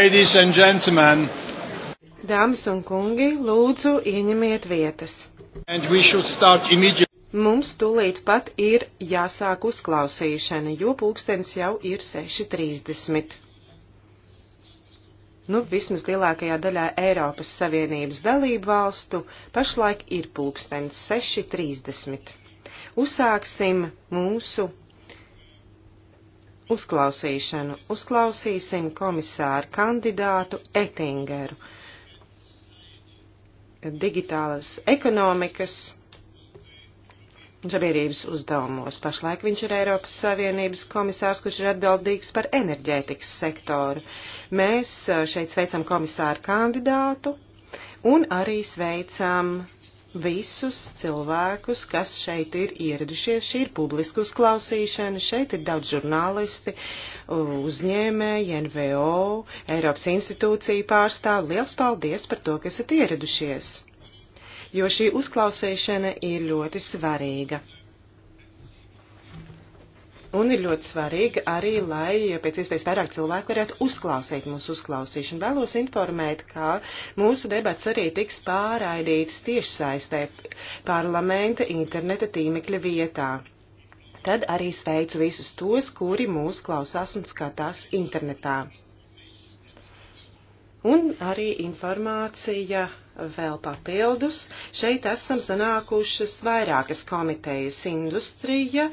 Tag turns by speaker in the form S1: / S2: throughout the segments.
S1: Ladies and gentlemen. Dāmas un kungi, lūdzu, ieņemiet vietas. Mums tūlīt pat ir jāsāk uzklausīšana, jo pulkstens jau ir 6.30. Nu, vismaz lielākajā daļā Eiropas Savienības dalību valstu pašlaik ir pulkstens 6.30. Uzsāksim mūsu uzklausīšanu. Uzklausīsim komisāru kandidātu Ettingeru digitālas ekonomikas sabiedrības uzdevumos. Pašlaik viņš ir Eiropas Savienības komisārs, kurš ir atbildīgs par enerģētikas sektoru. Mēs eh, šeit sveicam komisāru kandidātu un arī sveicam visus cilvēkus, kas šeit ir ieradušies. Šī ir publiska uzklausīšana, šeit ir daudz žurnālisti, uzņēmēji, NVO, Eiropas institūcija pārstāv. Liels paldies par to, ka esat ieradušies, jo šī uzklausīšana ir ļoti svarīga. Un ir ļoti svarīgi arī, lai pēc iespējas vairāk cilvēku varētu uzklausīt mūsu uzklausīšanu. Vēlos informēt, ka mūsu debats arī tiks pārraidīts tiešsaistē parlamenta interneta tīmekļa vietā. Tad arī sveicu visus tos, kuri mūs klausās un skatās internetā. Un arī informācija vēl papildus. Šeit esam sanākušas vairākas komitejas - industrija,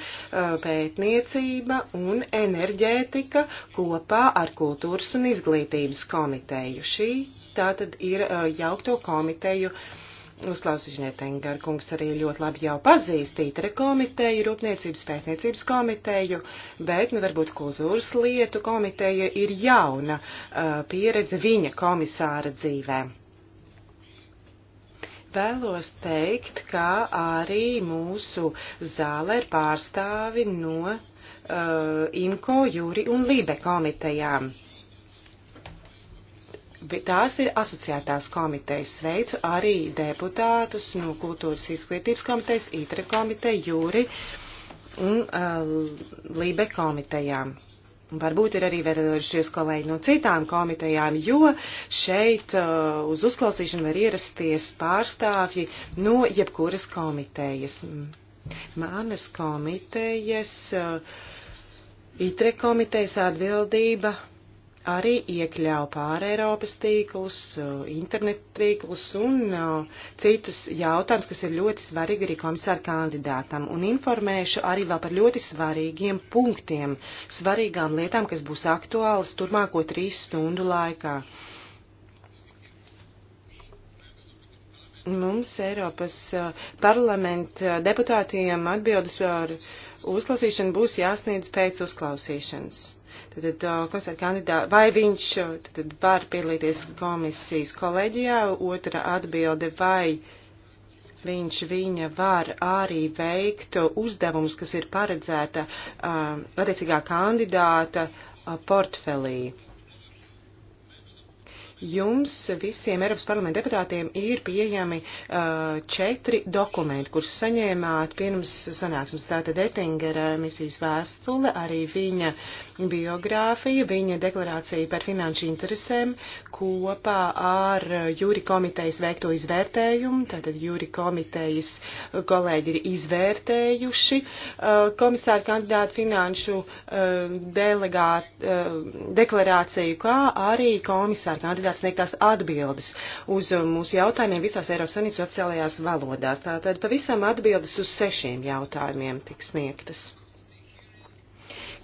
S1: pētniecība un enerģētika kopā ar kultūras un izglītības komiteju. Šī tātad ir jaukto komiteju. Uzklausīšanai Tengarkungs arī ļoti labi jau pazīst ITRE komiteju, Rūpniecības pētniecības komiteju, bet, nu, varbūt kultūras lietu komiteja ir jauna uh, pieredze viņa komisāra dzīvēm. Vēlos teikt, ka arī mūsu zālē ir pārstāvi no uh, IMCO, Jūri un Lībe komitejām. Tās ir asociētās komitejas. Sveicu arī deputātus no Kultūras izglītības komitejas, ITRE komiteja, Jūri un uh, Lībe komitejām. Varbūt ir arī vēršies kolēģi no citām komitejām, jo šeit uh, uz uzklausīšanu var ierasties pārstāvji no jebkuras komitejas. Manas komitejas, uh, ITRE komitejas atbildība arī iekļāva pāreiropas tīklus, eh, internet tīklus un eh, citus jautājumus, kas ir ļoti svarīgi arī komisāra kandidātam. Un informēšu arī vēl par ļoti svarīgiem punktiem, svarīgām lietām, kas būs aktuālas turmāko trīs stundu laikā. Mums Eiropas eh, parlamenta deputātiem atbildes par uzklausīšanu būs jāsniedz pēc uzklausīšanas. Tad, eh, komisāra kandidāta, vai viņš eh, tad, var piedalīties komisijas kolēģijā? Otra atbilde, vai viņš viņa var arī veikt uzdevumus, kas ir paredzēta um, attiecīgā kandidāta uh, portfelī. Jums visiem Eiropas parlamenta deputātiem ir pieejami uh, četri dokumenti, kurus saņēmāt pirms sanāksmes. Tātad Ettingera misijas vēstule, arī viņa biogrāfija, viņa deklarācija par finanšu interesēm kopā ar jūri komitejas veikto izvērtējumu. Tātad jūri komitejas kolēģi ir izvērtējuši uh, komisāru kandidātu finanšu uh, delegāt, uh, deklarāciju, kā arī komisāru kandidātu agrāk sniegtās atbildes uz uh, mūsu jautājumiem visās Eiropas Savienības oficiālajās valodās. Tātad pavisam atbildes uz sešiem jautājumiem tiks sniegtas.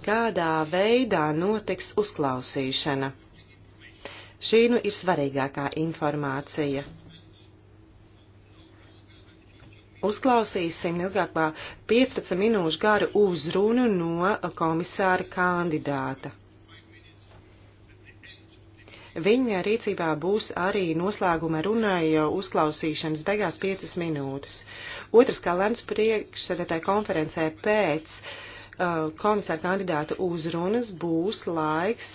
S1: Kādā veidā notiks uzklausīšana? Šī nu ir svarīgākā informācija. Uzklausīsim ilgāk kā 15 minūšu garu uzrunu no komisāra kandidāta. Viņa rīcībā būs arī noslēguma runai uzklausīšanas beigās 5 minūtes. Otrs kalends priekšsēdētāja konferencē pēc uh, komisāra kandidāta uzrunas būs laiks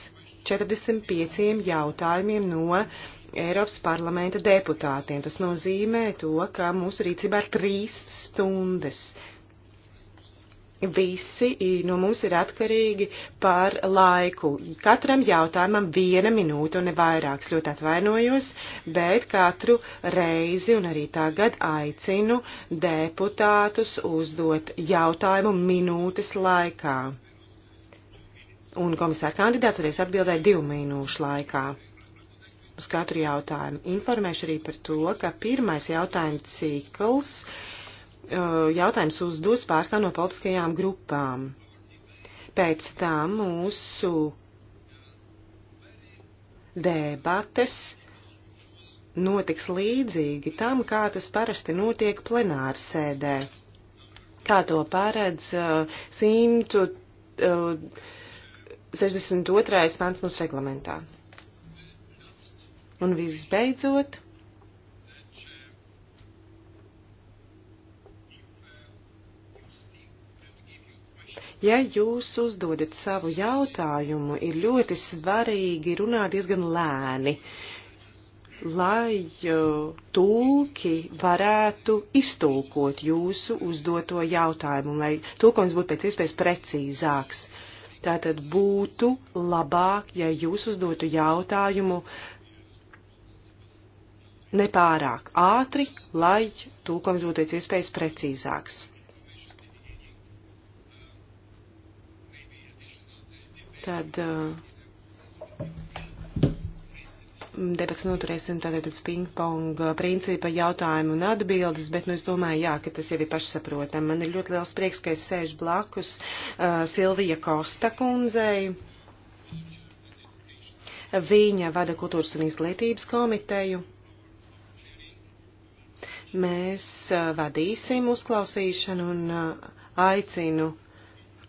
S1: 45 jautājumiem no Eiropas parlamenta deputātiem. Tas nozīmē to, ka mūsu rīcībā ir trīs stundas Visi no mums ir atkarīgi par laiku. Katram jautājumam viena minūte un ne vairāks. Ļoti atvainojos, bet katru reizi un arī tagad aicinu deputātus uzdot jautājumu minūtes laikā. Un komisāra kandidāts varēs atbildēt divu minūšu laikā uz katru jautājumu. Informēšu arī par to, ka pirmais jautājuma cikls Eh, jautājums uzdos pārstāv no politiskajām grupām. Pēc tam mūsu debates notiks līdzīgi tam, kā tas parasti notiek plenāra sēdē, kā to paredz uh, eh, 162. Eh, pants mūsu reglamentā. Un visbeidzot, Ja jūs uzdodat savu jautājumu, ir ļoti svarīgi runāt diezgan lēni, lai tulki varētu iztulkot jūsu uzdoto jautājumu, lai tulkojums būtu pēc iespējas precīzāks. Tātad būtu labāk, ja jūs uzdotu jautājumu nepārāk ātri, lai tulkojums būtu pēc iespējas precīzāks. Tad uh, debats noturēsim tātad pēc ping-pong uh, principa jautājumu un atbildes, bet, nu, es domāju, jā, ka tas jau ir pašsaprotam. Man ir ļoti liels prieks, ka es sēžu blakus uh, Silvija Kosta kundzei. Viņa vada kultūras un izglītības komiteju. Mēs uh, vadīsim uzklausīšanu un uh, aicinu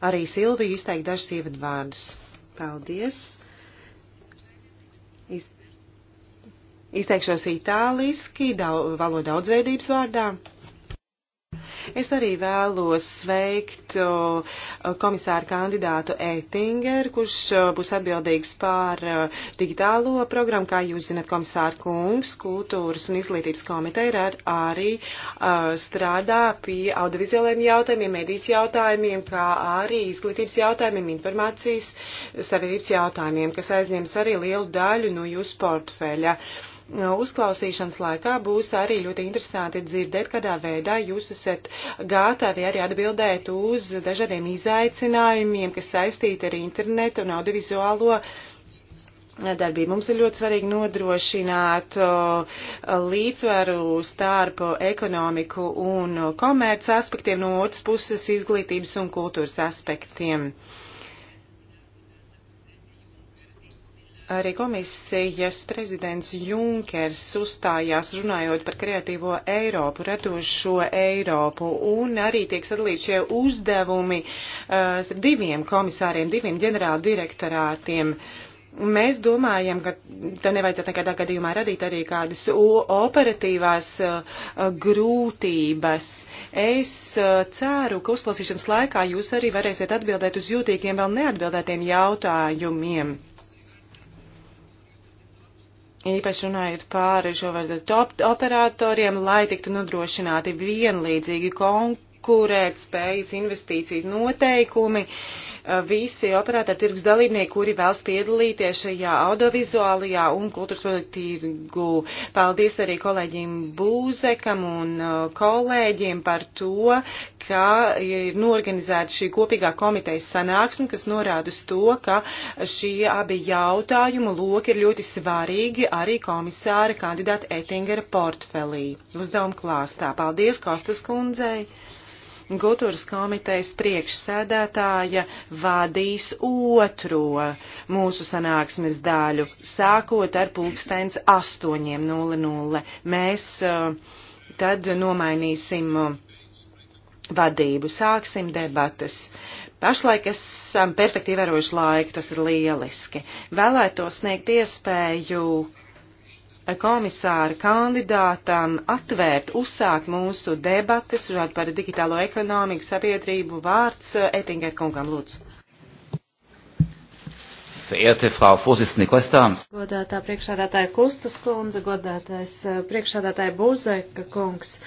S1: arī Silviju izteikt dažus ievadvārdus. Paldies. Iz, izteikšos itāliski, daudz, valoda daudzveidības vārdā. Es arī vēlos sveikt komisāru kandidātu Eitingeru, kurš būs atbildīgs pār digitālo programmu. Kā jūs zinat, komisāra kungs, kultūras un izglītības komiteja ar, arī strādā pie audiovizuāliem jautājumiem, medijas jautājumiem, kā arī izglītības jautājumiem, informācijas savienības jautājumiem, kas aizņems arī lielu daļu no jūsu portfeļa. Uh, uzklausīšanas laikā būs arī ļoti interesanti dzirdēt, kādā veidā jūs esat gatavi arī atbildēt uz dažādiem izaicinājumiem, kas saistīti ar internetu un audiovizuālo darbību. Mums ir ļoti svarīgi nodrošināt līdzsvaru starp ekonomiku un komerces aspektiem, no otras puses izglītības un kultūras aspektiem. Uh, Arī komisijas prezidents Junkers uzstājās runājot par kreatīvo Eiropu, radošo Eiropu, un arī tiek sadalīti šie uzdevumi uh, diviem komisāriem, diviem ģenerāla direktorātiem. Mēs domājam, ka te nevajadzētu nekādā gadījumā radīt arī kādas operatīvās uh, grūtības. Es uh, ceru, ka uzklausīšanas laikā jūs arī varēsiet atbildēt uz jūtīgiem vēl neatbildētiem jautājumiem īpaši runājot pāri šo vārdu operatoriem, lai tiktu nodrošināti vienlīdzīgi konkurēt spējas investīciju noteikumi. Uh, Eh, visi operētā tirgus dalībnieki, kuri vēlas piedalīties šajā audiovizuālajā un kultūras produktu tirgu. Paldies arī kolēģim Būzekam un eh, kolēģiem par to, ka ir norganizēta šī kopīgā komitejas sanāksme, kas norāda uz to, ka šie abi jautājumu loki ir ļoti svarīgi arī komisāra kandidāta Ettingera portfelī. Uzdevuma klāstā. Paldies Kostas kundzei! kultūras komitejas priekšsēdētāja vadīs otro mūsu sanāksmes daļu, sākot ar pulkstens 8.00. Mēs eh, tad nomainīsim eh, vadību, sāksim debatas. Pašlaik esam perfekti ievērojuši laiku, tas ir lieliski. Vēlētos sniegt iespēju komisāra kandidātam atvērt, uzsākt mūsu debates par digitālo ekonomiku sabiedrību vārds eh, Ettinger kungam lūdzu.
S2: Verehrte Frau Vorsitzende Kosta.
S1: Godātā priekšsādātāja
S3: Kustas kundze, godātais eh, priekšsādātāja Buzeka kungs,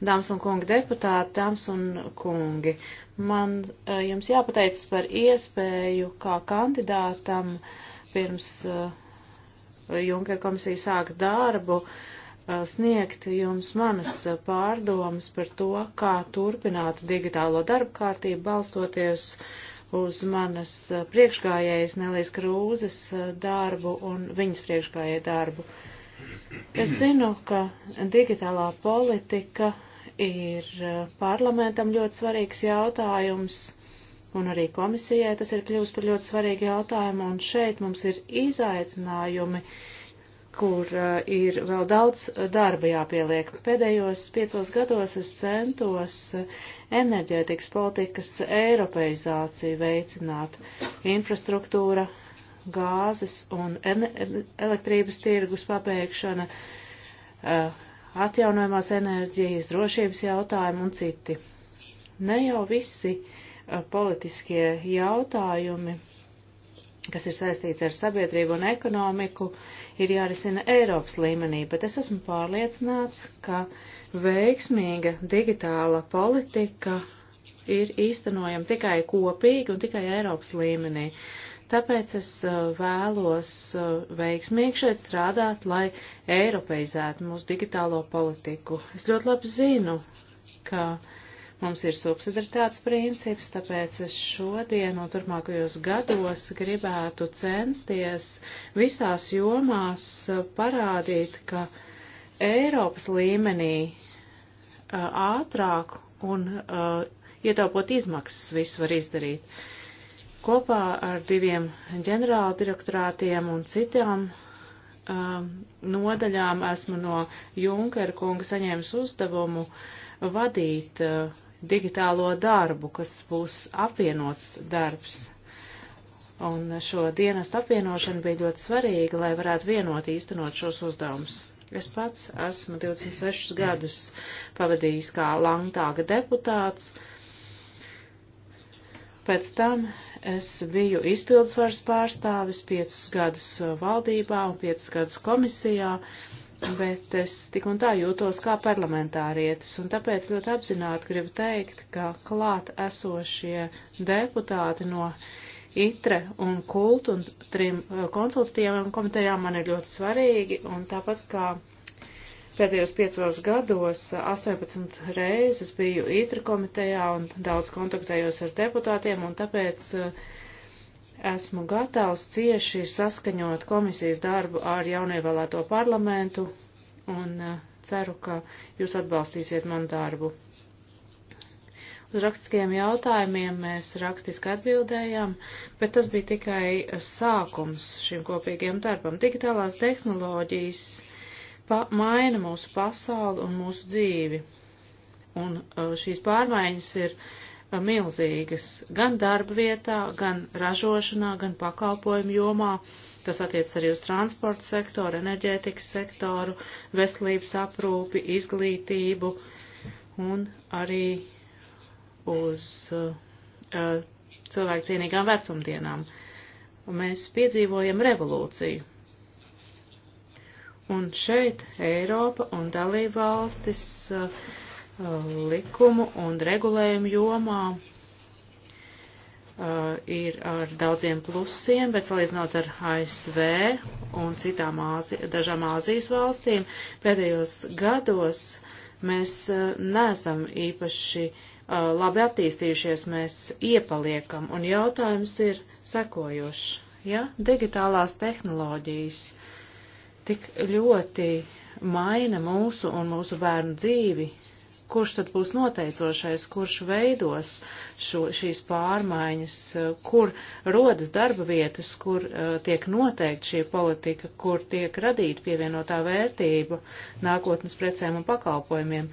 S3: dāmas un kungi deputāti, dāmas un kungi. Man eh, jums jāpateicas par iespēju kā kandidātam pirms uh, Junker komisija sāk darbu, eh, sniegt jums manas eh, pārdomas par to, kā turpināt digitālo darbu kārtību, balstoties uz manas eh, priekšgājējas Nelijas Krūzes darbu un viņas priekšgājēju darbu. Es zinu, ka digitālā politika ir parlamentam ļoti svarīgs jautājums un arī komisijai tas ir kļuvis par ļoti svarīgu jautājumu, un šeit mums ir izaicinājumi, kur uh, ir vēl daudz darba jāpieliek. Pēdējos piecos gados es centos uh, enerģētikas politikas eiropeizāciju veicināt, infrastruktūra, gāzes un elektrības tirgus pabeigšana, uh, atjaunojumās enerģijas, drošības jautājumi un citi. Ne jau visi uh, politiskie jautājumi, kas ir saistīti ar sabiedrību un ekonomiku, ir jārisina Eiropas līmenī, bet es esmu pārliecināts, ka veiksmīga digitāla politika ir īstenojama tikai kopīgi un tikai Eiropas līmenī. Tāpēc es vēlos veiksmīgi šeit strādāt, lai eiropeizētu mūsu digitālo politiku. Es ļoti labi zinu, ka uh, Mums ir subsidaritātes princips, tāpēc es šodien un turpmākajos gados gribētu censties visās jomās parādīt, ka Eiropas līmenī ātrāk un ietaupot izmaksas visu var izdarīt. Kopā ar diviem ģenerāldirektorātiem un citām um, nodaļām esmu no Junkera kunga saņēmis uzdevumu uh, vadīt uh, digitālo darbu, kas būs apvienots darbs. Un šo dienestu apvienošana bija ļoti svarīga, lai varētu vienot īstenot šos uzdevumus. Es pats esmu 26 gadus pavadījis kā langtāga deputāts. Pēc tam es biju izpildvaras pārstāvis 5 gadus valdībā un 5 gadus komisijā. Uh, bet es tik un tā jūtos kā parlamentārietis, un tāpēc ļoti apzināti gribu teikt, ka klāt esošie deputāti no ITRE un KULT un trim eh, konsultatīvām komitejām man ir ļoti svarīgi, un tāpat kā pēdējos piecos gados 18 reizes biju ITRE komitejā un daudz kontaktējos ar deputātiem, un tāpēc uh, esmu gatavs cieši saskaņot komisijas darbu ar jaunievēlēto parlamentu un eh, ceru, ka jūs atbalstīsiet manu darbu. Uz rakstiskajiem jautājumiem mēs rakstiski atbildējām, bet tas bija tikai sākums šim kopīgiem darbam. Digitālās tehnoloģijas pa maina mūsu pasauli un mūsu dzīvi. Un eh, šīs pārmaiņas ir uh, milzīgas gan darba vietā, gan ražošanā, gan pakalpojumu jomā. Tas attiec arī uz transportu sektoru, enerģētikas sektoru, veselības aprūpi, izglītību un arī uz uh, uh cilvēku cienīgām vecumdienām. Mēs piedzīvojam revolūciju. Un šeit Eiropa un dalībvalstis uh, Um, likumu un regulējumu jomā uh, ir ar daudziem plusiem, bet salīdzinot ar ASV un citām Āzi, dažām Āzijas valstīm, pēdējos gados mēs uh, neesam īpaši uh, labi attīstījušies, mēs iepaliekam. Un jautājums ir sekojošs. Ja? Digitālās tehnoloģijas tik ļoti maina mūsu un mūsu bērnu dzīvi, kurš tad būs noteicošais, kurš veidos šo, šīs pārmaiņas, eh, kur rodas darba vietas, kur uh, tiek noteikta šī politika, kur tiek radīta pievienotā vērtība nākotnes precēm un pakalpojumiem.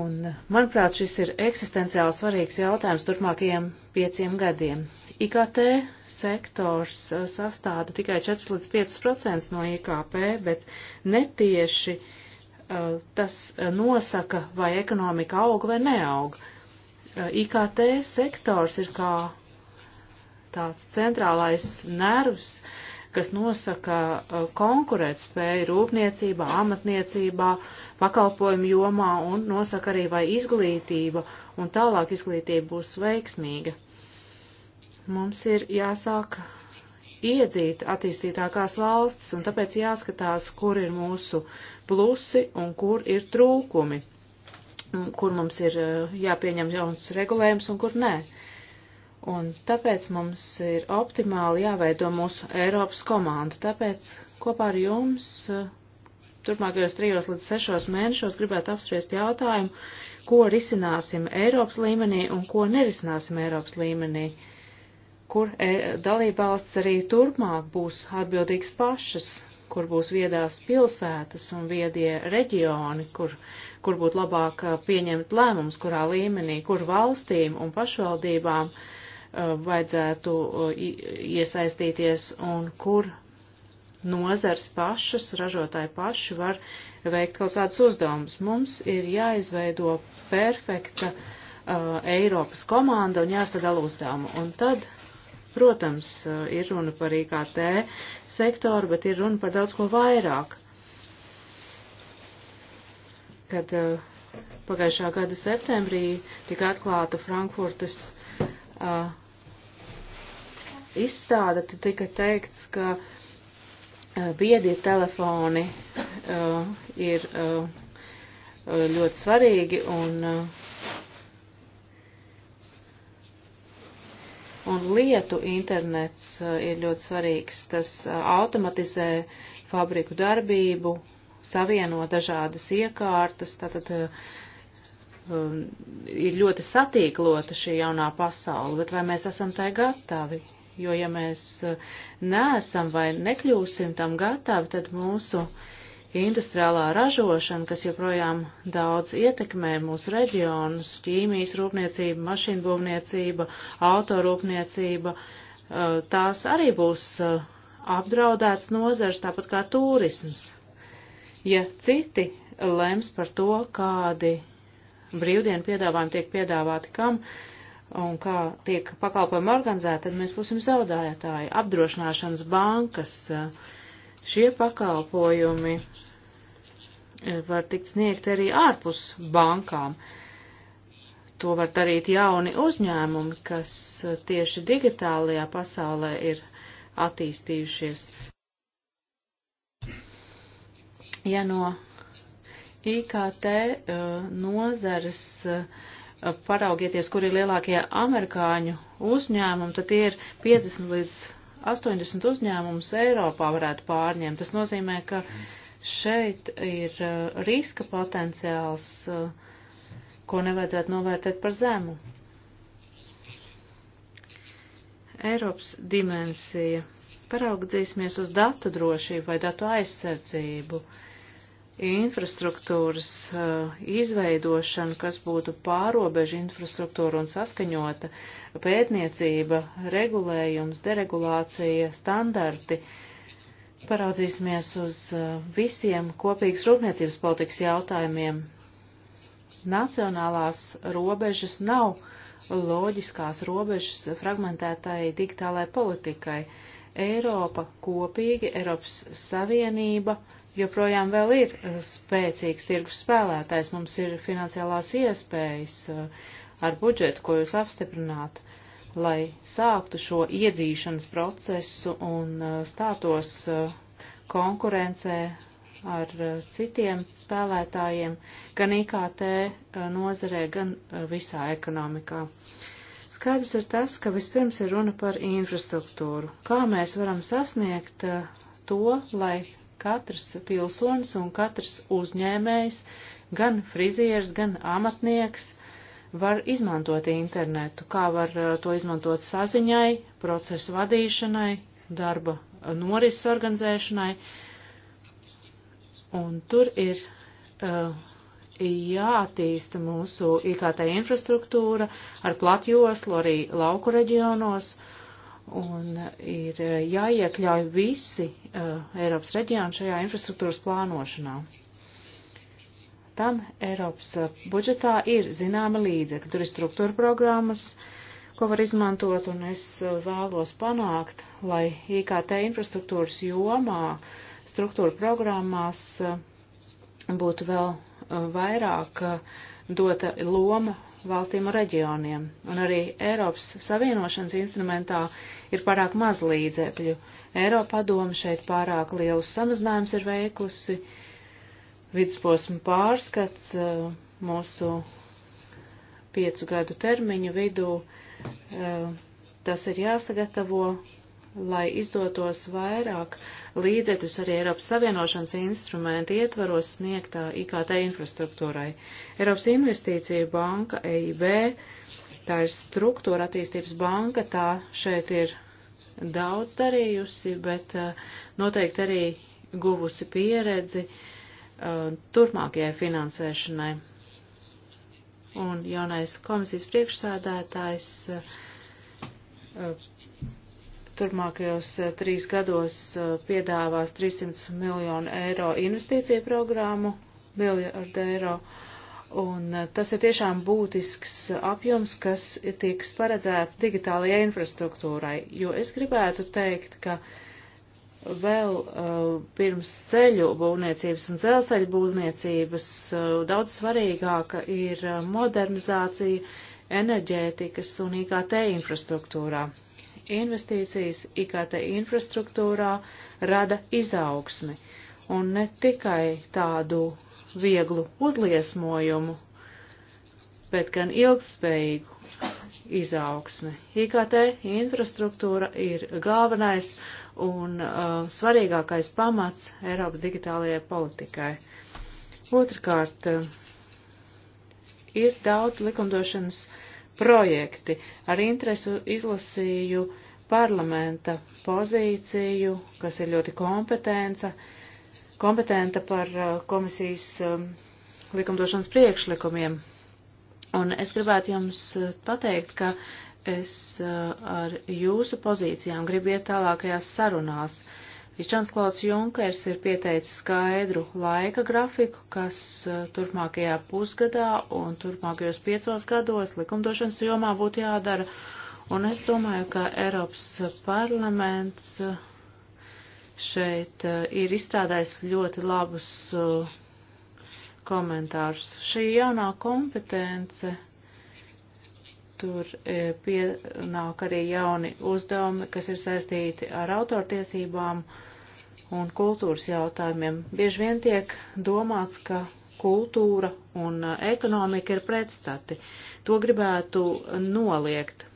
S3: Un, manuprāt, šis ir eksistenciāli svarīgs jautājums turpmākajiem pieciem gadiem. IKT sektors eh, sastāda tikai 4 līdz 5% no IKP, bet netieši uh, Eh, tas eh, nosaka, vai ekonomika aug vai neaug. Eh, IKT sektors ir kā tāds centrālais nervs, kas nosaka konkurētspēju rūpniecībā, amatniecībā, pakalpojumu jomā un nosaka arī, vai izglītība un tālāk izglītība būs veiksmīga. Mums ir jāsāk iedzīt attīstītākās valstis, un tāpēc jāskatās, kur ir mūsu plusi un kur ir trūkumi, kur mums ir eh, jāpieņem jauns regulējums un kur nē. Un tāpēc mums ir optimāli jāveido mūsu Eiropas komanda. Tāpēc kopā ar jums eh, turpmākajos trijos līdz sešos mēnešos gribētu apspriest jautājumu, ko risināsim Eiropas līmenī un ko nerisināsim Eiropas līmenī. Uh, kur e, dalībvalsts arī turpmāk būs atbildīgs pašas, kur būs viedās pilsētas un viedie reģioni, kur, kur būtu labāk e, pieņemt lēmums, kurā līmenī, kur valstīm un pašvaldībām e, vajadzētu e, iesaistīties un kur nozars pašas, ražotāji paši var veikt kaut kādus uzdevumus. Mums ir jāizveido perfekta uh, Eiropas komanda un jāsadala uzdevumu. Un tad Protams, eh, ir runa par IKT sektoru, bet ir runa par daudz ko vairāk. Kad eh, pagājušā gada septembrī tika atklāta Frankfurtas uh, izstāde, tad tika teikts, ka uh, biedie telefoni uh, ir ļoti svarīgi un un lietu internets uh, ir ļoti svarīgs. Tas uh, automatizē fabriku darbību, savieno dažādas iekārtas, tātad uh, um, ir ļoti satīklota šī jaunā pasaule, bet vai mēs esam tai gatavi? Jo ja mēs neesam vai nekļūsim tam gatavi, tad mūsu uh, industriālā ražošana, kas joprojām daudz ietekmē mūsu reģionus - ķīmijas rūpniecība, mašīnbūvniecība, autorūpniecība, uh, tās arī būs uh, apdraudēts nozars, tāpat kā turisms. Ja citi lems par to, kādi brīvdienu piedāvājumi tiek piedāvāti kam, un kā tiek pakalpojumi organizēti, tad mēs būsim zaudētāji. Apdrošināšanas bankas, uh, Šie pakalpojumi e, var tikt sniegt arī ārpus bankām. To var darīt jauni uzņēmumi, kas e, tieši digitālajā pasaulē ir attīstījušies. Ja no IKT e, nozares paraugieties, kur ir lielākie amerikāņu uzņēmumi, tad tie ir 50 līdz 80 uzņēmumus Eiropā varētu pārņemt. Tas nozīmē, ka šeit ir uh, riska potenciāls, uh, ko nevajadzētu novērtēt par zemu. Eiropas dimensija. Paraugdzīsimies uz datu drošību vai datu aizsardzību. Uh, infrastruktūras uh, izveidošana, kas būtu pārobežu infrastruktūra un saskaņota pētniecība, regulējums, deregulācija, standarti. Paraudzīsimies uz uh, visiem kopīgas rūpniecības politikas jautājumiem. Nacionālās robežas nav loģiskās robežas fragmentētai digitālai politikai. Eiropa kopīgi, Eiropas Savienība uh, joprojām vēl ir eh, spēcīgs tirgus spēlētājs. Mums ir finansiālās iespējas eh, ar budžetu, ko jūs apstiprināt, lai sāktu šo iedzīšanas procesu un eh, stātos konkurencē ar citiem spēlētājiem, gan IKT nozarē, gan visā ekonomikā. Skaidrs ir tas, ka vispirms ir runa par infrastruktūru. Kā mēs varam sasniegt to, lai katrs pilsonis un katrs uzņēmējs, gan frizieris, gan amatnieks var izmantot internetu, kā var uh, to izmantot saziņai, procesu vadīšanai, darba norises organizēšanai. Un tur ir uh, jāattīsta mūsu IKT infrastruktūra ar platjoslu arī lauku reģionos un ir eh, jāiekļauj visi uh, Eiropas reģioni šajā infrastruktūras plānošanā. Tam Eiropas eh, budžetā ir zināma līdzekļa, tur ir struktūra programmas, ko var izmantot, un es vēlos panākt, lai IKT infrastruktūras jomā, struktūra programmās uh, būtu vēl uh, vairāk dota loma valstīm un reģioniem. Un arī Eiropas Savienošanas instrumentā ir pārāk maz līdzekļu. Eiropa padoma šeit pārāk lielus samazinājums ir veikusi. Vidusposma pārskats eh, mūsu piecu gadu termiņu vidū. Eh, tas ir jāsagatavo, lai izdotos vairāk līdzekļus arī Eiropas Savienošanas instrumenta ietvaros sniegtā IKT infrastruktūrai. Eiropas Investīcija banka EIB, tā ir struktūra attīstības banka, tā šeit ir daudz darījusi, bet eh, noteikti arī guvusi pieredzi eh, turpmākajai finansēšanai. Un jaunais komisijas priekšsādātājs eh, turmākajos eh, trīs gados eh, piedāvās 300 miljonu eiro investīciju programmu, miljardu eiro. Un eh, tas ir tiešām būtisks apjoms, kas tiks paredzēts digitālajai infrastruktūrai, jo es gribētu teikt, ka vēl uh, pirms ceļu būvniecības un dzelzceļa būvniecības uh, daudz svarīgāka ir modernizācija enerģētikas un IKT infrastruktūrā investīcijas IKT infrastruktūrā rada izaugsmi un ne tikai tādu vieglu uzliesmojumu, bet gan ilgspējīgu izaugsmi. IKT infrastruktūra ir galvenais un uh, svarīgākais pamats Eiropas digitālajai politikai. Otrkārt, uh, ir daudz likumdošanas uh, projekti. Ar interesu izlasīju parlamenta pozīciju, kas ir ļoti kompetenta, kompetenta par uh, komisijas um, likumdošanas priekšlikumiem. Un es gribētu jums uh, pateikt, ka es uh, ar jūsu pozīcijām gribu iet tālākajās sarunās. Uh, Žans Klauds Junkers ir pieteicis skaidru laika grafiku, kas eh, turpmākajā pusgadā un turpmākajos piecos gados likumdošanas jomā būtu jādara. Un es domāju, ka Eiropas parlaments eh, šeit eh, ir izstrādājis ļoti labus komentārus. Šī jaunā kompetence tur e, pienāk arī jauni uzdevumi, kas ir saistīti ar autortiesībām un kultūras jautājumiem. Bieži vien tiek domāts, ka kultūra un e, ekonomika ir pretstati. To gribētu noliegt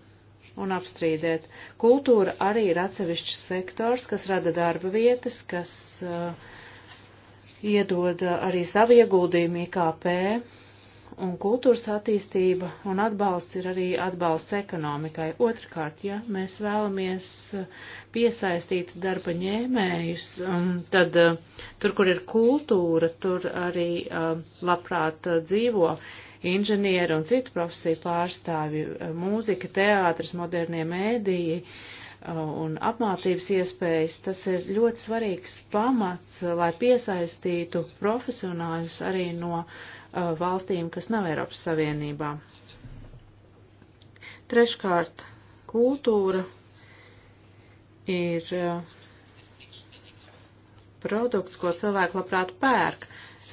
S3: un apstrīdēt. Kultūra arī ir atsevišķs sektors, kas rada darba vietas, kas uh, iedod arī savu ieguldījumu IKP un kultūras attīstība un atbalsts ir arī atbalsts ekonomikai. Otrakārt, ja mēs vēlamies uh, piesaistīt darba ņēmējus, um, tad uh, tur, kur ir kultūra, tur arī um, labprāt uh, dzīvo inženieri un citu profesiju pārstāvju, mūzika, teātris, modernie mēdīji un apmācības iespējas, tas ir ļoti svarīgs pamats, lai piesaistītu profesionāļus arī no uh, Uh, valstīm, kas nav Eiropas Savienībā. Treškārt, kultūra ir uh, produkts, ko cilvēki labprāt pērk.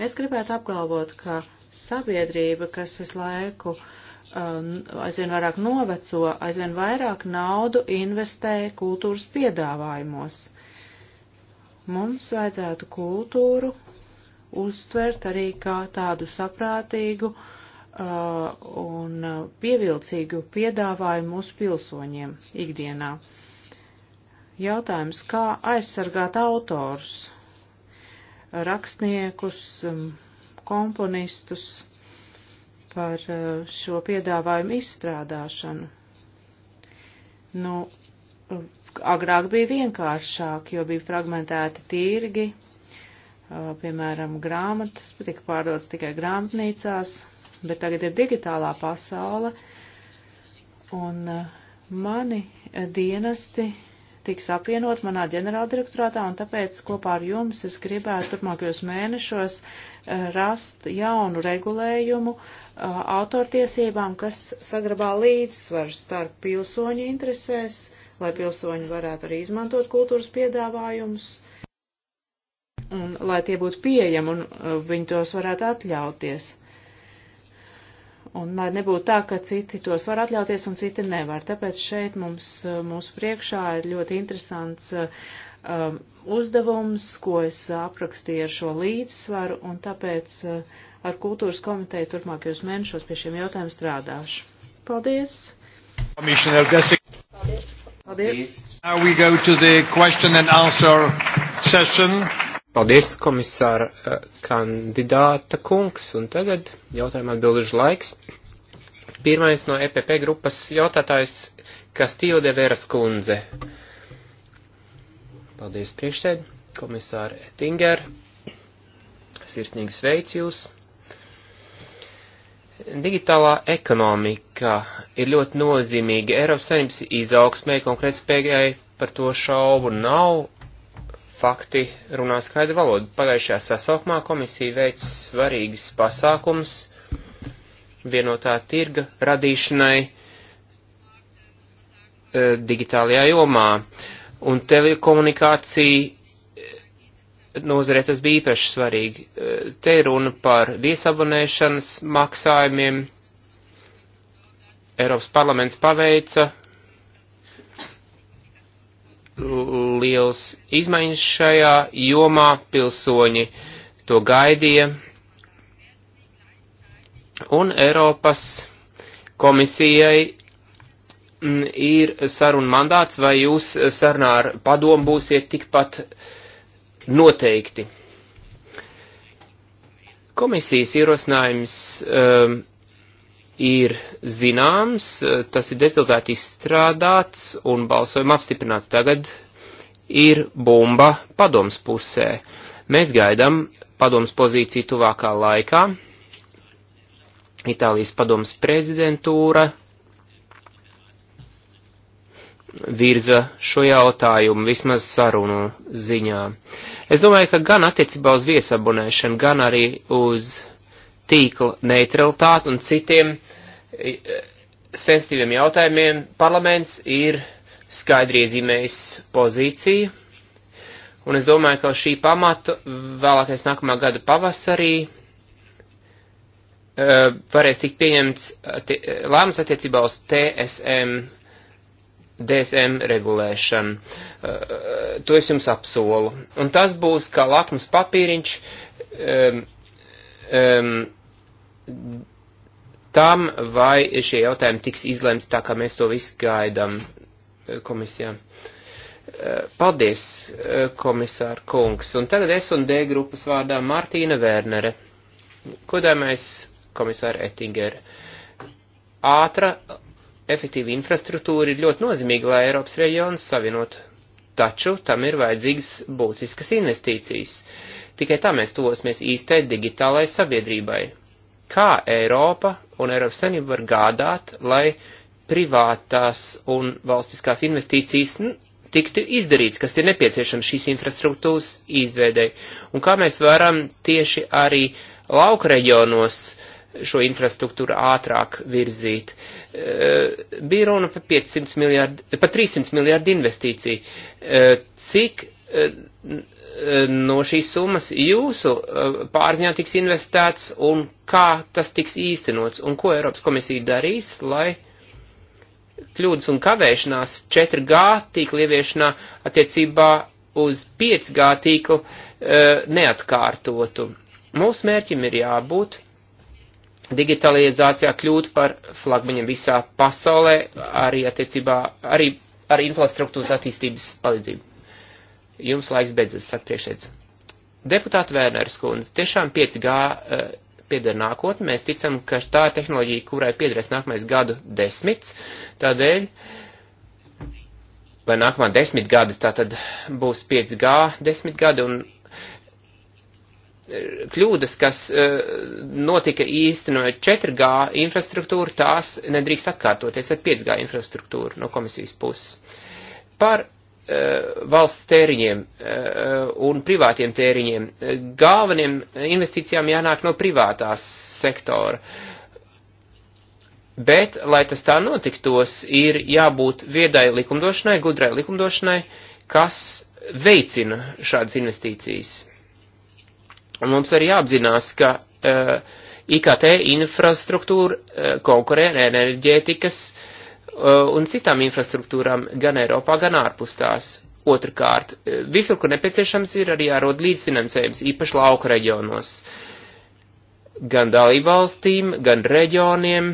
S3: Es gribētu apgalvot, ka sabiedrība, kas visu laiku um, aizvien vairāk noveco, aizvien vairāk naudu investē kultūras piedāvājumos. Mums vajadzētu kultūru uztvert arī kā tādu saprātīgu uh, un pievilcīgu piedāvājumu mūsu pilsoņiem ikdienā. Jautājums, kā aizsargāt autors, rakstniekus, um, komponistus par uh, šo piedāvājumu izstrādāšanu? Nu, agrāk bija vienkāršāk, jo bija fragmentēti tirgi, Uh, piemēram, grāmatas tika pārdotas tikai grāmatnīcās, bet tagad ir digitālā pasaule, un uh, mani dienesti tiks apvienot manā ģenerāldirektorātā, un tāpēc kopā ar jums es gribētu turpmākajos mēnešos uh, rast jaunu regulējumu autortiesībām, kas sagrabā līdzsvaru starp pilsoņu interesēs, lai pilsoņi varētu arī izmantot kultūras piedāvājumus, uh, un lai tie būtu pieejami un uh, viņi tos varētu atļauties. Un lai nebūtu tā, ka citi tos var atļauties un citi nevar. Tāpēc šeit mums, uh, mūsu priekšā ir ļoti interesants uh, um, uzdevums, ko es aprakstīju ar šo līdzsvaru, un tāpēc uh, ar kultūras komiteju turpmākajos mēnešos pie šiem jautājumiem strādāšu. Paldies! Paldies! Paldies.
S2: Now we go to the question and answer session. Paldies, komisāra eh, kandidāta kungs, un tagad jautājumā atbilduši laiks. Pirmais no EPP grupas jautātājs Kastīlo de Veras kundze. Paldies, priekšsēd, komisāra Ettinger. Sirsnīgi sveic jūs. Digitālā ekonomika ir ļoti nozīmīga Eiropas saimnības izaugsmē, konkrēt spējai par to šaubu nav, fakti runā skaidru valodu. Pagājušajā sasaukumā komisija veic svarīgas pasākums vienotā tirga radīšanai e, digitālajā jomā. Un telekomunikācija e, nozarē tas bija īpaši svarīgi. E, te runa par viesabonēšanas maksājumiem. Eiropas parlaments paveica liels izmaiņas šajā jomā, pilsoņi to gaidīja, un Eiropas komisijai mm, ir saruna mandāts, vai jūs sarunā ar padomu būsiet tikpat noteikti. Komisijas ierosinājums um, ir zināms, eh, tas ir detalizēti izstrādāts un balsojuma apstiprināts tagad ir bumba padoms pusē. Mēs gaidām padoms pozīciju tuvākā laikā. Itālijas padoms prezidentūra virza šo jautājumu vismaz sarunu ziņā. Es domāju, ka gan attiecībā uz viesabunēšanu, gan arī uz tīkla neutralitāti un citiem E, sensitīviem jautājumiem parlaments ir skaidri iezīmējis pozīciju, un es domāju, ka šī pamata vēlākais nākamā gada pavasarī e, varēs tikt pieņemts e, lēmums attiecībā uz TSM, DSM regulēšanu. To es jums apsolu. Un tas būs kā lakmus papīriņš um, um, tam, vai šie jautājumi tiks izlemts tā, kā mēs to visu gaidām e, komisijā. E, paldies, e, komisāra kungs. Un tagad es un D grupas vārdā Martīna Vērnere. Kodāmais komisāra Ettinger. Ātra, efektīva infrastruktūra ir ļoti nozīmīga, lai Eiropas reģionus savienotu. Taču tam ir vajadzīgas būtiskas investīcijas. Tikai tā mēs tosimies īstai digitālai sabiedrībai kā Eiropa un Eiropas Savienība var gādāt, lai privātās un valstiskās investīcijas tiktu izdarīts, kas ir nepieciešams šīs infrastruktūras izveidēji, un kā mēs varam tieši arī lauka reģionos šo infrastruktūru ātrāk virzīt. Eh, bija runa par 500 miljārdu, par 300 miljārdu investīciju. Eh, cik eh, Eh, no šīs summas jūsu eh, pārziņā tiks investēts un kā tas tiks īstenots un ko Eiropas komisija darīs, lai kļūdas un kavēšanās 4G tīkla ieviešanā attiecībā uz 5G tīklu eh, neatkārtotu. Mūsu mērķim ir jābūt digitalizācijā kļūt par flagmaņiem visā pasaulē, arī attiecībā, arī ar infrastruktūras attīstības palīdzību. Jums laiks beidzas, saka priekšsēdz. Deputāta Vērners kundze, tiešām 5G uh, eh, pieder nākotne, mēs ticam, ka tā ir tehnoloģija, kurai piederēs nākamais gadu desmits, tādēļ, vai nākamā desmit gada, tā tad būs 5G desmit gadi, un eh, kļūdas, kas eh, notika īstenojot 4G infrastruktūru, tās nedrīkst atkārtoties ar 5G infrastruktūru no komisijas puses. Par Eh, valsts tēriņiem eh, un privātiem tēriņiem. Galveniem investīcijām jānāk no privātās sektora. Bet, lai tas tā notiktos, ir jābūt viedai likumdošanai, gudrai likumdošanai, kas veicina šādas investīcijas. Un mums arī jāapzinās, ka uh, eh, IKT infrastruktūra uh, konkurē enerģētikas uh, Uh, un citām infrastruktūrām gan Eiropā, gan ārpus tās. Otrakārt, uh, visur, kur nepieciešams, ir arī jārod līdzfinansējums, īpaši lauka reģionos. Gan dalībvalstīm, gan reģioniem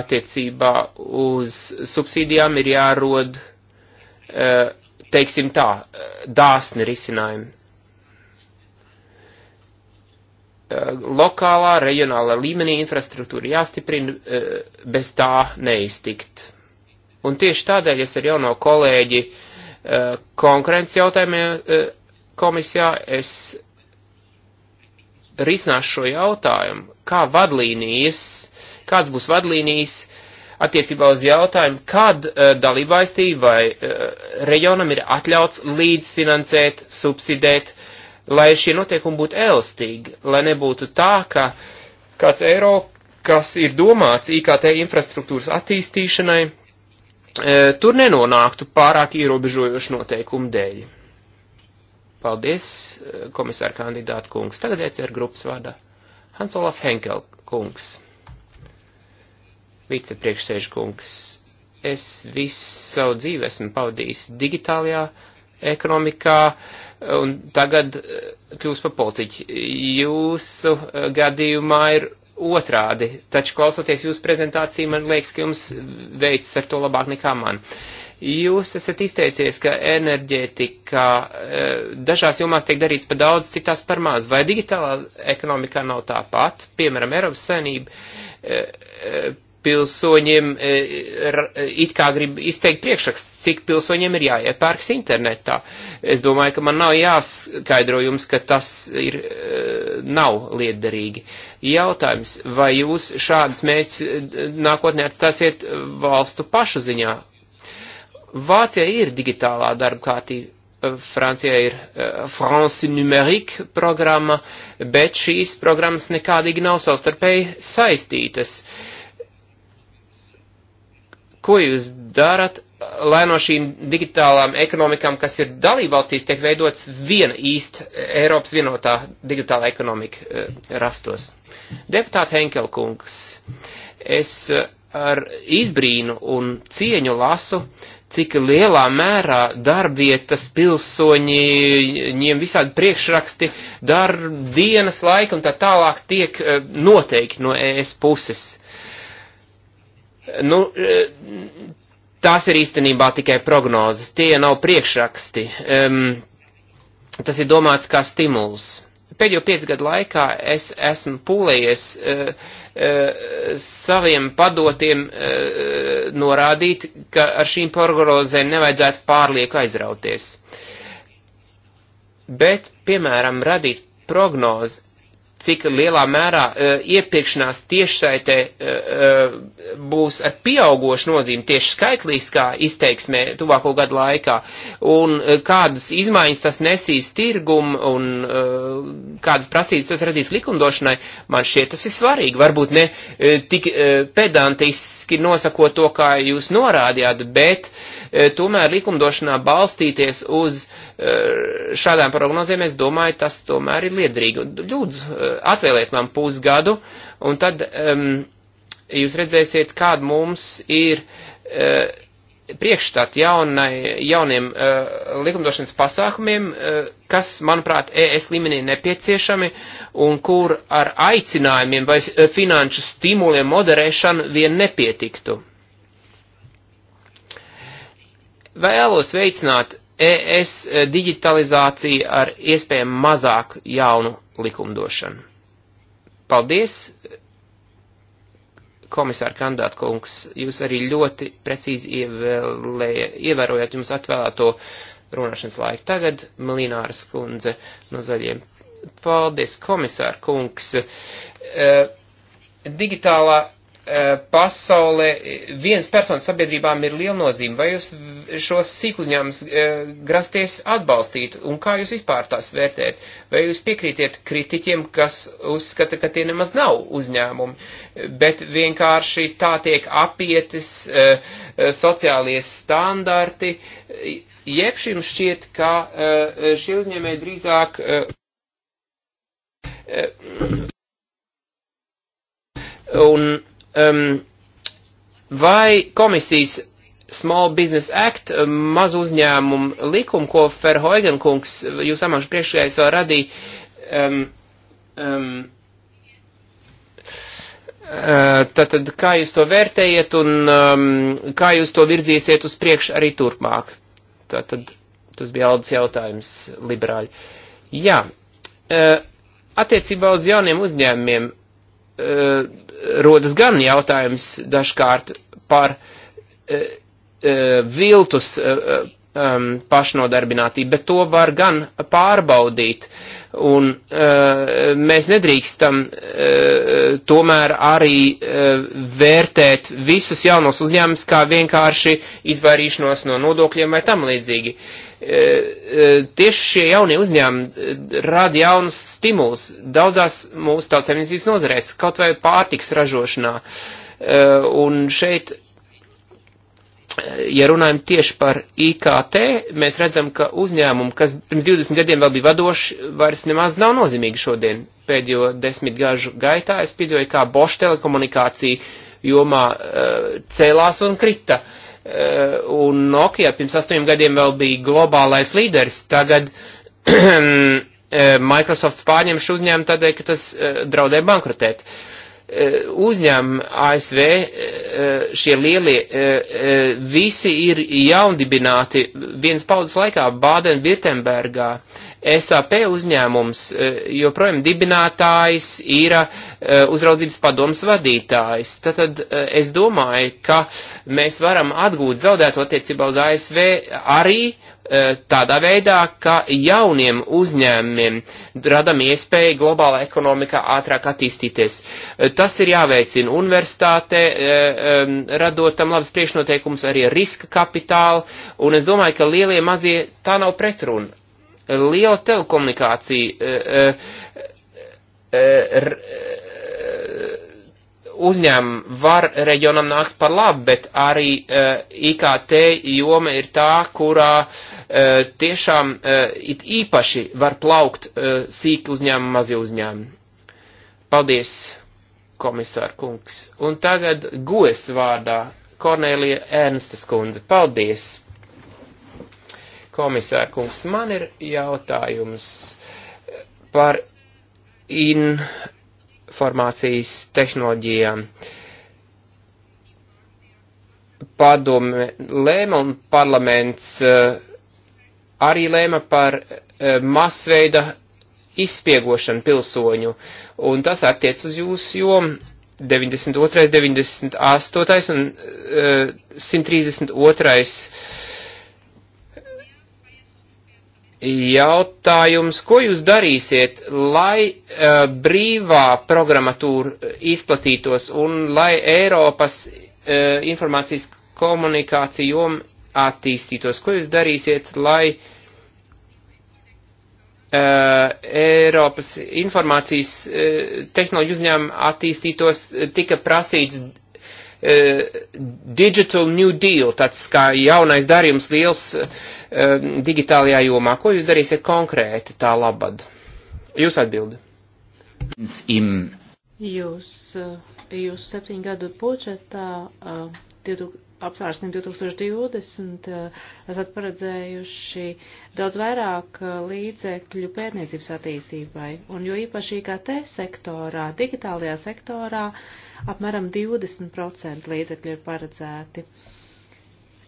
S2: attiecībā uz subsīdijām ir jārod, uh, teiksim tā, dāsni risinājumi Eh, lokālā, reģionālā līmenī infrastruktūra jāstiprina, eh, bez tā neiztikt. Un tieši tādēļ es ar jauno kolēģi eh, konkurences jautājumiem komisijā es risināšu šo jautājumu, kā vadlīnijas, kāds būs vadlīnijas attiecībā uz jautājumu, kad dalībvalstī vai reģionam ir atļauts līdzfinansēt, subsidēt, lai šie noteikumi būtu elstīgi, lai nebūtu tā, ka kāds eiro, kas ir domāts IKT infrastruktūras attīstīšanai, e, tur nenonāktu pārāk ierobežojošu noteikumu dēļ. Paldies, e, komisāra kandidāta kungs. Tagad ECR grupas vada Hans Olaf Henkel kungs, vicepriekšsēžu kungs. Es visu savu dzīvi esmu pavadījis digitālajā ekonomikā, uh, un tagad eh, kļūs par politiķi. Jūsu eh, gadījumā ir otrādi, taču klausoties jūsu prezentāciju, man liekas, ka jums veids ar to labāk nekā man. Jūs esat izteicies, ka enerģētika eh, dažās jomās tiek darīts par daudz, citās par maz. Vai digitālā ekonomikā nav tāpat? Piemēram, Eiropas saimnība pilsoņiem e, e, it kā grib izteikt priekšraksts, cik pilsoņiem ir jāiepērks internetā. Es domāju, ka man nav jāskaidro jums, ka tas ir, e, nav liederīgi. Jautājums, vai jūs šādas mērķis nākotnē atstāsiet valstu pašu ziņā? Vācija ir digitālā darba kārtība. Francijā ir France Numerique programma, bet šīs programmas nekādīgi nav savstarpēji saistītas. Uh, Ko jūs darat, lai no šīm digitālām ekonomikām, kas ir dalībvalstīs, tiek veidots viena īsta eh, Eiropas vienotā digitāla ekonomika eh, rastos? Deputāte Henkelkungs, es eh, ar izbrīnu un cieņu lasu, cik lielā mērā darbvietas pilsoņi, viņiem visādi priekšraksti, darba dienas laika un tā tālāk tiek noteikti no ES puses. Nu, e, tās ir īstenībā tikai prognozes, tie nav priekšraksti. Um, tas ir domāts kā stimuls. Pēdējo piecu gadu laikā es esmu pūlējies uh, uh, saviem padotiem uh, norādīt, ka ar šīm prognozēm nevajadzētu pārlieku aizrauties. Bet, piemēram, radīt prognozi cik lielā mērā uh, iepirkšanās tiešsaitē uh, būs ar pieaugošu nozīmi tieši skaitlīskā izteiksmē tuvāko gadu laikā, un uh, kādas izmaiņas tas nesīs tirgumu, un uh, kādas prasības tas radīs likumdošanai, man šķiet tas ir svarīgi. Varbūt ne uh, tik uh, pedantiski nosakot to, kā jūs norādījāt, bet uh, E, tomēr likumdošanā balstīties uz e, šādām prognozēm, es domāju, tas tomēr ir liederīgi. Lūdzu, e, atvēliet man pusgadu, un tad um, jūs redzēsiet, kāda mums ir uh, priekšstat jaunai, jauniem uh, likumdošanas pasākumiem, uh, kas, manuprāt, ES līmenī nepieciešami un kur ar aicinājumiem vai finanšu stimuliem moderēšanu vien nepietiktu. Vēlos veicināt ES digitalizāciju ar iespējami mazāk jaunu likumdošanu. Paldies, komisāra kandidāta kungs, jūs arī ļoti precīzi ievēlēja, ievērojat jums atvēlēto runāšanas laiku. Tagad Melināras kundze no zaļiem. Paldies, komisāra kungs. E, digitālā Eh, pasaulē viens personas sabiedrībām ir liela nozīme, vai jūs šos sīkuņāms eh, grasties atbalstīt, un kā jūs vispār tās vērtēt, vai jūs piekrītiet kritiķiem, kas uzskata, ka tie nemaz nav uzņēmumi, bet vienkārši tā tiek apietis eh, sociālie standarti, jeb šim šķiet, ka šie uzņēmēji drīzāk un Um, vai komisijas Small Business Act, um, mazu uzņēmumu likumu, ko Ferhoigen kungs, jūs amāšu priekšējais vēl radīja, um, um, Tātad, uh, kā jūs to vērtējat un um, kā jūs to virzīsiet uz priekšu arī turpmāk? Tātad, tas bija Aldis jautājums, liberāļi. Jā, uh, attiecībā uz jauniem uzņēmumiem, uh, rodas gan jautājums dažkārt par uh, viltus uh, um, pašnodarbinātību, bet to var gan pārbaudīt. Un uh, mēs nedrīkstam uh, tomēr arī uh, vērtēt visus jaunos uzņēmumus kā vienkārši izvairīšanos no nodokļiem vai tam līdzīgi. Uh, E, e, tieši šie jaunie uzņēmumi e, rada jaunus stimulus daudzās mūsu tautsēmniecības nozarēs, kaut vai pārtiks ražošanā. Un šeit, ja runājam tieši par IKT, mēs redzam, ka uzņēmumi, kas pirms 20 gadiem vēl bija vadoši, vairs nemaz nav nozīmīgi šodien. Pēdējo desmit gažu gaitā es piedzīvoju, kā Bosch telekomunikācija jomā cēlās un krita. Uh, Eh, un Nokia pirms astoņiem gadiem vēl bija globālais līderis. Tagad eh, Microsofts pārņem šo uzņēmumu tādēļ, ka tas eh, draudē bankrotēt. Uzņēmumi ASV, šie lielie, visi ir jaundibināti viens paudzes laikā Bāden-Virtembergā. SAP uzņēmums joprojām dibinātājs ir Eh, uzraudzības padomas vadītājs. Tātad eh, es domāju, ka mēs varam atgūt zaudēto attiecībā uz ASV arī eh, tādā veidā, ka jauniem uzņēmumiem radam iespēju globālā ekonomikā ātrāk attīstīties. Tas ir jāveicina universitātē, radot tam labas priekšnoteikumus arī riska kapitāla, un es domāju, ka lielie mazie tā nav pretruna. Liela telekomunikācija. Uh, uh, uh, Eh, uzņēmumi var reģionam nākt par labu, bet arī uh, eh, IKT joma ir tā, kurā uh, tiešām uh, it īpaši var plaukt uh, sīki uzņēmumi, mazi uzņēmumi. Paldies, komisār kungs. Un tagad gojas vārdā Kornēlija Ernstas kundze. Paldies, komisār kungs. Man ir jautājums par in informācijas tehnoloģijām. Padome lēma un parlaments eh, arī lēma par eh, masveida izspiegošanu pilsoņu, un tas attiec uz jūsu jomu. 92., 98. un uh, eh, 132. jautājums, ko jūs darīsiet, lai uh, brīvā programmatūra izplatītos un lai Eiropas uh, informācijas komunikācija jom attīstītos? Ko jūs darīsiet, lai uh, Eiropas informācijas uh, tehnoloģiju uzņēmumu attīstītos? Tika prasīts uh, Digital New Deal, tāds kā jaunais darījums liels. Uh, digitālajā jomā. Ko jūs darīsiet konkrēti tā labad? Jūs atbildi. Eh,
S3: jūs, jūs septiņu gadu budžetā eh, apsvērsim 2020 eh, esat paredzējuši daudz vairāk līdzekļu pētniecības attīstībai, un jo īpaši IKT sektorā, digitālajā sektorā, apmēram 20% līdzekļu ir paredzēti. Uh,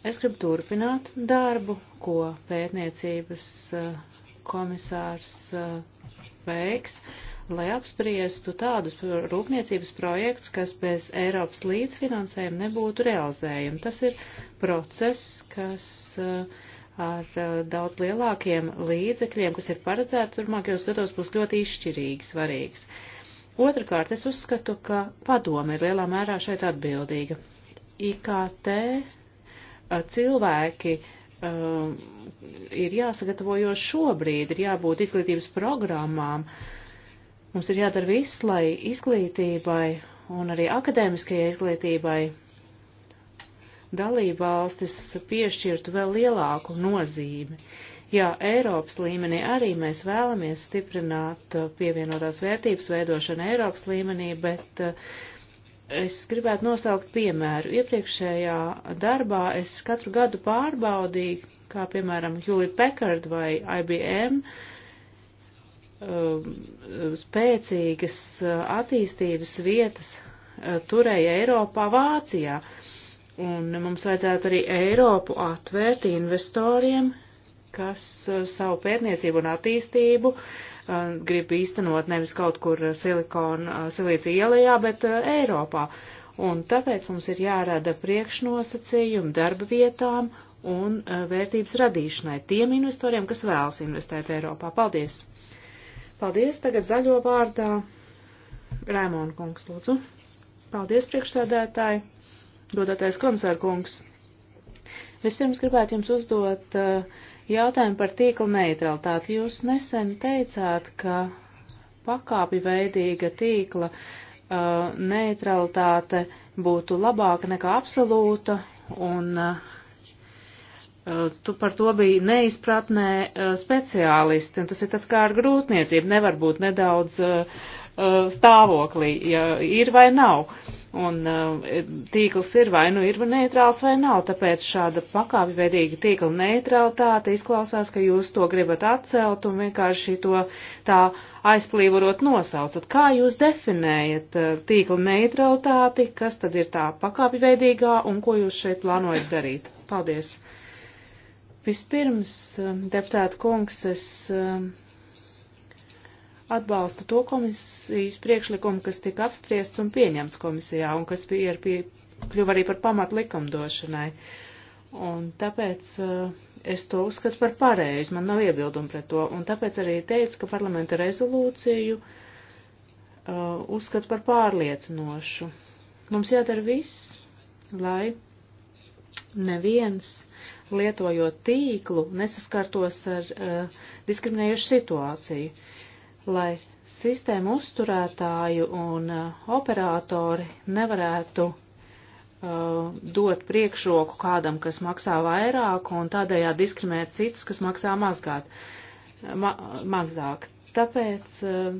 S3: Es gribu turpināt darbu, ko pētniecības eh, komisārs eh, veiks, lai apspriestu tādus rūpniecības projektus, kas bez Eiropas līdzfinansējuma nebūtu realizējumi. Tas ir process, kas eh, ar daudz lielākiem līdzekļiem, kas ir paredzēti turmākajos gados, būs ļoti izšķirīgi svarīgs. Otrakārt, es uzskatu, ka padome ir lielā mērā šeit atbildīga. IKT cilvēki um, ir jāsagatavo jau šobrīd, ir jābūt izglītības programmām. Mums ir jādara viss, lai izglītībai un arī akadēmiskajai izglītībai dalībvalstis piešķirtu vēl lielāku nozīmi. Jā, Eiropas līmenī arī mēs vēlamies stiprināt pievienotās vērtības veidošanu Eiropas līmenī, bet uh, Es gribētu nosaukt piemēru. Iepriekšējā darbā es katru gadu pārbaudīju, kā piemēram Hewlett Packard vai IBM, um, spēcīgas uh, attīstības vietas uh, turēja Eiropā, Vācijā. Un mums vajadzētu arī Eiropu atvērt investoriem, kas uh, savu pētniecību un attīstību uh, Uh, grib īstenot nevis kaut kur uh, silikona, uh, silīcija ielajā, bet Eiropā. Un tāpēc mums ir jārada priekšnosacījumi darba vietām un vērtības radīšanai tiem investoriem, kas vēlas investēt Eiropā. Paldies! Paldies! Tagad zaļo vārdā Rēmona kungs, lūdzu. Paldies, priekšsēdētāji! Godātais komisāra kungs! Vispirms gribētu jums uzdot uh, Jautājumu par tīkla neutralitāti. Jūs nesen teicāt, ka pakāpju veidīga tīkla uh, neutralitāte būtu labāka nekā absolūta, un uh, uh, tu par to biji neizpratnē uh, speciālisti, un tas ir tad kā ar grūtniecību, nevar būt nedaudz uh, uh stāvoklī, ja ir vai nav. Uh, Un uh, tīkls ir vai nu ir neitrāls vai nav, tāpēc šāda pakāpveidīga tīkla neitralitāte izklausās, ka jūs to gribat atcelt un vienkārši to tā aizplīvorot nosaucat. Kā jūs definējat uh, tīkla neitralitāti, kas tad ir tā pakāpveidīgā un ko jūs šeit plānojat darīt? Paldies! Vispirms, um, deputāta kungs, es um, atbalstu to komisijas priekšlikumu, kas tika apspriests un pieņemts komisijā un kas bija ar pie, kļuva arī par pamatu likumdošanai. Un tāpēc uh, es to uzskatu par pareizi, man nav iebildumu pret to. Un tāpēc arī teicu, ka parlamenta rezolūciju uh, uzskatu par pārliecinošu. Mums jādara viss, lai neviens lietojot tīklu nesaskartos ar uh, eh, diskriminējušu situāciju. Uh, lai sistēmu uzturētāju un uh, operatori nevarētu uh, dot priekšroku kādam, kas maksā vairāk un tādējā diskriminēt citus, kas maksā mazgāt, ma mazāk. Tāpēc uh,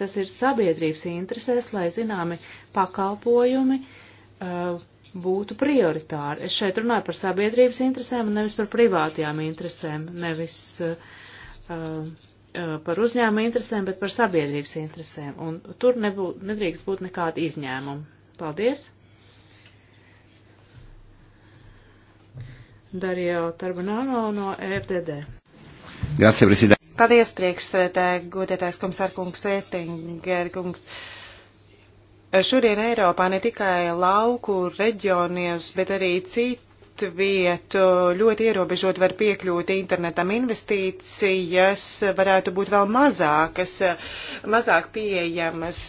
S3: tas ir sabiedrības interesēs, lai zināmi pakalpojumi uh, būtu prioritāri. Es šeit runāju par sabiedrības interesēm un nevis par privātajām interesēm, nevis uh, uh Uh, par uzņēmuma interesēm, bet par sabiedrības interesēm. Un tur nebū, nedrīkst būt nekāda izņēmuma. Paldies!
S1: Darijo Tarbonāno no e FDD.
S2: Grazie, prezident.
S1: Paldies, priekšsēdētāji, godētājs komisārkungs Ētingerkungs. Šodien Eiropā ne tikai lauku reģionies, bet arī citu vietu ļoti ierobežot var piekļūt internetam. Investīcijas varētu būt vēl mazākas, mazāk pieejamas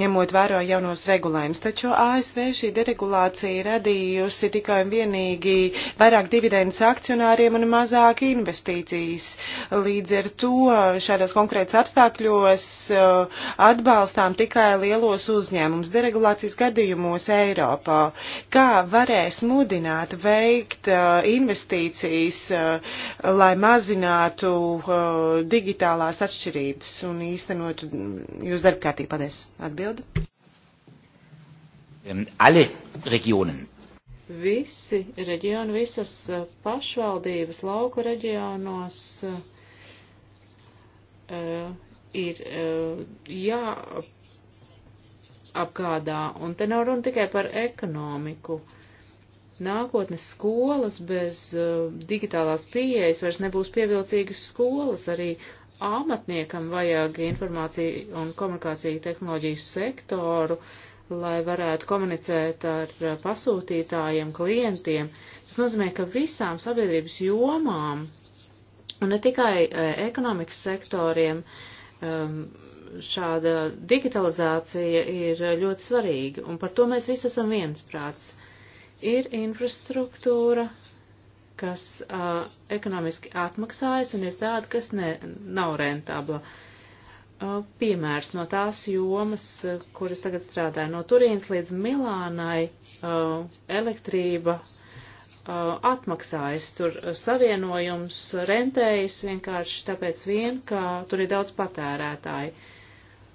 S1: ņemot vērā jaunos regulējumus. Taču ASV šī deregulācija radījusi tikai un vienīgi vairāk dividendes akcionāriem un mazāk investīcijas. Līdz ar to šādos konkrētos apstākļos uh, atbalstām tikai lielos uzņēmumus deregulācijas gadījumos Eiropā. Kā varēs mudināt veikt uh, investīcijas, uh, lai mazinātu digitālās atšķirības un īstenotu mm, jūsu darbkārtību? Paldies! Atbild atbildi.
S2: Alle reģionen.
S3: Visi reģioni, visas eh, pašvaldības lauku reģionos uh, ir uh, jāapgādā. Un te nav runa tikai par ekonomiku. Nākotnes skolas bez uh, digitālās pieejas vairs nebūs pievilcīgas skolas, arī amatniekam vajag informāciju un komunikāciju tehnoloģiju sektoru, lai varētu komunicēt ar uh, pasūtītājiem, klientiem. Tas nozīmē, ka visām sabiedrības jomām, un ne tikai uh, ekonomikas sektoriem, um, šāda digitalizācija ir ļoti svarīga, un par to mēs visi esam viensprāts. Ir infrastruktūra, kas uh, ekonomiski atmaksājas un ir tāda, kas ne, nav rentabla. Uh, piemērs no tās jomas, uh, kuras tagad strādāju, no Turīnas līdz Milānai uh, elektrība uh, atmaksājas, tur savienojums rentējas vienkārši tāpēc vien, ka tur ir daudz patērētāju. Uh,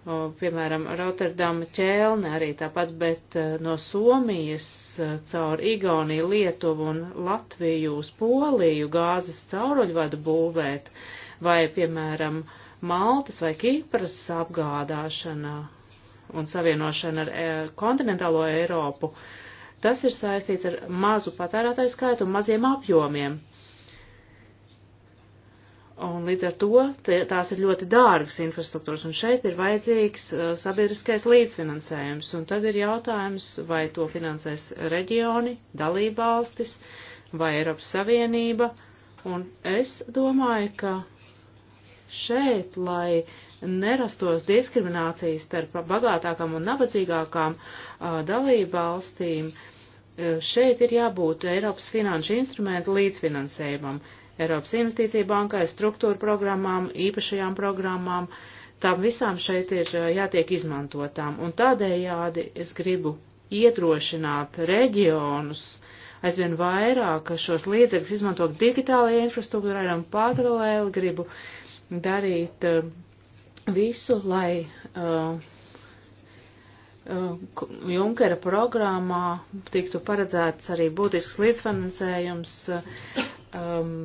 S3: piemēram, Rotterdama ķēlne arī tāpat, bet e, no Somijas e, caur Igauniju, Lietuvu un Latviju uz Poliju gāzes cauruļvadu būvēt, vai, piemēram, Maltas vai Kipras apgādāšana un savienošana ar e, kontinentālo Eiropu, tas ir saistīts ar mazu patērētāju skaitu un maziem apjomiem. Un līdz ar to te, tās ir ļoti dārgas infrastruktūras, un šeit ir vajadzīgs uh, sabiedriskais līdzfinansējums. Un tad ir jautājums, vai to finansēs reģioni, dalībvalstis vai Eiropas Savienība. Un es domāju, ka šeit, lai nerastos diskriminācijas starp bagātākām un nabadzīgākām uh, dalībvalstīm, uh, šeit ir jābūt Eiropas finanšu instrumentu līdzfinansējumam. Uh, Eiropas investīcija bankai, struktūra programmām, īpašajām programmām. Tām visām šeit ir eh, jātiek izmantotām. Un tādējādi es gribu iedrošināt reģionus aizvien vairāk šos līdzekļus izmantot digitālajai infrastruktūrai un paralēli gribu darīt uh, visu, lai uh, uh, Junkera programmā tiktu paredzēts arī būtisks līdzfinansējums um,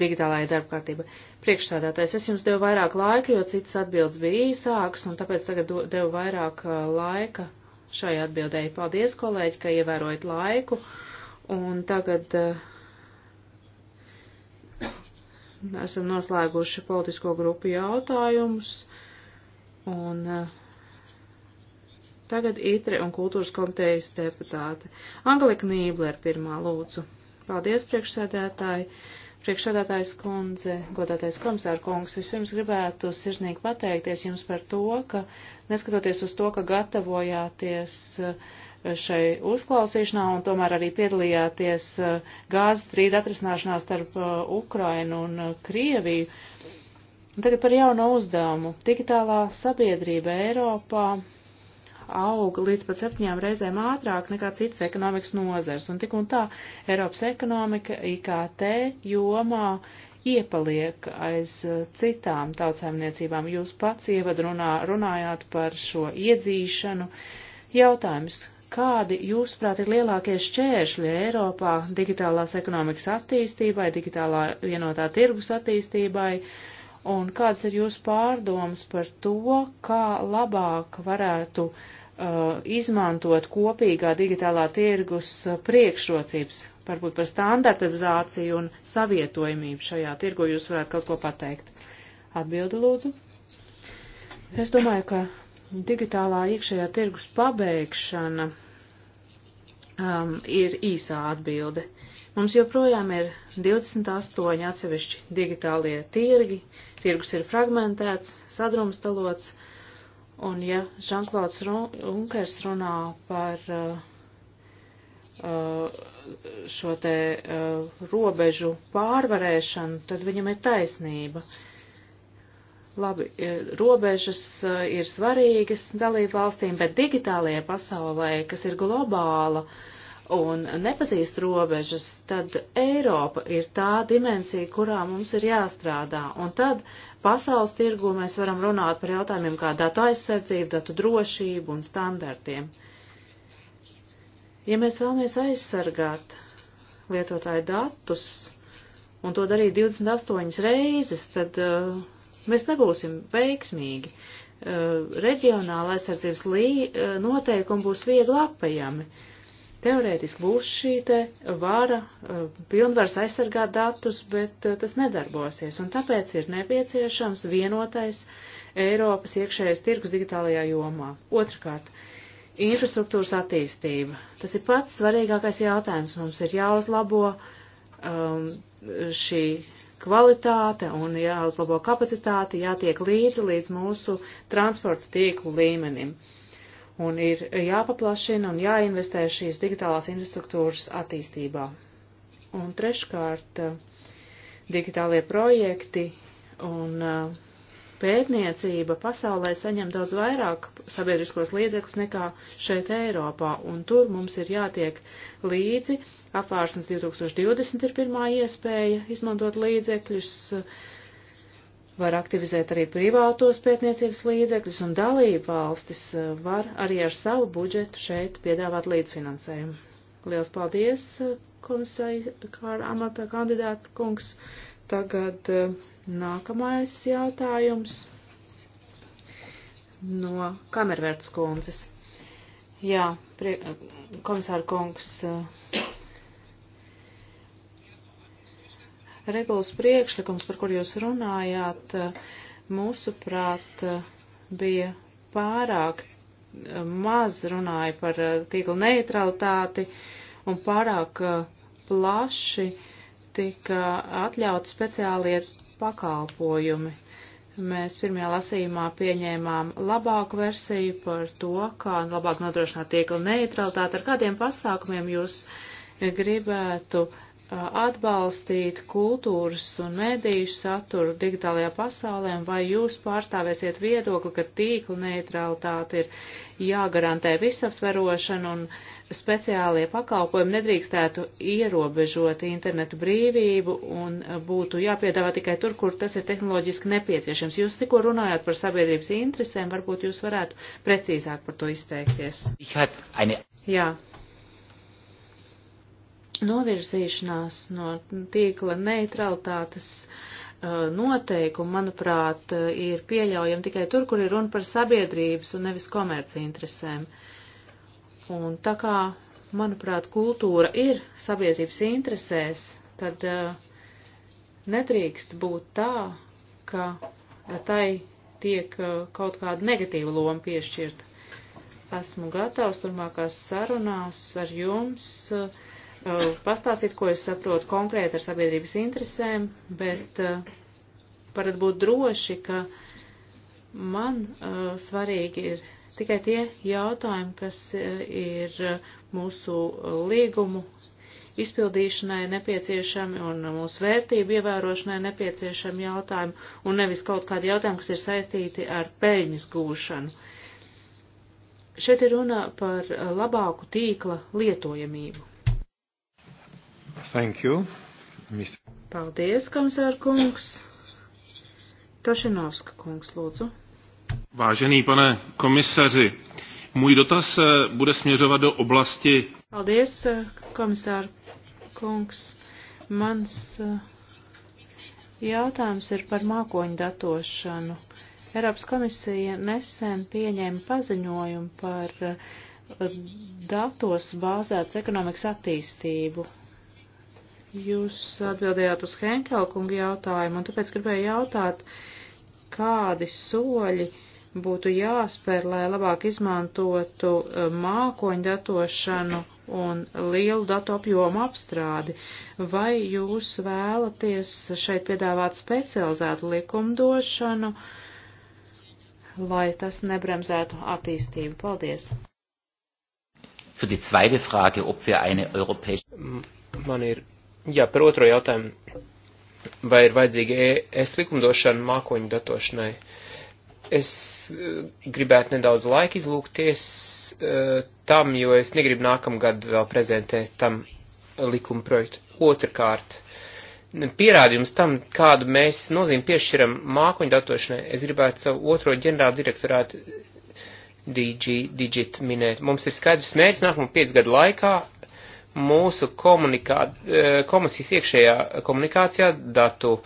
S3: digitālajai darbkārtībai. Priekšsādātais, es jums devu vairāk laika, jo citas atbildes bija īsākas, un tāpēc tagad devu vairāk uh, laika šai atbildēji. Paldies, kolēģi, ka ievērojat laiku, un tagad uh, esam noslēguši politisko grupu jautājumus, un uh, tagad ITRE un kultūras komitejas deputāte. Angelika Nībler pirmā lūdzu. Paldies, priekšsēdētāji. Priekšsēdētājs kundze, godātais komisāra kungs, vispirms gribētu sirsnīgi pateikties jums par to, ka neskatoties uz to, ka gatavojāties eh, šai uzklausīšanā un tomēr arī piedalījāties eh, gāzes strīda atrisināšanā starp eh, Ukrainu un Krieviju, Un tagad par jauno uzdevumu. Digitālā sabiedrība Eiropā aug līdz pat septiņām reizēm ātrāk nekā citas ekonomikas nozars. Un tik un tā Eiropas ekonomika IKT jomā iepaliek aiz eh, citām tautsēmniecībām. Jūs pats ievadrunā runājāt par šo iedzīšanu. Jautājums, kādi, jūsuprāt, ir lielākie šķēršļi Eiropā digitālās ekonomikas attīstībai, digitālā vienotā tirgus attīstībai un kādas ir jūsu pārdomas par to, kā labāk varētu uh, izmantot kopīgā digitālā tirgus uh, priekšrocības, varbūt par standartizāciju un savietojamību šajā tirgu jūs varētu kaut ko pateikt. Atbildi lūdzu. Es domāju, ka digitālā iekšējā tirgus pabeigšana um, ir īsā atbilde. Uh, Mums joprojām ir 28 atsevišķi digitālie tirgi, tirgus ir fragmentēts, sadrumstalots, un ja Žanklauds Runkers runā par uh, uh, šo te uh, robežu pārvarēšanu, tad viņam ir taisnība. Labi, e, robežas uh, ir svarīgas dalību valstīm, bet digitālajai pasaulē, kas ir globāla, uh, un nepazīst robežas, tad Eiropa ir tā dimensija, kurā mums ir jāstrādā. Un tad pasaules tirgu mēs varam runāt par jautājumiem kā datu aizsardzību, datu drošību un standartiem. Ja mēs vēlamies aizsargāt lietotāju datus un to darīt 28 reizes, tad uh, mēs nebūsim veiksmīgi. Uh, reģionāla aizsardzības lī, uh, noteikumi būs viegli apējami. Uh, Teorētiski būs šī te vara, eh, pilnvars aizsargāt datus, bet eh, tas nedarbosies, un tāpēc ir nepieciešams vienotais Eiropas iekšējais tirgus digitālajā jomā. Otrakārt, infrastruktūras attīstība. Tas ir pats svarīgākais jautājums. Mums ir jāuzlabo um, šī kvalitāte un jāuzlabo kapacitāte, jātiek līdzi līdz mūsu transporta tīklu līmenim. Uh, un ir jāpaplašina un jāinvestē šīs digitālās infrastruktūras attīstībā. Un treškārt, digitālie projekti un uh, pētniecība pasaulē saņem daudz vairāk sabiedriskos līdzekļus nekā šeit Eiropā, un tur mums ir jātiek līdzi. Apvārsnes 2020 ir pirmā iespēja izmantot līdzekļus, uh, var aktivizēt arī privātos pētniecības līdzekļus, un dalība valstis eh, var arī ar savu budžetu šeit piedāvāt līdzfinansējumu. Liels paldies, eh, komisāri, kā amatā kandidāta kungs. Tagad eh, nākamais jautājums no kamervērts kundzes. Jā, komisāra kungs, Regulas priekšlikums, par kur jūs runājāt, eh, mūsuprāt, eh, bija pārāk eh, maz runāja par tīkla neutralitāti un pārāk plaši tika atļauti speciālie pakalpojumi. Mēs pirmajā lasījumā pieņēmām labāku versiju par to, kā labāk nodrošināt tīkla neutralitāti, ar kādiem pasākumiem jūs gribētu uh, atbalstīt kultūras un mēdīju saturu digitālajā pasaulē, vai jūs pārstāvēsiet viedokli, ka tīkla neutralitāte ir jāgarantē visaptverošana un speciālie pakalpojumi nedrīkstētu ierobežot internetu brīvību un būtu jāpiedāvā tikai tur, kur tas ir tehnoloģiski nepieciešams. Jūs tikko runājāt par sabiedrības interesēm, varbūt jūs varētu precīzāk par to izteikties. Jā. Novirzīšanās no tīkla neutralitātes uh, noteikumu, manuprāt, uh, ir pieļaujama tikai tur, kur ir runa par sabiedrības un nevis komerci interesēm. Un tā kā, manuprāt, kultūra ir sabiedrības interesēs, tad uh, nedrīkst būt tā, ka tai tiek kaut kāda negatīva loma piešķirta. Esmu gatavs turmākās sarunās ar jums. Uh, Eh, pastāstīt, ko es saprotu konkrēti ar sabiedrības interesēm, bet eh, varat būt droši, ka man eh, svarīgi ir tikai tie jautājumi, kas ir mūsu līgumu izpildīšanai nepieciešami un mūsu vērtību ievērošanai nepieciešami jautājumi, un nevis kaut kādi jautājumi, kas ir saistīti ar peļņas gūšanu. Šeit ir runa par labāku tīkla lietojamību.
S1: Thank you. Mr.
S3: Paldies, komisār kungs. Tošinovska kungs, lūdzu.
S1: Vážený pane komisaři,
S2: můj dotaz eh, bude směřovat do oblasti.
S3: Paldies, eh, komisār kungs. Mans eh, jautājums ir par mākoņu datošanu. Eiropas komisija nesen pieņēma paziņojumu par datos bāzētas ekonomikas attīstību Jūs atbildējāt uz Henkel kungu jautājumu, un tāpēc gribēju jautāt, kādi soļi būtu jāspēr, lai labāk izmantotu eh, mākoņu datošanu un lielu datu apjomu apstrādi, vai jūs vēlaties šeit piedāvāt specializētu likumdošanu, lai tas nebremzētu attīstību? Paldies!
S2: Für die zweite Frage, ob wir eine europäische. Man ir Jā, par otro jautājumu. Vai ir vajadzīga es likumdošana mākoņu datošanai? Es eh, gribētu nedaudz laika izlūkties eh, tam, jo es negribu nākamgad vēl prezentēt tam likuma projektu. Otrakārt, pierādījums tam, kādu mēs nozīmi piešķiram mākoņu datošanai, es gribētu savu otro ģenerālu direktorātu DG, Digit minēt. Mums ir skaidrs mērķis nākamo 5 gadu laikā mūsu komunikā, e, komisijas iekšējā komunikācijā datu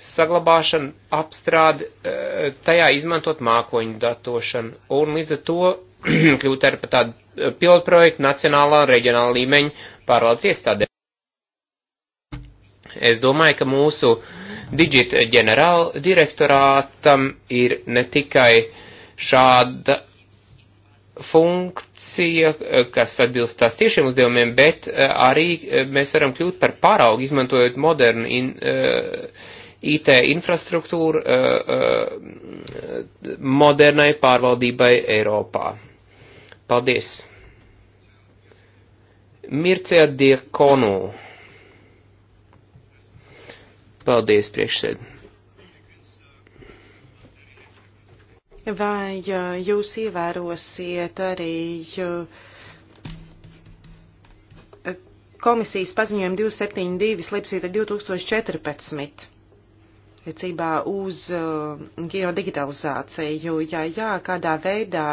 S2: saglabāšanu, apstrādi, e, tajā izmantot mākoņu datošanu. Un līdz ar to kļūt arī par tādu e, pilotprojektu nacionālā un reģionāla līmeņa pārvaldes iestādē. Es domāju, ka mūsu digit ģenerāla direktorātam ir ne tikai šāda funkcija, eh, kas atbilst tās tiešiem uzdevumiem, bet eh, arī eh, mēs varam kļūt par paraugu, izmantojot modernu in, IT infrastruktūru modernai pārvaldībai Eiropā. Paldies! Mircea Diekonu. Paldies, priekšsēdētāji!
S1: vai jūs ievērosiet arī komisijas paziņojumu 272 slipsvīta 2014 attiecībā uz kino uh, digitalizāciju, ja jā, kādā veidā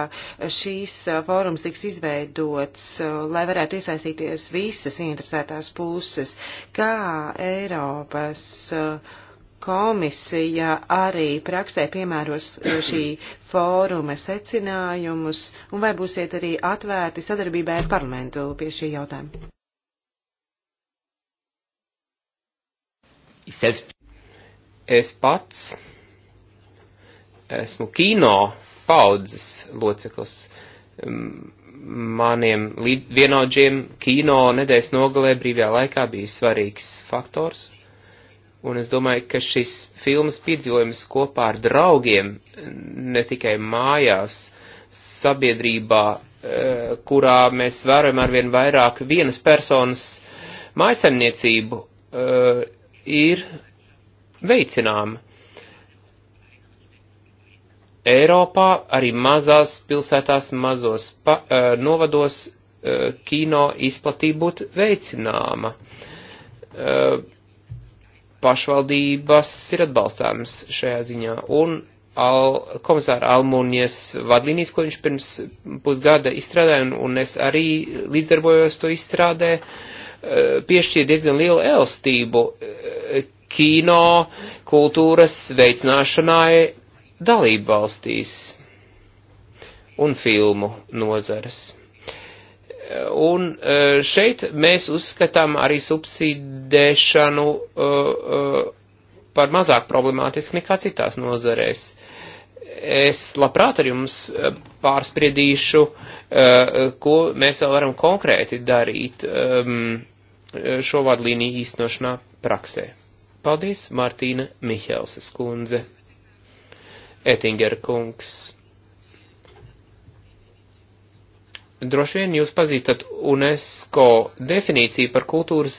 S1: šīs uh, fórums tiks izveidots, uh, lai varētu iesaistīties visas interesētās puses, kā Eiropas uh, komisija arī praksē piemēros eh, šī fóruma secinājumus, un vai būsiet arī atvērti sadarbībai ar parlamentu pie šī jautājuma?
S2: Es pats esmu kino paudzes loceklis. Maniem vienaudžiem kino nedēļas nogalē brīvajā laikā bija svarīgs faktors Un es domāju, ka šis filmas piedzīvojums kopā ar draugiem, ne tikai mājās, sabiedrībā, eh, kurā mēs varam arvien vairāk vienas personas mājasemniecību, eh, ir veicināma. Eiropā arī mazās pilsētās, mazos pa, eh, novados kino izplatība būtu veicināma pašvaldības ir atbalstāmas šajā ziņā. Un Al, komisāra Almūnijas vadlīnijas, ko viņš pirms pusgada izstrādāja, un, un es arī līdzdarbojos to izstrādē, eh, piešķīra diezgan lielu elstību eh, kino kultūras veicināšanai dalību valstīs un filmu nozares. Un e, šeit mēs uzskatām arī subsidēšanu e, e, par mazāk problemātisku nekā citās nozarēs. Es labprāt ar jums pārspriedīšu, ko mēs vēl varam konkrēti darīt šo vadlīniju īstenošanā praksē. Paldies, Martīna Mihelses kundze. Ettinger kungs. Droši vien jūs pazīstat UNESCO definīciju par kultūras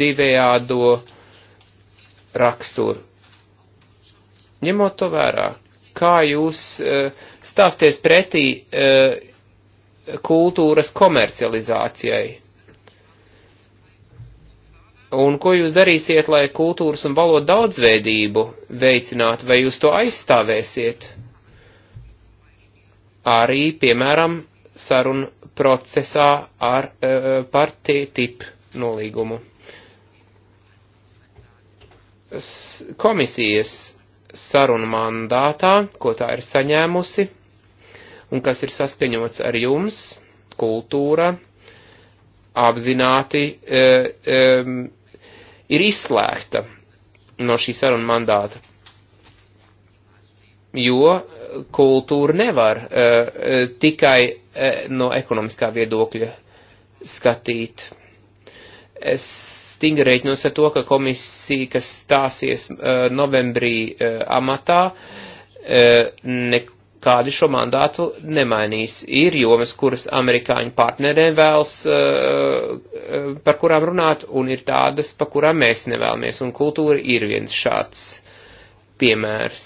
S2: divējādo raksturu. Ņemot to vērā, kā jūs uh, stāsties pretī uh, kultūras komercializācijai? Un ko jūs darīsiet, lai kultūras un valodu daudzveidību veicinātu, vai jūs to aizstāvēsiet? Arī, piemēram, sarunu procesā ar, e, par TTIP nolīgumu. Komisijas sarunu mandātā, ko tā ir saņēmusi, un kas ir saskaņots ar jums, kultūra, apzināti e, e, ir izslēgta no šī saruna mandāta jo eh, kultūru nevar uh, tikai uh, no ekonomiskā viedokļa skatīt. Es stingri reiķinos ar to, ka komisija, kas stāsies uh, novembrī uh, amatā, uh, nekādi šo mandātu nemainīs. Ir jomas, kuras amerikāņu partneriem vēlas, uh, uh, par kurām runāt, un ir tādas, par kurām mēs nevēlamies, un kultūra ir viens šāds piemērs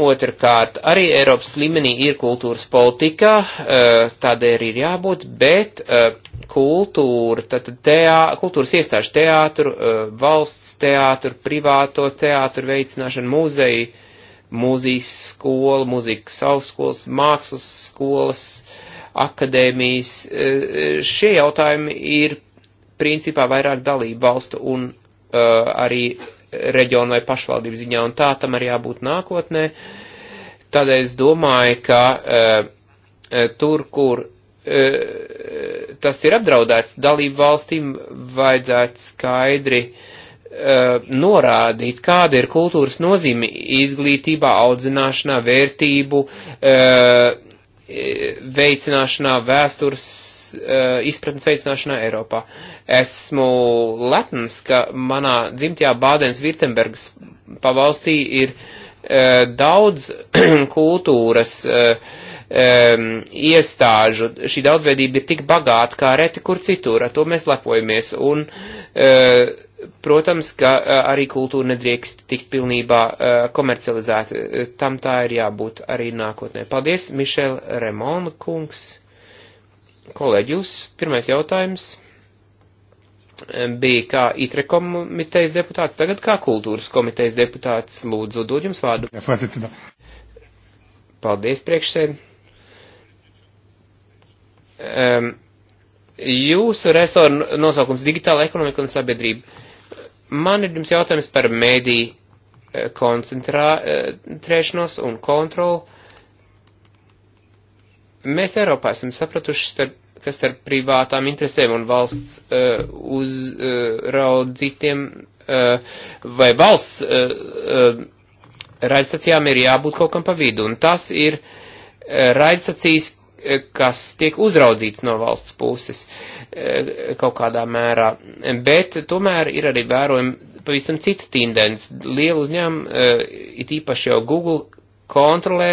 S2: Otrkārt, arī Eiropas līmenī ir kultūras politikā, eh, tādēļ arī ir jābūt, bet eh, kultūra, tātad teā, kultūras iestāžu teātru, eh, valsts teātru, privāto teātru veicināšana, muzeji, mūzijas skola, mūzikas augstskolas, mākslas skolas, akadēmijas, šie jautājumi ir principā vairāk dalību valstu un arī reģionu vai pašvaldību ziņā, un tā tam arī jābūt nākotnē. Tad es domāju, ka e, tur, kur e, tas ir apdraudēts, dalību valstīm vajadzētu skaidri e, norādīt, kāda ir kultūras nozīme izglītībā, audzināšanā, vērtību, e, veicināšanā, vēstures uh, izpratnes veicināšanā Eiropā. Esmu lepns, ka manā dzimtajā Bādens Virtembergas pavalstī ir uh, daudz kultūras uh, um, iestāžu. Šī daudzveidība ir tik bagāta kā reti kur citur, ar to mēs lepojamies. Un, uh, Protams, ka arī kultūra nedrīkst tikt pilnībā uh, komercializēta. Tam tā ir jābūt arī nākotnē. Paldies, Mišel Remon kungs. Kolēģi, jūs pirmais jautājums bija kā ITRE komitejas deputāts, tagad kā kultūras komitejas deputāts. Lūdzu, dod jums vārdu. Jā, Paldies, priekšsēd. Um, jūsu resoru nosaukums digitāla ekonomika un sabiedrība. Man ir jums jautājums par mēdī eh, koncentrēšanos eh, un kontroli Mēs Eiropā esam sapratuši, starp, ka starp privātām interesēm un valsts uh, uzraudzītiem uh, vai valsts uh, uh, raidstacijām ir jābūt kaut kam pa vidu. Un tas ir uh, raidstacijas, uh, kas tiek uzraudzīts no valsts puses uh, kaut kādā mērā. Bet tomēr ir arī vērojama pavisam cita tendence. Liela uzņēmuma, uh, it īpaši jau Google, kontrolē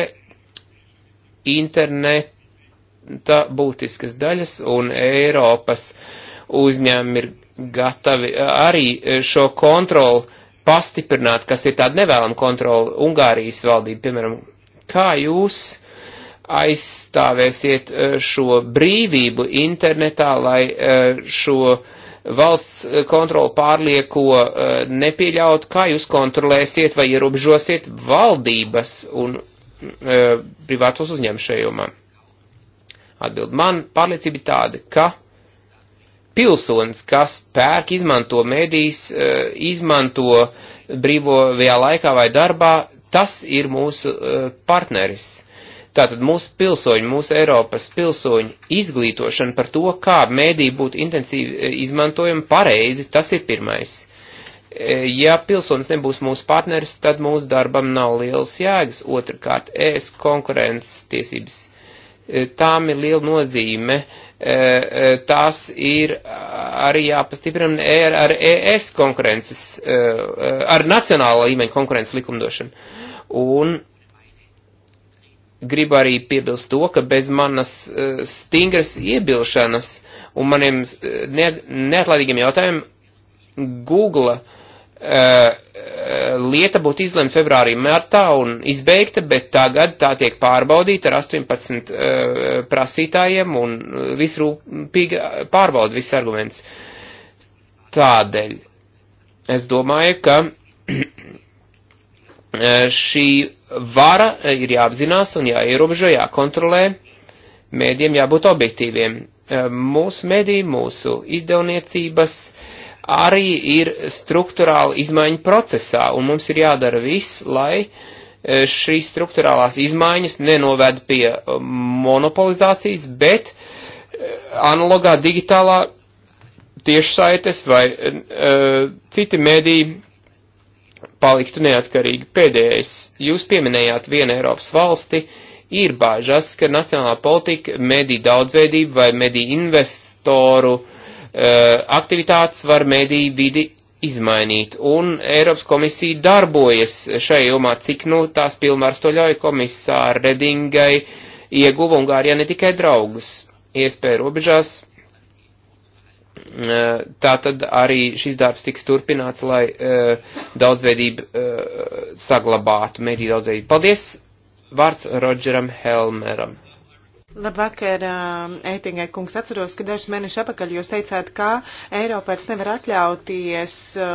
S2: internet tā būtiskas daļas, un Eiropas uzņēmumi ir gatavi eh, arī eh, šo kontroli pastiprināt, kas ir tāda nevēlama kontrola Ungārijas valdība, piemēram, kā jūs aizstāvēsiet eh, šo brīvību internetā, lai šo valsts kontroli pārlieko nepieļaut, kā jūs kontrolēsiet vai ierobežosiet valdības un privātos uzņēmumu šajomā. Atbild man pārliecība tāda, ka pilsonis, kas pērk, izmanto medijas, eh, izmanto brīvojā laikā vai darbā, tas ir mūsu eh, partneris. Tātad mūsu pilsoņi, mūsu Eiropas pilsoņi izglītošana par to, kā mēdī būtu intensīvi eh, izmantojama pareizi, tas ir pirmais. Ja pilsonis nebūs mūsu partneris, tad mūsu darbam nav liels jēgas. Otrakārt, ēs e konkurences tiesības Eh, tām ir liela nozīme. Eh, eh, tās ir arī jāpastiprina e, ar, e ar ES konkurences, ar nacionālā līmeņa konkurences likumdošanu. Un gribu arī piebilst to, ka bez manas stingras iebilšanas un maniem neatlaidīgiem jautājumiem Google uh, Eh, eh, lieta būtu izlemta februārī, martā un izbeigta, bet tagad tā tiek pārbaudīta ar 18 eh, prasītājiem un visrūpīgi pārbauda viss arguments. Tādēļ es domāju, ka šī vara ir jāapzinās un jāierobežo, jākontrolē. Mēdiem jābūt objektīviem. Mūsu mediji, mūsu izdevniecības, uh, arī ir struktūrāla izmaiņa procesā, un mums ir jādara viss, lai e, šīs struktūrālās izmaiņas nenoved pie e, monopolizācijas, bet e, analogā digitālā tiešsaites vai uh, citi mēdīji paliktu neatkarīgi. Pēdējais, jūs pieminējāt vienu Eiropas valsti, ir bāžas, ka nacionālā politika mediju daudzveidību vai mediju investoru uh, Eh, aktivitātes var mediju vidi izmainīt, un Eiropas komisija darbojas šajā jomā, cik nu tās pilnvars to ļauj komisāra Redingai ieguva Ungārijā ne tikai draugus iespēju robežās, eh, tā tad arī šis darbs tiks turpināts, lai eh, daudzveidību saglabātu, mērī daudzveidību. Paldies! Vārds Rodžeram Helmeram.
S1: Labvakar, ētīgai um, kungs. Atceros, ka dažus mēnešus apakaļ jūs teicāt, ka Eiropērs nevar atļauties uh,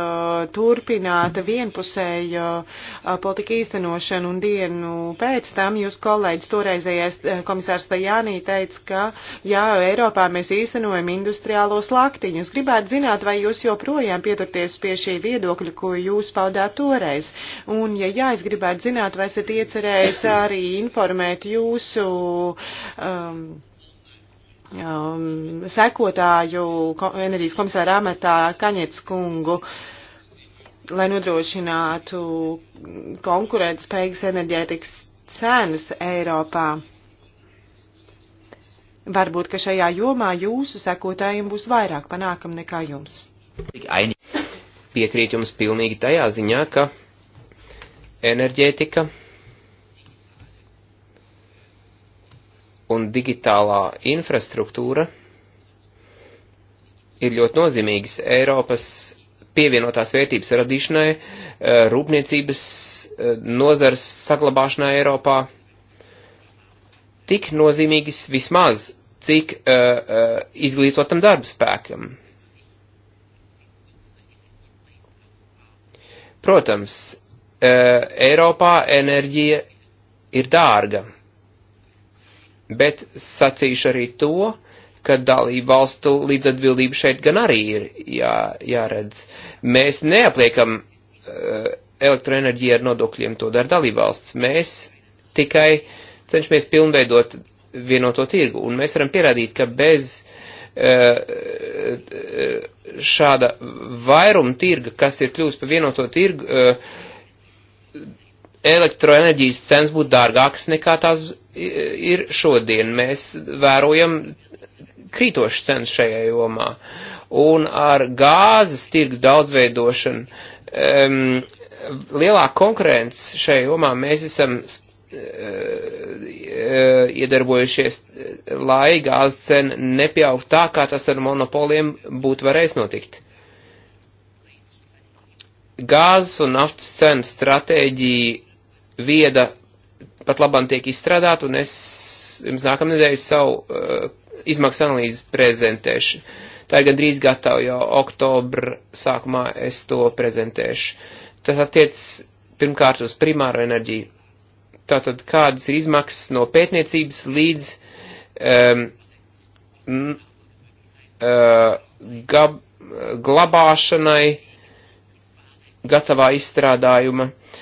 S1: turpināt vienpusēju uh, politiku īstenošanu un dienu pēc tam jūs kolēģis toreizējais uh, komisārs Tajānī teica, ka jā, Eiropā mēs īstenojam industriālos laktiņus. Gribētu zināt, vai jūs joprojām pieturties pie šī viedokļa, ko jūs paudāt toreiz. Un, ja jā, es gribētu zināt, vai esat iecerējis arī informēt jūsu uh, um, um, sekotāju ko, enerģijas komisāra amatā Kaņets kungu, lai nodrošinātu konkurētspējīgas enerģētikas cenas Eiropā. Varbūt, ka šajā jomā jūsu sekotājiem būs vairāk panākam nekā jums.
S2: Piekrīt jums pilnīgi tajā ziņā, ka enerģētika un digitālā infrastruktūra ir ļoti nozīmīgas Eiropas pievienotās vērtības radīšanai, eh, rūpniecības eh, nozars saglabāšanai Eiropā. Tik nozīmīgas vismaz, cik uh, uh, izglītotam darbspēkam. Protams, Eiropā enerģija ir dārga bet sacīšu arī to, ka dalību valstu līdzatbildība šeit gan arī ir jā, jāredz. Mēs neapliekam uh, elektroenerģiju ar nodokļiem, to dara dalību valsts. Mēs tikai cenšamies pilnveidot vienoto tirgu, un mēs varam pierādīt, ka bez uh, šāda vairuma tirga, kas ir kļūst par vienoto tirgu, uh, elektroenerģijas cenas būtu dārgākas nekā tās ir šodien. Mēs vērojam krītošas cenas šajā jomā. Un ar gāzes tirgu daudzveidošanu, um, lielā konkurence šajā jomā mēs esam uh, iedarbojušies, lai gāzes cena nepjauk tā, kā tas ar monopoliem būtu varējis notikt. Gāzes un naftas cenu stratēģija vieda pat labam tiek izstrādāta, un es jums nākamnedēļ savu uh, izmaksu analīzi prezentēšu. Tā ir gandrīz gatava, jo oktobra sākumā es to prezentēšu. Tas attiec pirmkārt uz primāro enerģiju. Tātad kādas ir izmaksas no pētniecības līdz um, m, uh, gab, glabāšanai gatavā izstrādājuma. Uh,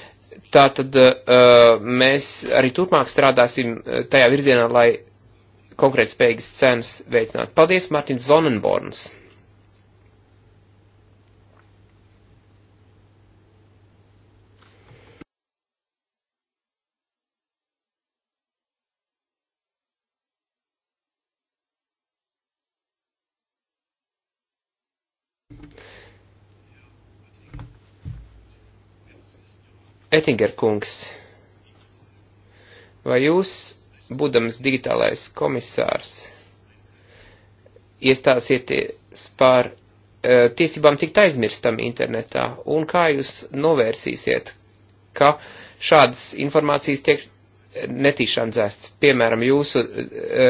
S2: Tātad uh, mēs arī turpmāk strādāsim uh, tajā virzienā, lai konkrēti spējīgas cenas veicinātu. Paldies, Mārtiņš Zonenborns! Ettinger kungs, vai jūs, būdams digitālais komisārs, iestāsieties par e, tiesībām tikt aizmirstam internetā, un kā jūs novērsīsiet, ka šādas informācijas tiek netīšām dzēsts. Piemēram, jūsu e,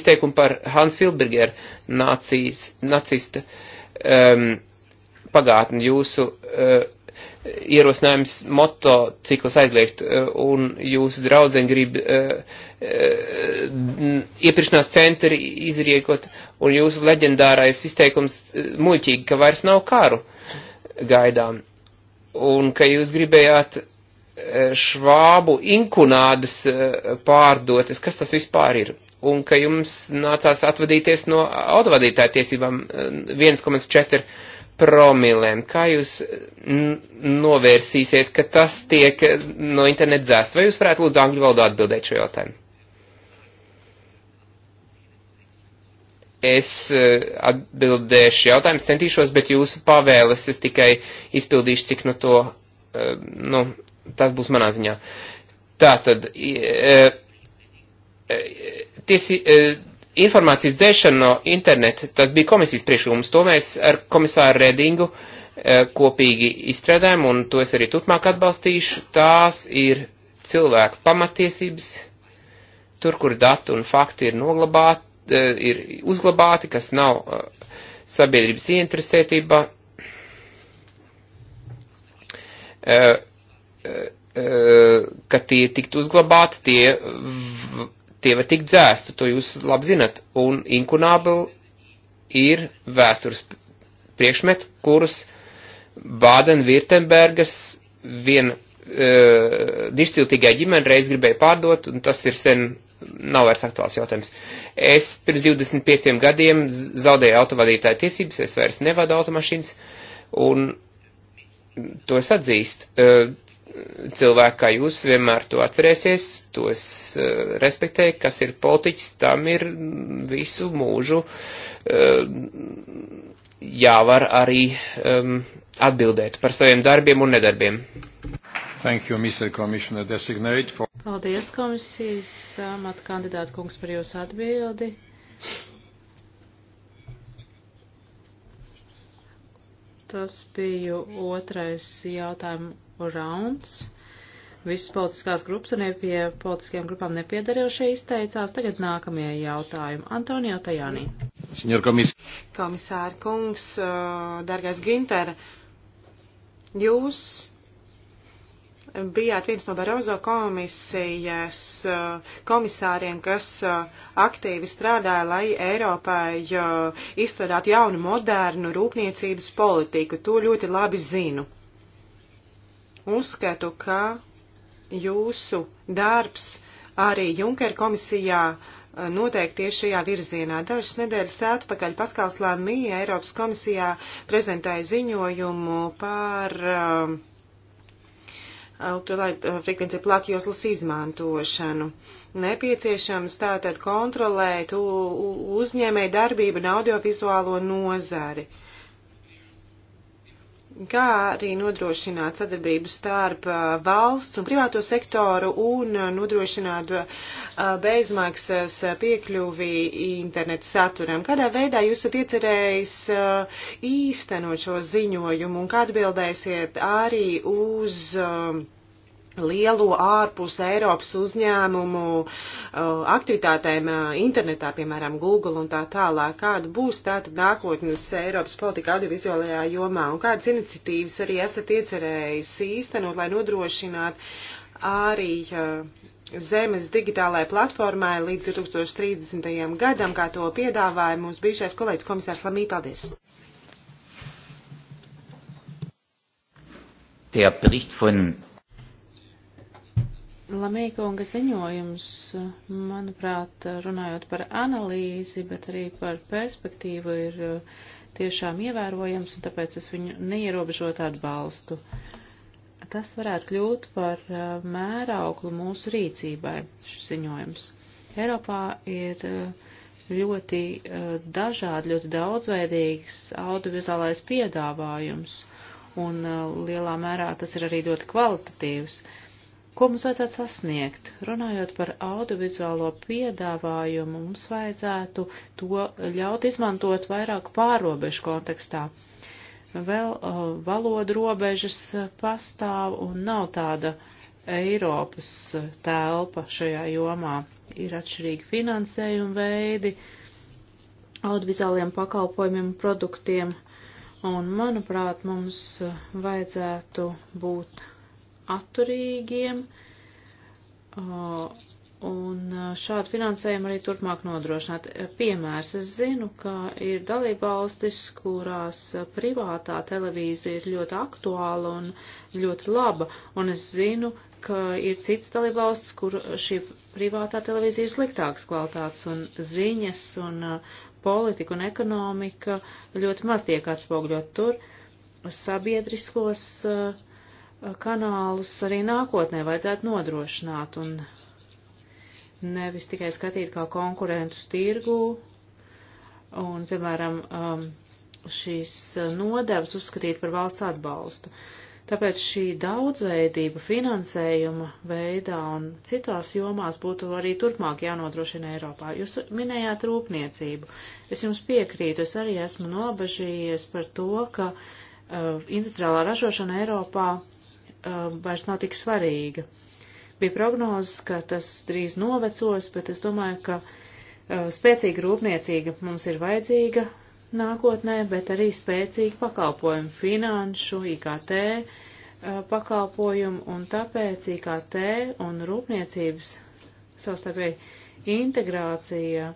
S2: izteikumu par Hans Filberger nācijas, nacista e, pagātni, jūsu e, ierosinājums motociklus aizliegt, e, un jūsu draudzeni grib uh, uh, iepirkšanās centri izriekot, un jūsu leģendārais izteikums muļķīgi, ka vairs nav karu gaidām, un ka jūs gribējāt švābu inkunādas pārdotas, kas tas vispār ir, un ka jums nācās atvadīties no autovadītāja tiesībām 1,4 promilēm. Kā jūs eh, novērsīsiet, ka tas tiek eh, no interneta dzēst? Vai jūs varētu lūdzu angļu valodā atbildēt šo jautājumu? Es eh, atbildēšu jautājumus, centīšos, bet jūsu pavēles es tikai izpildīšu, cik no to, nu, tas būs manā ziņā. Tātad, tiesi, informācijas dzēšana no interneta, tas bija komisijas priekšlikums, to mēs ar komisāru Redingu eh, kopīgi izstrādājam, un to es arī turpmāk atbalstīšu. Tās ir cilvēku pamatiesības, tur, kur dati un fakti ir noglabāti, eh, ir uzglabāti, kas nav eh, sabiedrības ieinteresētībā. ka tie tiktu uzglabāti, tie tie var tikt dzēsti, to jūs labi zinat, un inkunābli ir vēstures priekšmet, kurus Bādenvirtembergas viena uh, e, distiltīgai ģimene reiz gribēja pārdot, un tas ir sen nav vairs aktuāls jautājums. Es pirms 25 gadiem zaudēju autovadītāju tiesības, es vairs nevadu automašīnas, un to es atzīstu. Uh, e, cilvēki kā jūs vienmēr to atcerēsies, to es uh, respektēju, kas ir politiķis, tam ir visu mūžu uh, jāvar arī um, atbildēt par saviem darbiem un nedarbiem. Thank you, Mr.
S1: Commissioner Designate. For...
S3: Paldies, komisijas amata kandidāta kungs par jūsu atbildi. Tas bija otrais jautājums rauns. Visas politiskās grupas un pie politiskajām grupām nepiedarījušie izteicās. Tagad nākamie
S1: jautājumi. Antonio Tajānī. Komis Komisāra kungs, dargais Ginter, jūs bijāt viens no Barozo komisijas komisāriem, kas aktīvi strādāja, lai Eiropai izstrādātu jaunu, modernu rūpniecības politiku. To ļoti labi zinu. Uzskatu, ka jūsu darbs arī Junker komisijā eh, noteikti ir šajā virzienā. Dažas nedēļas atpakaļ Paskals Lamija Eiropas komisijā prezentēja ziņojumu par eh, uh, eh, frekvenciju platjoslas izmantošanu. Nepieciešams tātad kontrolēt uzņēmēju darbību un audiovizuālo nozari. Uh, kā arī nodrošināt sadarbību starp uh, valsts un privāto sektoru un uh, nodrošināt uh, bezmaksas piekļuvi internetu saturam. Kādā veidā jūs esat iecerējis īstenot šo ziņojumu un kā atbildēsiet arī uz uh, lielo ārpus Eiropas uzņēmumu uh, aktivitātēm uh, internetā, piemēram, Google un tā tālāk. Kāda būs tātad nākotnes Eiropas politika audiovizuālajā jomā un kādas iniciatīvas arī esat iecerējis īstenot, lai nodrošinātu arī uh, zemes digitālajai platformai līdz 2030. gadam, kā to piedāvāja mūsu bijušais kolēģis komisārs Lamī. Paldies!
S2: Der Bericht von
S3: Lamīkunga ziņojums, manuprāt, runājot par analīzi, bet arī par perspektīvu, ir uh, tiešām ievērojams, un tāpēc es viņu neierobežot atbalstu. Tas varētu kļūt par uh, mērauklu mūsu rīcībai, šis ziņojums. Eiropā ir uh, ļoti dažādi, ļoti daudzveidīgs audiovizuālais piedāvājums, un lielā mērā tas ir arī ļoti kvalitatīvs. Uh, Ko mums vajadzētu sasniegt? Runājot par audiovizuālo piedāvājumu, mums vajadzētu to ļaut izmantot vairāk pārobežu kontekstā. Vēl uh, valodu robežas uh, pastāv un nav tāda Eiropas uh, telpa šajā jomā. Ir atšķirīgi finansējuma veidi audiovizuāliem pakalpojumiem un produktiem. Un, manuprāt, mums uh, vajadzētu būt atturīgiem, uh, un uh, šādu finansējumu arī turpmāk nodrošināt. Piemērs, es zinu, ka ir dalībvalstis, kurās uh, privātā televīzija ir ļoti aktuāla un ļoti laba, un es zinu, ka ir cits dalībvalsts, kur šī privātā televīzija ir sliktāks kvalitātes un ziņas un politika un ekonomika ļoti maz tiek atspogļot tur sabiedriskos uh, kanālus arī nākotnē vajadzētu nodrošināt un nevis tikai skatīt kā konkurentus tirgū un, piemēram, um, šīs uh, nodevas uzskatīt par valsts atbalstu. Tāpēc šī daudzveidība finansējuma veidā un citās jomās būtu arī turpmāk jānodrošina Eiropā. Jūs minējāt rūpniecību. Es jums piekrītu, es arī esmu nobežījies par to, ka uh, industriālā ražošana Eiropā uh, Um, vairs nav tik svarīga. Bija prognozes, ka tas drīz novecos, bet es domāju, ka uh, spēcīga rūpniecība mums ir vajadzīga nākotnē, bet arī spēcīgi pakalpojumi finanšu, IKT uh, pakalpojumu, un tāpēc IKT un rūpniecības savstarpēji integrācija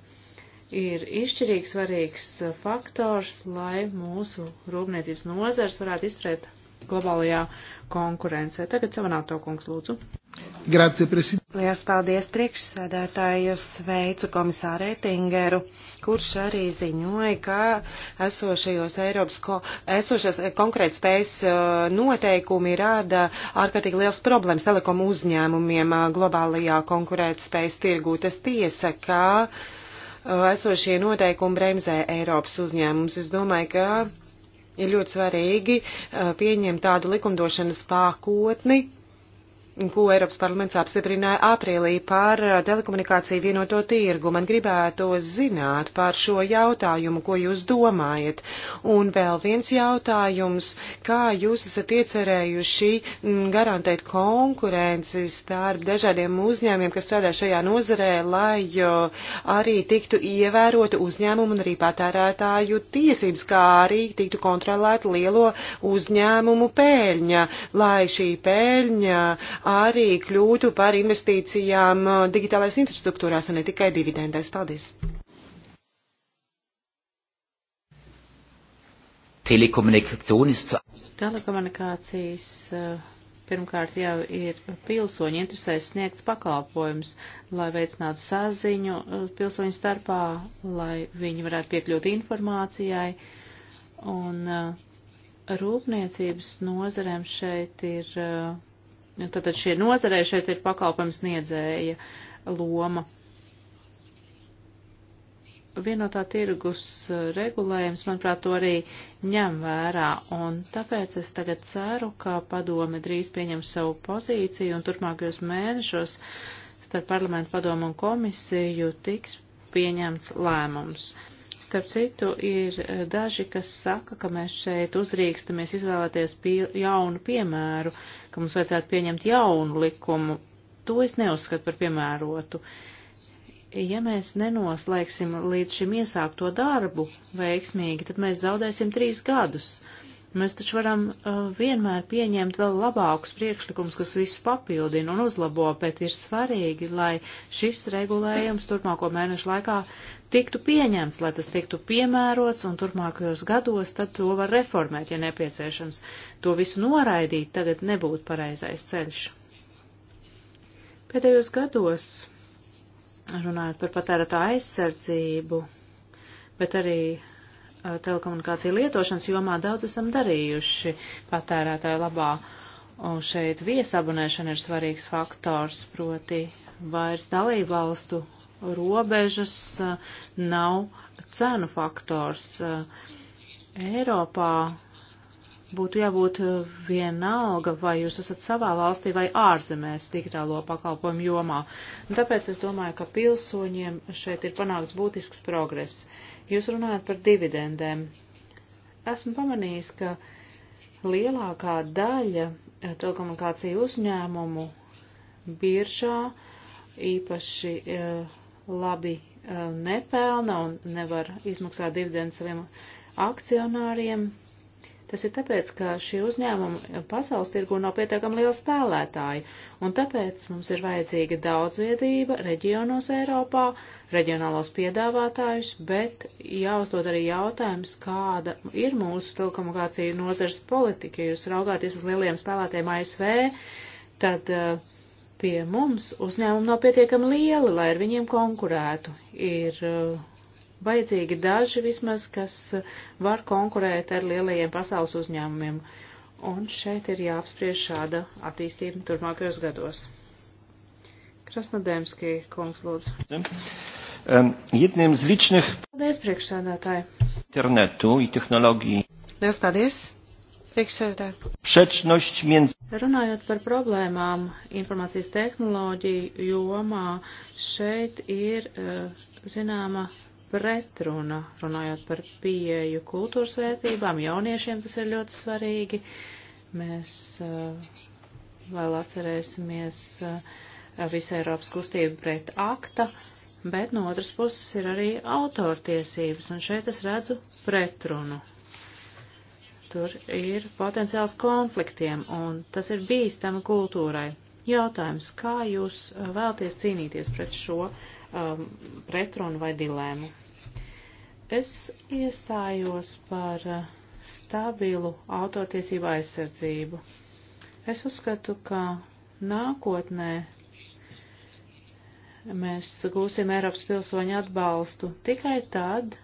S3: ir izšķirīgs svarīgs uh, faktors, lai mūsu rūpniecības nozars varētu izturēt globālajā konkurencē. Tagad savanāto kungs lūdzu. Grazie, prezident.
S1: Lielas paldies priekšsēdētājus veicu komisāru Ettingeru, kurš arī ziņoja, ka esošajos Eiropas, ko, esošas eh, konkrētas spējas eh, noteikumi rada ārkārtīgi liels problēmas telekomu uzņēmumiem eh, globālajā konkurētspējas tirgū. Tas tiesa, ka esošie noteikumi bremzē Eiropas uzņēmumus. Es domāju, ka Ir ļoti svarīgi eh, pieņemt tādu likumdošanas pakotni, ko Eiropas parlaments apstiprināja aprīlī par uh, telekomunikāciju vienoto tirgu. Man gribētu zināt par šo jautājumu, ko jūs domājat. Un vēl viens jautājums, kā jūs esat iecerējuši mm, garantēt konkurenci starp dažādiem uzņēmiem, kas strādā šajā nozarē, lai arī tiktu ievērota uzņēmumu un arī patērētāju tiesības, kā arī tiktu kontrolēta lielo uzņēmumu pēļņa, lai šī pēļņa arī kļūtu par investīcijām uh, digitālais infrastruktūrās un ne tikai dividendēs. Paldies!
S2: Telekomunikācijas
S3: uh, pirmkārt jau ir pilsoņu interesēs sniegts pakalpojums, lai veicinātu saziņu uh, pilsoņu starpā, lai viņi varētu piekļūt informācijai. Un rūpniecības nozarēm šeit ir Tātad šie nozarei šeit ir pakalpojums niedzēja loma. Vienotā tirgus regulējums, manuprāt, to arī ņem vērā, un tāpēc es tagad ceru, ka padome drīz pieņem savu pozīciju, un turpmākajos mēnešos starp parlamentu padomu un komisiju tiks pieņemts lēmums. Starp citu, ir eh, daži, kas saka, ka mēs šeit uzdrīkstamies izvēlēties pie, jaunu piemēru, uh, ka mums vajadzētu pieņemt jaunu likumu. To es neuzskatu par piemērotu. Ja mēs nenoslēgsim līdz šim iesākto darbu veiksmīgi, tad mēs zaudēsim trīs gadus. Uh, Mēs taču varam uh, vienmēr pieņemt vēl labākus priekšlikumus, kas visu papildina un uzlabo, bet ir svarīgi, lai šis regulējums turpmāko mēnešu laikā tiktu pieņemts, lai tas tiktu piemērots un turpmākajos gados tad to var reformēt, ja nepieciešams. To visu noraidīt tagad nebūtu pareizais ceļš. Pēdējos gados, runājot par patērētā aizsardzību, bet arī Uh, telekomunikāciju lietošanas jomā daudz esam darījuši patērētāju labā. Un šeit viesabunēšana ir svarīgs faktors, proti vairs dalībvalstu robežas uh, nav cenu faktors. Uh, Eiropā būtu jābūt eh, vienalga, vai jūs esat savā valstī vai ārzemēs digitālo pakalpojumu jomā. Un tāpēc es domāju, ka pilsoņiem šeit ir panākts būtisks progress. Jūs runājat par dividendēm. Esmu pamanījis, ka lielākā daļa eh, telekomunikāciju uzņēmumu biržā īpaši eh, labi nepelna un nevar izmaksāt dividendu saviem akcionāriem, Tas ir tāpēc, ka šie uzņēmumi pasaules tirgu nav pietiekami liela spēlētāji, un tāpēc mums ir vajadzīga daudzviedība reģionos Eiropā, reģionālos piedāvātājus, bet jāuzdod arī jautājums, kāda ir mūsu telekomunikāciju nozars politika. Ja jūs raugāties uz lieliem spēlētiem ASV, tad uh, pie mums uzņēmumi nav pietiekami lieli, lai ar viņiem konkurētu. Ir uh, vajadzīgi daži vismaz, kas var konkurēt ar lielajiem pasaules uzņēmumiem. Un šeit ir jāapspriež šāda attīstība turpmākajos gados. Krasnodēmski kungs lūdzu. Jedniem z ličnych. Paldies, priekšsēdētāji.
S2: Internetu i tehnoloģiju.
S3: Liels paldies. Priekšsēdētāji. Między... Runājot par problēmām informācijas tehnoloģiju jomā, šeit ir eh, zināma pretruna, runājot par pieeju kultūras vērtībām, jauniešiem tas ir ļoti svarīgi. Mēs eh, vēl atcerēsimies eh, visu Eiropas kustību pret akta, bet no otras puses ir arī autortiesības, un šeit es redzu pretrunu. Tur ir potenciāls konfliktiem, un tas ir bīstama kultūrai. Jautājums, kā jūs eh, vēlties cīnīties pret šo uh, um, pretrunu vai dilēmu. Es iestājos par uh, stabilu autortiesību aizsardzību. Es uzskatu, ka nākotnē mēs gūsim Eiropas pilsoņu atbalstu tikai tad,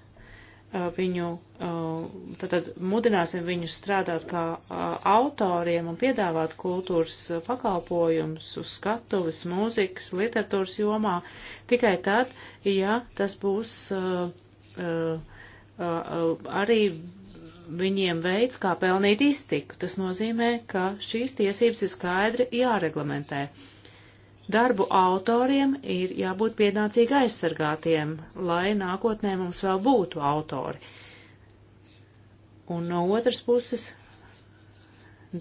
S3: Uh, viņu, uh, tad mudināsim viņus strādāt kā uh, autoriem un piedāvāt kultūras pakalpojumus uz skatuves, mūzikas, literatūras jomā tikai tad, ja tas būs arī viņiem veids, kā pelnīt iztiku. Tas nozīmē, ka šīs tiesības ir skaidri jāreglamentē. Uh, darbu autoriem ir jābūt pienācīgi aizsargātiem, lai nākotnē mums vēl būtu autori. Un no otras puses,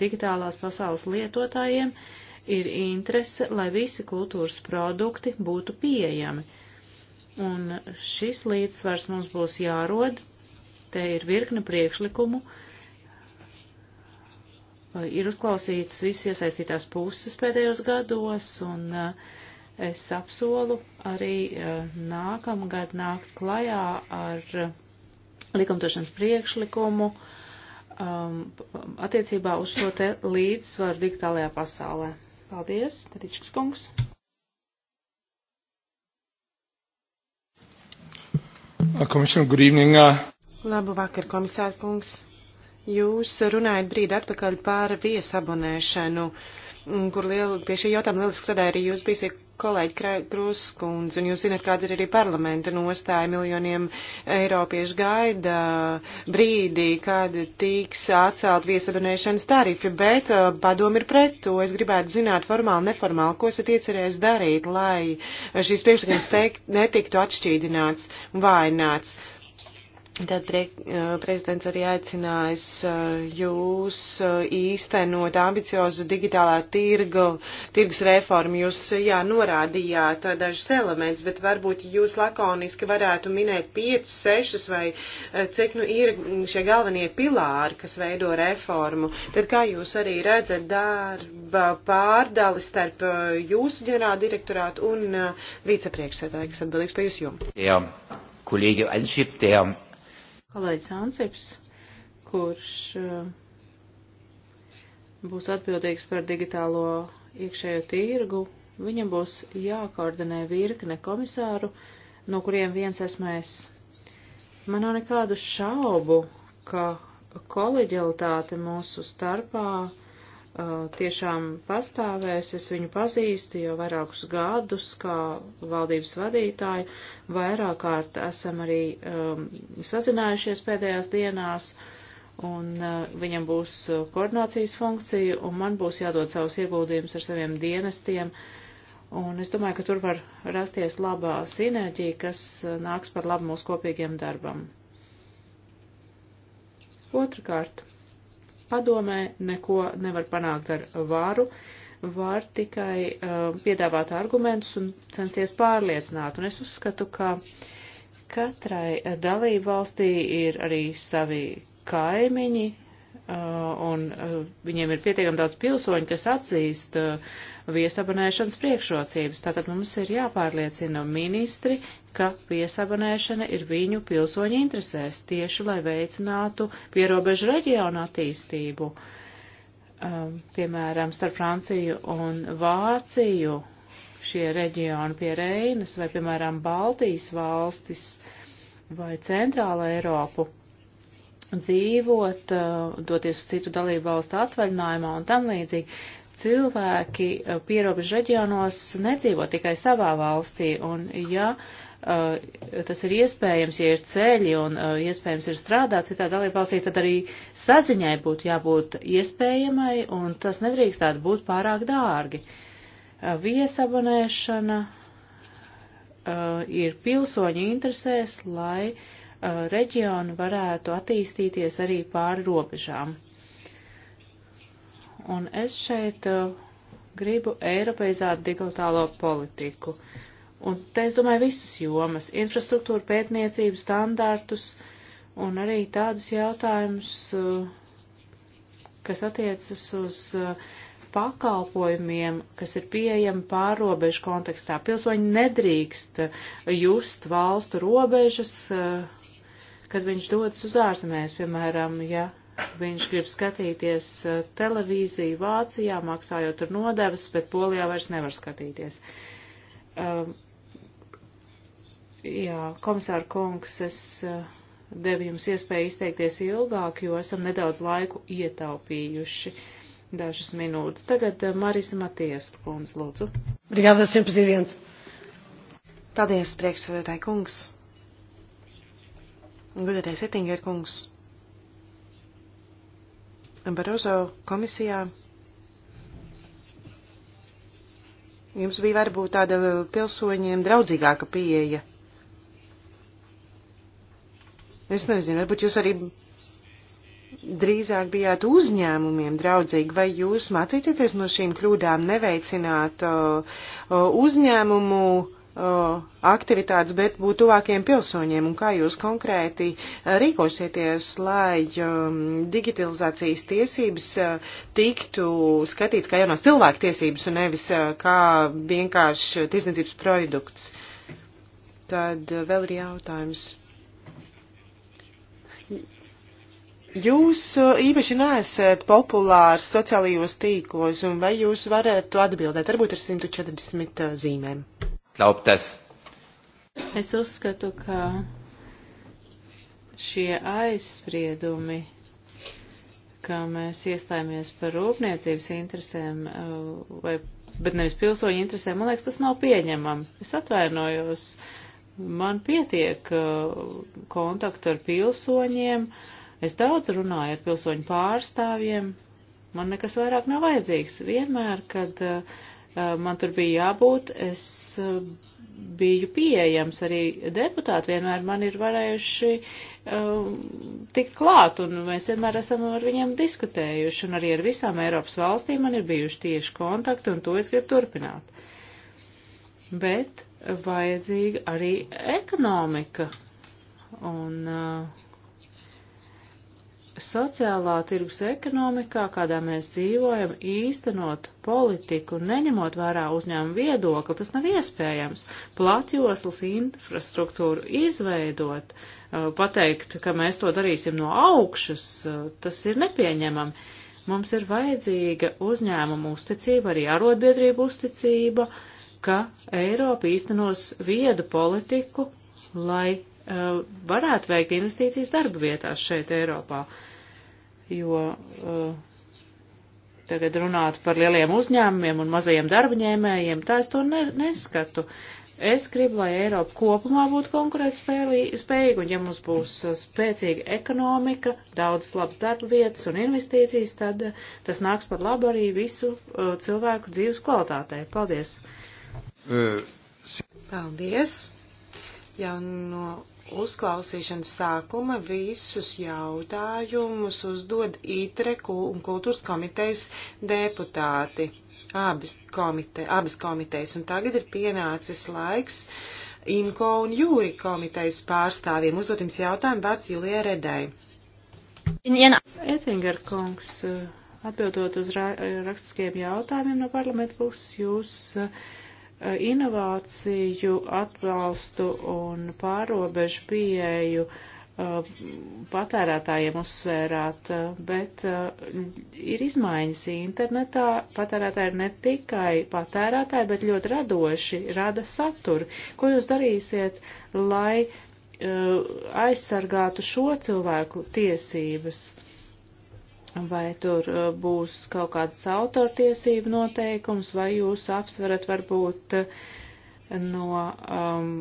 S3: digitālās pasaules lietotājiem ir interese, lai visi kultūras produkti būtu pieejami. Un šis līdzsvars mums būs jārod, te ir virkne priekšlikumu, uh, ir uzklausītas visas iesaistītās puses pēdējos gados, un eh, es apsolu arī eh, nākamgad nākt klajā ar eh, likumdošanas priekšlikumu um, attiecībā uz šo te līdzsvaru digitālajā pasaulē. Paldies, Tatičkas kungs! Komisār, uh, good evening. Uh,
S1: Labu vakar, komisār kungs. Jūs runājat brīdi atpakaļ par viesabonēšanu, kur liel, pie šī jautājuma lieliski strādāja arī jūs bijis kolēģi Kruskundze, un jūs zinat, kāda ir arī parlamenta nostāja. Miljoniem eiropiešu gaida brīdī, kad tiks atcelt viesabonēšanas tarifi, bet uh, padomi ir pret to. Es gribētu zināt formāli, neformāli, ko esat iecerējis darīt, lai šīs priekšlikums netiktu atšķīdināts un vaināts. Tad re, eh, prezidents arī aicinājis eh, jūs eh, īstenot ambiciozu digitālā tirgu, tirgus reformu. Jūs, jā, norādījāt dažus elements, bet varbūt jūs lakoniski varētu minēt 5, 6 vai cik nu ir šie galvenie pilāri, kas veido reformu. Tad kā jūs arī redzat darba pārdali starp jūsu ģenerāla direktorātu un vicepriekšsēdāju, kas atbildīgs par jūsu jomu? Jā,
S2: kolēģi Anšip, tajā
S3: kolēģis Ansips, kurš eh, būs atbildīgs par digitālo iekšējo tirgu. Viņam būs jākoordinē virkne komisāru, no kuriem viens esmu es. Man nav nekādu šaubu, ka koleģialitāte mūsu starpā uh, Uh, tiešām pastāvēs. Es viņu pazīstu jau vairākus gadus kā valdības vadītāju. Vairāk kārt esam arī um, sazinājušies pēdējās dienās, un uh, viņam būs uh, koordinācijas funkcija, un man būs jādod savus ieguldījumus ar saviem dienestiem. Un es domāju, ka tur var rasties labā sinerģija, kas uh, nāks par labu mūsu kopīgiem darbam. Otrakārt padomē neko nevar panākt ar varu, var tikai uh, piedāvāt argumentus un censties pārliecināt. Un es uzskatu, ka katrai dalību valstī ir arī savi kaimiņi, Uh, un uh, viņiem ir pietiekami daudz pilsoņu, kas atzīst uh, viesabonēšanas priekšrocības. Tātad mums ir jāpārliecina ministri, ka viesabonēšana ir viņu pilsoņu interesēs, tieši lai veicinātu pierobežu reģionu attīstību. Piemēram, starp Franciju un Vāciju šie reģioni pie Reinas vai, piemēram, Baltijas valstis vai Centrāla Eiropu dzīvot, uh, doties uz citu dalību valstu atvaļinājumā un tam līdzīgi. Cilvēki uh, pierobežu reģionos nedzīvo tikai savā valstī, un ja uh, tas ir iespējams, ja ir ceļi un iespējams ir strādāt citā dalībvalstī, tad arī saziņai būtu jābūt iespējamai, un tas nedrīkstētu būt pārāk dārgi. Viesabonēšana ir pilsoņu interesēs, lai uh, Uh, reģionu varētu attīstīties arī pāri robežām. Un es šeit uh, gribu eiropeizēt digitālo politiku. Un te es domāju visas jomas - infrastruktūru, pētniecību, standārtus un arī tādus jautājumus, uh, kas attiecas uz pakalpojumiem, kas ir pieejami pārobežu kontekstā. Pilsoņi nedrīkst just valstu robežas, kad viņš dodas uz ārzemēs, piemēram, ja viņš grib skatīties eh, televīziju Vācijā, maksājot tur nodevas, bet Polijā vairs nevar skatīties. Um, jā, komisāra kungs, es eh, devu jums iespēju izteikties ilgāk, jo esam nedaudz laiku ietaupījuši. Dažas minūtes. Tagad eh, Marisa Matiesa kundze, lūdzu.
S1: Brigādas, jums prezidents. Paldies, priekšsēdētāji kungs. Gudarēs Ettinger kungs. Barozo komisijā. Jums bija varbūt tāda pilsoņiem draudzīgāka pieeja. Es nezinu, varbūt jūs arī drīzāk bijāt uzņēmumiem draudzīgi, vai jūs mācīties no šīm kļūdām neveicināt uh, uh uzņēmumu uh, aktivitātes, bet būt tuvākiem pilsoņiem un kā jūs konkrēti e, rīkosieties, lai e, digitalizācijas tiesības e, tiktu skatīts kā jaunās cilvēku tiesības un nevis kā vienkārši tirsniecības produkts. Tad vēl ir jautājums. Jūs īpaši neesat populārs sociālajos tīklos, un vai jūs varētu atbildēt, varbūt ar 140 zīmēm? glaube, dass. Es uzskatu, ka
S3: šie aizspriedumi, ka mēs iestājāmies par rūpniecības interesēm, uh, vai, bet nevis pilsoņu interesēm, man liekas, tas nav pieņemami. Es atvainojos, man pietiek uh, kontaktu ar pilsoņiem, es daudz runāju ar pilsoņu pārstāvjiem, man nekas vairāk nav vajadzīgs. Vienmēr, kad uh, man tur bija jābūt, es biju pieejams, arī deputāti vienmēr man ir varējuši um, tikt klāt, un mēs vienmēr esam ar viņiem diskutējuši, un arī ar visām Eiropas valstīm man ir bijuši tieši kontakti, un to es gribu turpināt. Bet vajadzīga arī ekonomika, un uh, sociālā tirgus ekonomikā, kādā mēs dzīvojam, īstenot politiku, neņemot vērā uzņēmumu viedokli, tas nav iespējams. Platjoslas infrastruktūru izveidot, uh, pateikt, ka mēs to darīsim no augšas, uh, tas ir nepieņemami. Mums ir vajadzīga uzņēmuma uzticība, arī arotbiedrību uzticība, ka Eiropa īstenos viedu politiku, lai Eh, varētu veikt investīcijas darba vietās šeit Eiropā, jo eh, tagad runāt par lieliem uzņēmumiem un mazajiem darbaņēmējiem, tā es to ne, neskatu. Es gribu, lai Eiropa kopumā būtu konkurētspējīga, un ja mums būs eh, spēcīga ekonomika, daudzas labas darba vietas un investīcijas, tad tas nāks par labu arī visu uh, cilvēku dzīves kvalitātei. Paldies!
S1: Paldies! Jau no uzklausīšanas sākuma visus jautājumus uzdod ITRE un kultūras komitejas deputāti. Abas, komite, abas komitejas. Un tagad ir pienācis laiks IMKO un jūri komitejas pārstāvjiem. Uzdot jums jautājumu vārds Julija Redai.
S3: Etinger kungs, atbildot uz ra rakstiskajiem jautājumiem no parlamenta puses, jūs uh, Eh, inovāciju atbalstu un pārobežu pieeju eh, patērētājiem uzsvērāt, eh, bet ir izmaiņas internetā. Patērētāji ir ne tikai patērētāji, bet ļoti radoši rada saturu. Ko jūs darīsiet, lai aizsargātu šo cilvēku tiesības? vai tur uh, būs kaut kādas autortiesību noteikums, vai jūs apsverat varbūt uh, no um,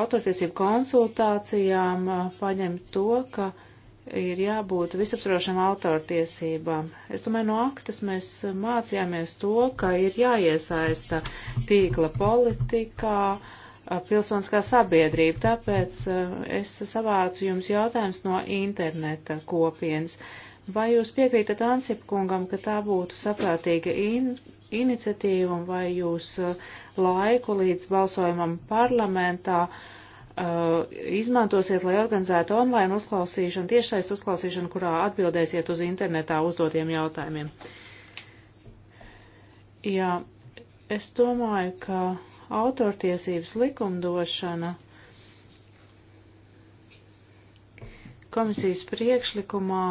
S3: autortiesību konsultācijām uh, paņemt to, ka ir jābūt visaptrošam autortiesībām. Es domāju, no aktas mēs mācījāmies to, ka ir jāiesaista tīkla politikā, pilsoniskā sabiedrība, tāpēc es savācu jums jautājums no interneta kopienas. Uh, Vai jūs piekrītat Ansipkungam, ka tā būtu saprātīga in iniciatīva un vai jūs uh, laiku līdz balsojumam parlamentā uh, izmantosiet, lai organizētu online uzklausīšanu, tiešais uzklausīšanu, kurā atbildēsiet uz internetā uzdotiem jautājumiem? Jā, es domāju, ka autortiesības likumdošana komisijas priekšlikumā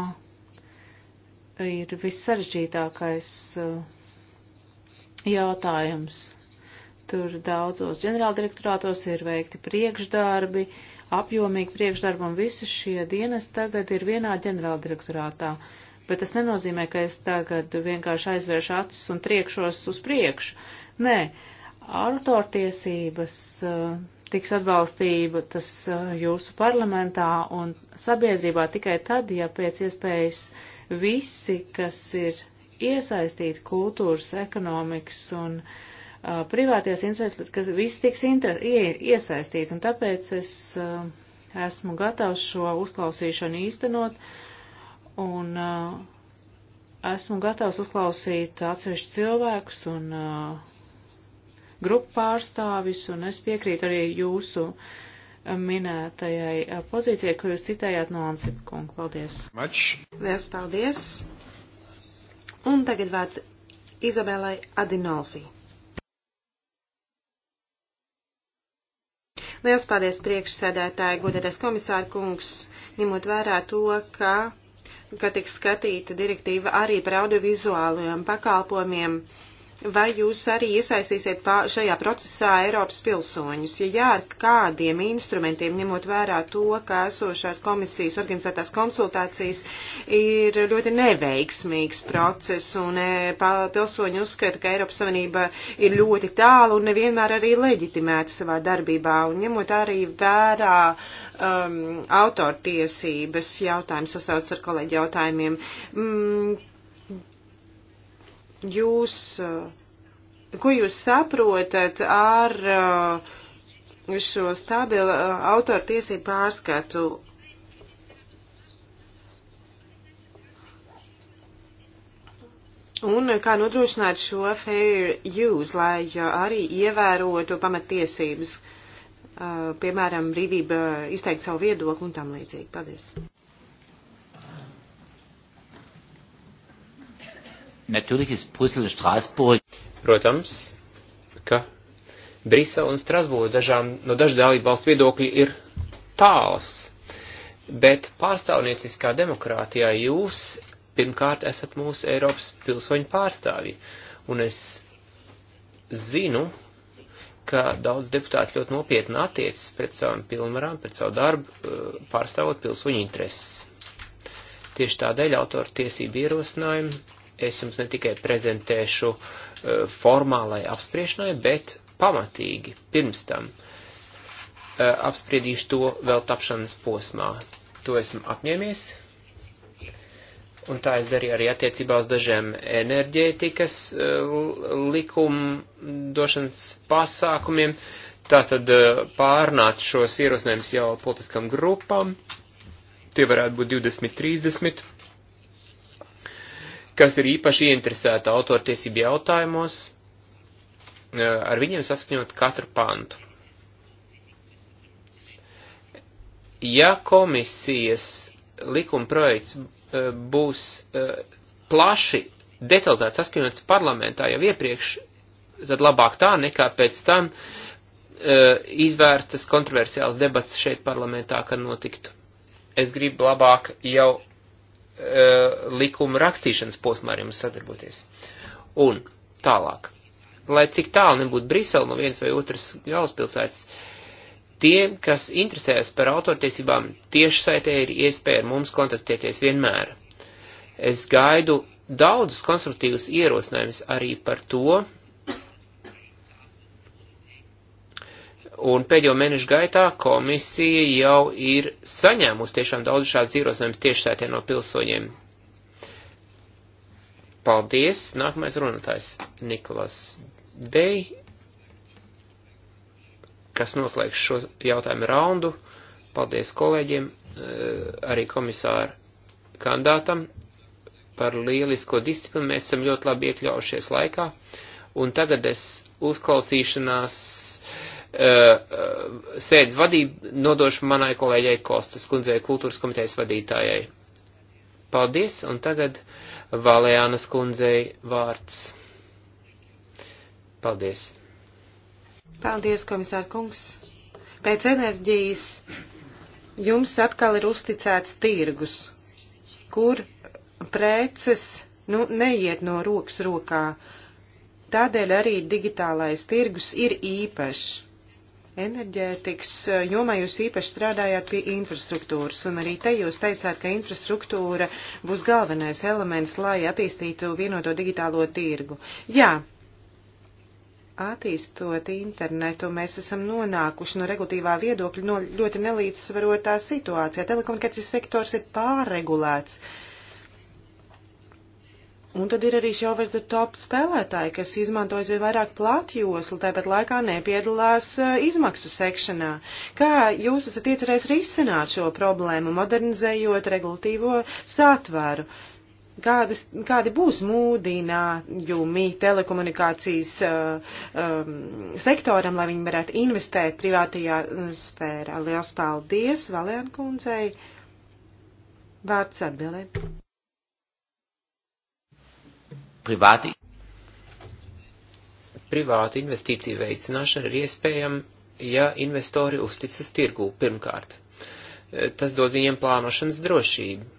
S3: ir vissaržģītākais uh, jautājums. Tur daudzos ģenerāldirektorātos ir veikti priekšdarbi, apjomīgi priekšdarbi, un visi šie dienas tagad ir vienā ģenerāldirektorātā. Bet tas nenozīmē, ka es tagad vienkārši aizvēršu acis un triekšos uz priekšu. Nē, autortiesības uh, tiks atbalstība tas uh, jūsu parlamentā un sabiedrībā tikai tad, ja pēc iespējas uh, visi, kas ir iesaistīti kultūras, ekonomikas un uh, privāties intereses, kas visi tiks inter, ie, iesaistīti. Un tāpēc es uh, esmu gatavs šo uzklausīšanu īstenot un uh, esmu gatavs uzklausīt atsevišķu cilvēkus un uh, grupu pārstāvis, un es piekrītu arī jūsu uh, minētajai eh, pozīcijai, ko jūs citējāt no Ansipa kunga. Paldies. Mač. Liels paldies.
S1: Un tagad vārds Izabelai Adinolfi. Liels paldies priekšsēdētāji, godētais komisāra kungs, ņemot vērā to, ka, ka tiks skatīta direktīva arī par audiovizuālajiem pakalpojumiem. Uh, Vai jūs arī iesaistīsiet šajā procesā Eiropas pilsoņus? Ja jā, ar kādiem instrumentiem, ņemot vērā to, ka esošās komisijas organizētās konsultācijas ir ļoti neveiksmīgs process un e, pilsoņi uzskata, ka Eiropas Savienība ir ļoti tālu un nevienmēr arī leģitimēta savā darbībā un ņemot arī vērā um, autortiesības jautājums sasauc ar kolēģi jautājumiem. Mm, jūs, uh, ko jūs saprotat ar uh, šo stabilu uh, autoru tiesību pārskatu? Un kā nodrošināt šo fair use, lai arī ievērotu pamatiesības, piemēram, brīvība izteikt savu viedokli un tam līdzīgi. Paldies!
S2: Natürlich ist Brüssel, Straßburg. Protams, ka Brisele un Strasbūra dažām no dažu dalību valstu viedokļi ir tāls, bet pārstāvnieciskā demokrātijā jūs pirmkārt esat mūsu Eiropas pilsoņu pārstāvji, un es zinu, ka daudz deputāti ļoti nopietni attiecas pret savām pilnvarām, pret savu darbu, eh, pārstāvot pilsoņu intereses. Tieši tādēļ autora tiesību ierosinājumi es jums ne tikai prezentēšu e, formālai apspriešanai, bet pamatīgi pirms tam e, apspriedīšu to vēl tapšanas posmā. To esmu apņēmies. Un tā es darīju arī attiecībā uz dažiem enerģētikas e, likuma došanas pasākumiem. Tātad pārnāt šos ierosinājumus jau politiskam grupam. Tie varētu būt 20, 30 kas ir īpaši ieinteresēta autortiesību jautājumos, eh, ar viņiem saskaņot katru pantu. Ja komisijas likuma projekts eh, būs eh, plaši detalizēti saskaņots parlamentā jau iepriekš, tad labāk tā nekā pēc tam izvērstas kontroversiāls debats šeit parlamentā, kad notiktu. Es gribu labāk jau Eh, likuma rakstīšanas posmā ar jums sadarboties. Un tālāk. Lai cik tālu nebūtu Brisele no viens vai otras galvaspilsētas, tiem, kas interesējas par autortiesībām, tiešsaitē ir iespēja ar mums kontaktēties vienmēr. Es gaidu daudzus konstruktīvus ierosinājumus arī par to, Un pēdējo mēnešu gaitā komisija jau ir saņēmusi tiešām daudz šādas ierosinājumus tiešsaitē no pilsoņiem. Paldies! Nākamais runātājs Nikolas Bej, kas noslēgs šo jautājumu raundu. Paldies kolēģiem, eh, arī komisāru kandidātam par lielisko disciplinu. Mēs esam ļoti labi iekļaujušies laikā. Un tagad es uzklausīšanās Uh, uh, sēdz vadību nodošu manai kolēģei Kostas kundzei, kultūras komitejas vadītājai. Paldies, un tagad Valējānas kundzei vārds. Paldies.
S1: Paldies, komisār kungs. Pēc enerģijas jums atkal ir uzticēts tirgus, kur preces, nu, neiet no rokas rokā. Tādēļ arī digitālais tirgus ir īpašs Enerģētikas eh, jomā jūs īpaši strādājāt pie infrastruktūras, un arī te jūs teicāt, ka infrastruktūra būs galvenais elements, lai attīstītu vienoto digitālo tirgu. Jā, attīstot internetu, mēs esam nonākuši no regulatīvā viedokļa no ļoti nelīdzsvarotā situācijā. Telekomunikācijas sektors ir pārregulēts. Uh, Un tad ir arī šie over the top spēlētāji, kas izmantojas vēl vairāk platjoslu, tāpat laikā nepiedalās e, izmaksu sekšanā. Kā jūs esat iecerējis risināt šo problēmu, modernizējot regulatīvo satvaru? Kādas, kādi būs mūdīnājumi telekomunikācijas uh, um, sektoram, lai viņi varētu investēt privātajā sfērā? Liels paldies Valēn kundzei. Vārds atbildē.
S2: Privāti, privāti investīciju veicināšana ir iespējama, ja investori uzticas tirgū pirmkārt. Eh, tas dod viņiem plānošanas drošību.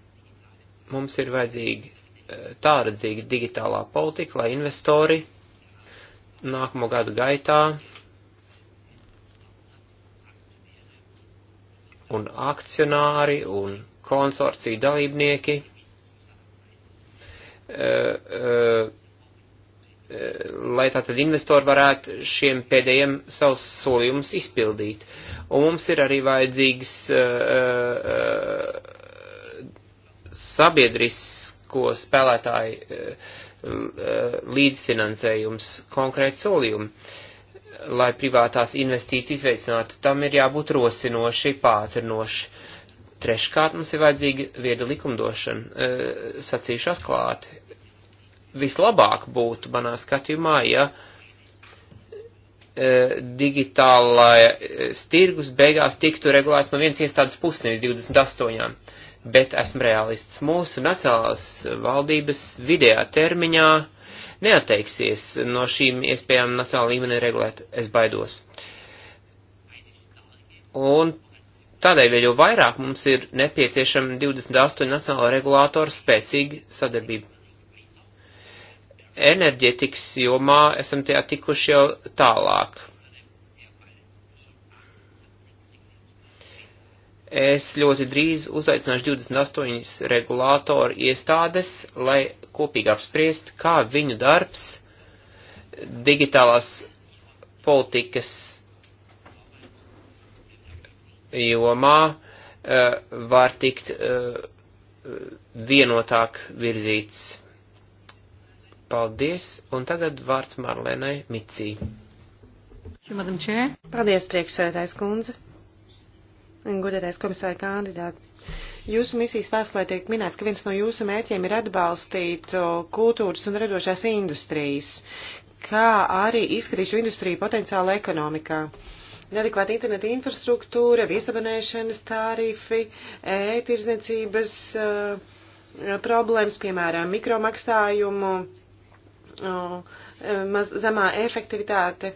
S2: Mums ir vajadzīga eh, tāredzīga digitālā politika, lai investori nākamo gadu gaitā un akcionāri un konsorciju dalībnieki lai tātad investori varētu šiem pēdējiem savus solījumus izpildīt. Un mums ir arī vajadzīgs eh, eh, sabiedrisko spēlētāju eh, līdzfinansējums, konkrēti solījumi, lai privātās investīcijas veicinātu. Tam ir jābūt rosinoši, pātrinoši. Treškārt mums ir vajadzīga vieda likumdošana, e, sacīšu atklāti. Vislabāk būtu, manā skatījumā, ja e, digitālais tirgus beigās tiktu regulēts no vienas iestādes puses, nevis 28. Bet esmu realists. Mūsu nacionālās valdības vidējā termiņā neatteiksies no šīm iespējām nacionāla līmenī regulēt. Es baidos. Un Tādēļ vēl jau vairāk mums ir nepieciešama 28 nacionāla regulātora spēcīga sadarbība. Enerģetikas jomā esam tajā tikuši jau tālāk. Es ļoti drīz uzaicināšu 28 regulātoru iestādes, lai kopīgi apspriest, kā viņu darbs digitālās politikas jomā eh, var tikt eh, vienotāk virzīts. Paldies, un tagad vārds Marlēnai Micī.
S1: Paldies, priekšsēdētājs kundze. Gudētais komisāra kandidāts. Jūsu misijas vēstulē tiek minēts, ka viens no jūsu mērķiem ir atbalstīt kultūras un radošās industrijas, kā arī izskatīšu industriju potenciālu ekonomikā neadekvāta interneta infrastruktūra, viesabonēšanas tarifi, e-tirdzniecības uh, problēmas, piemēram, mikromaksājumu, uh, maz, zemā efektivitāte.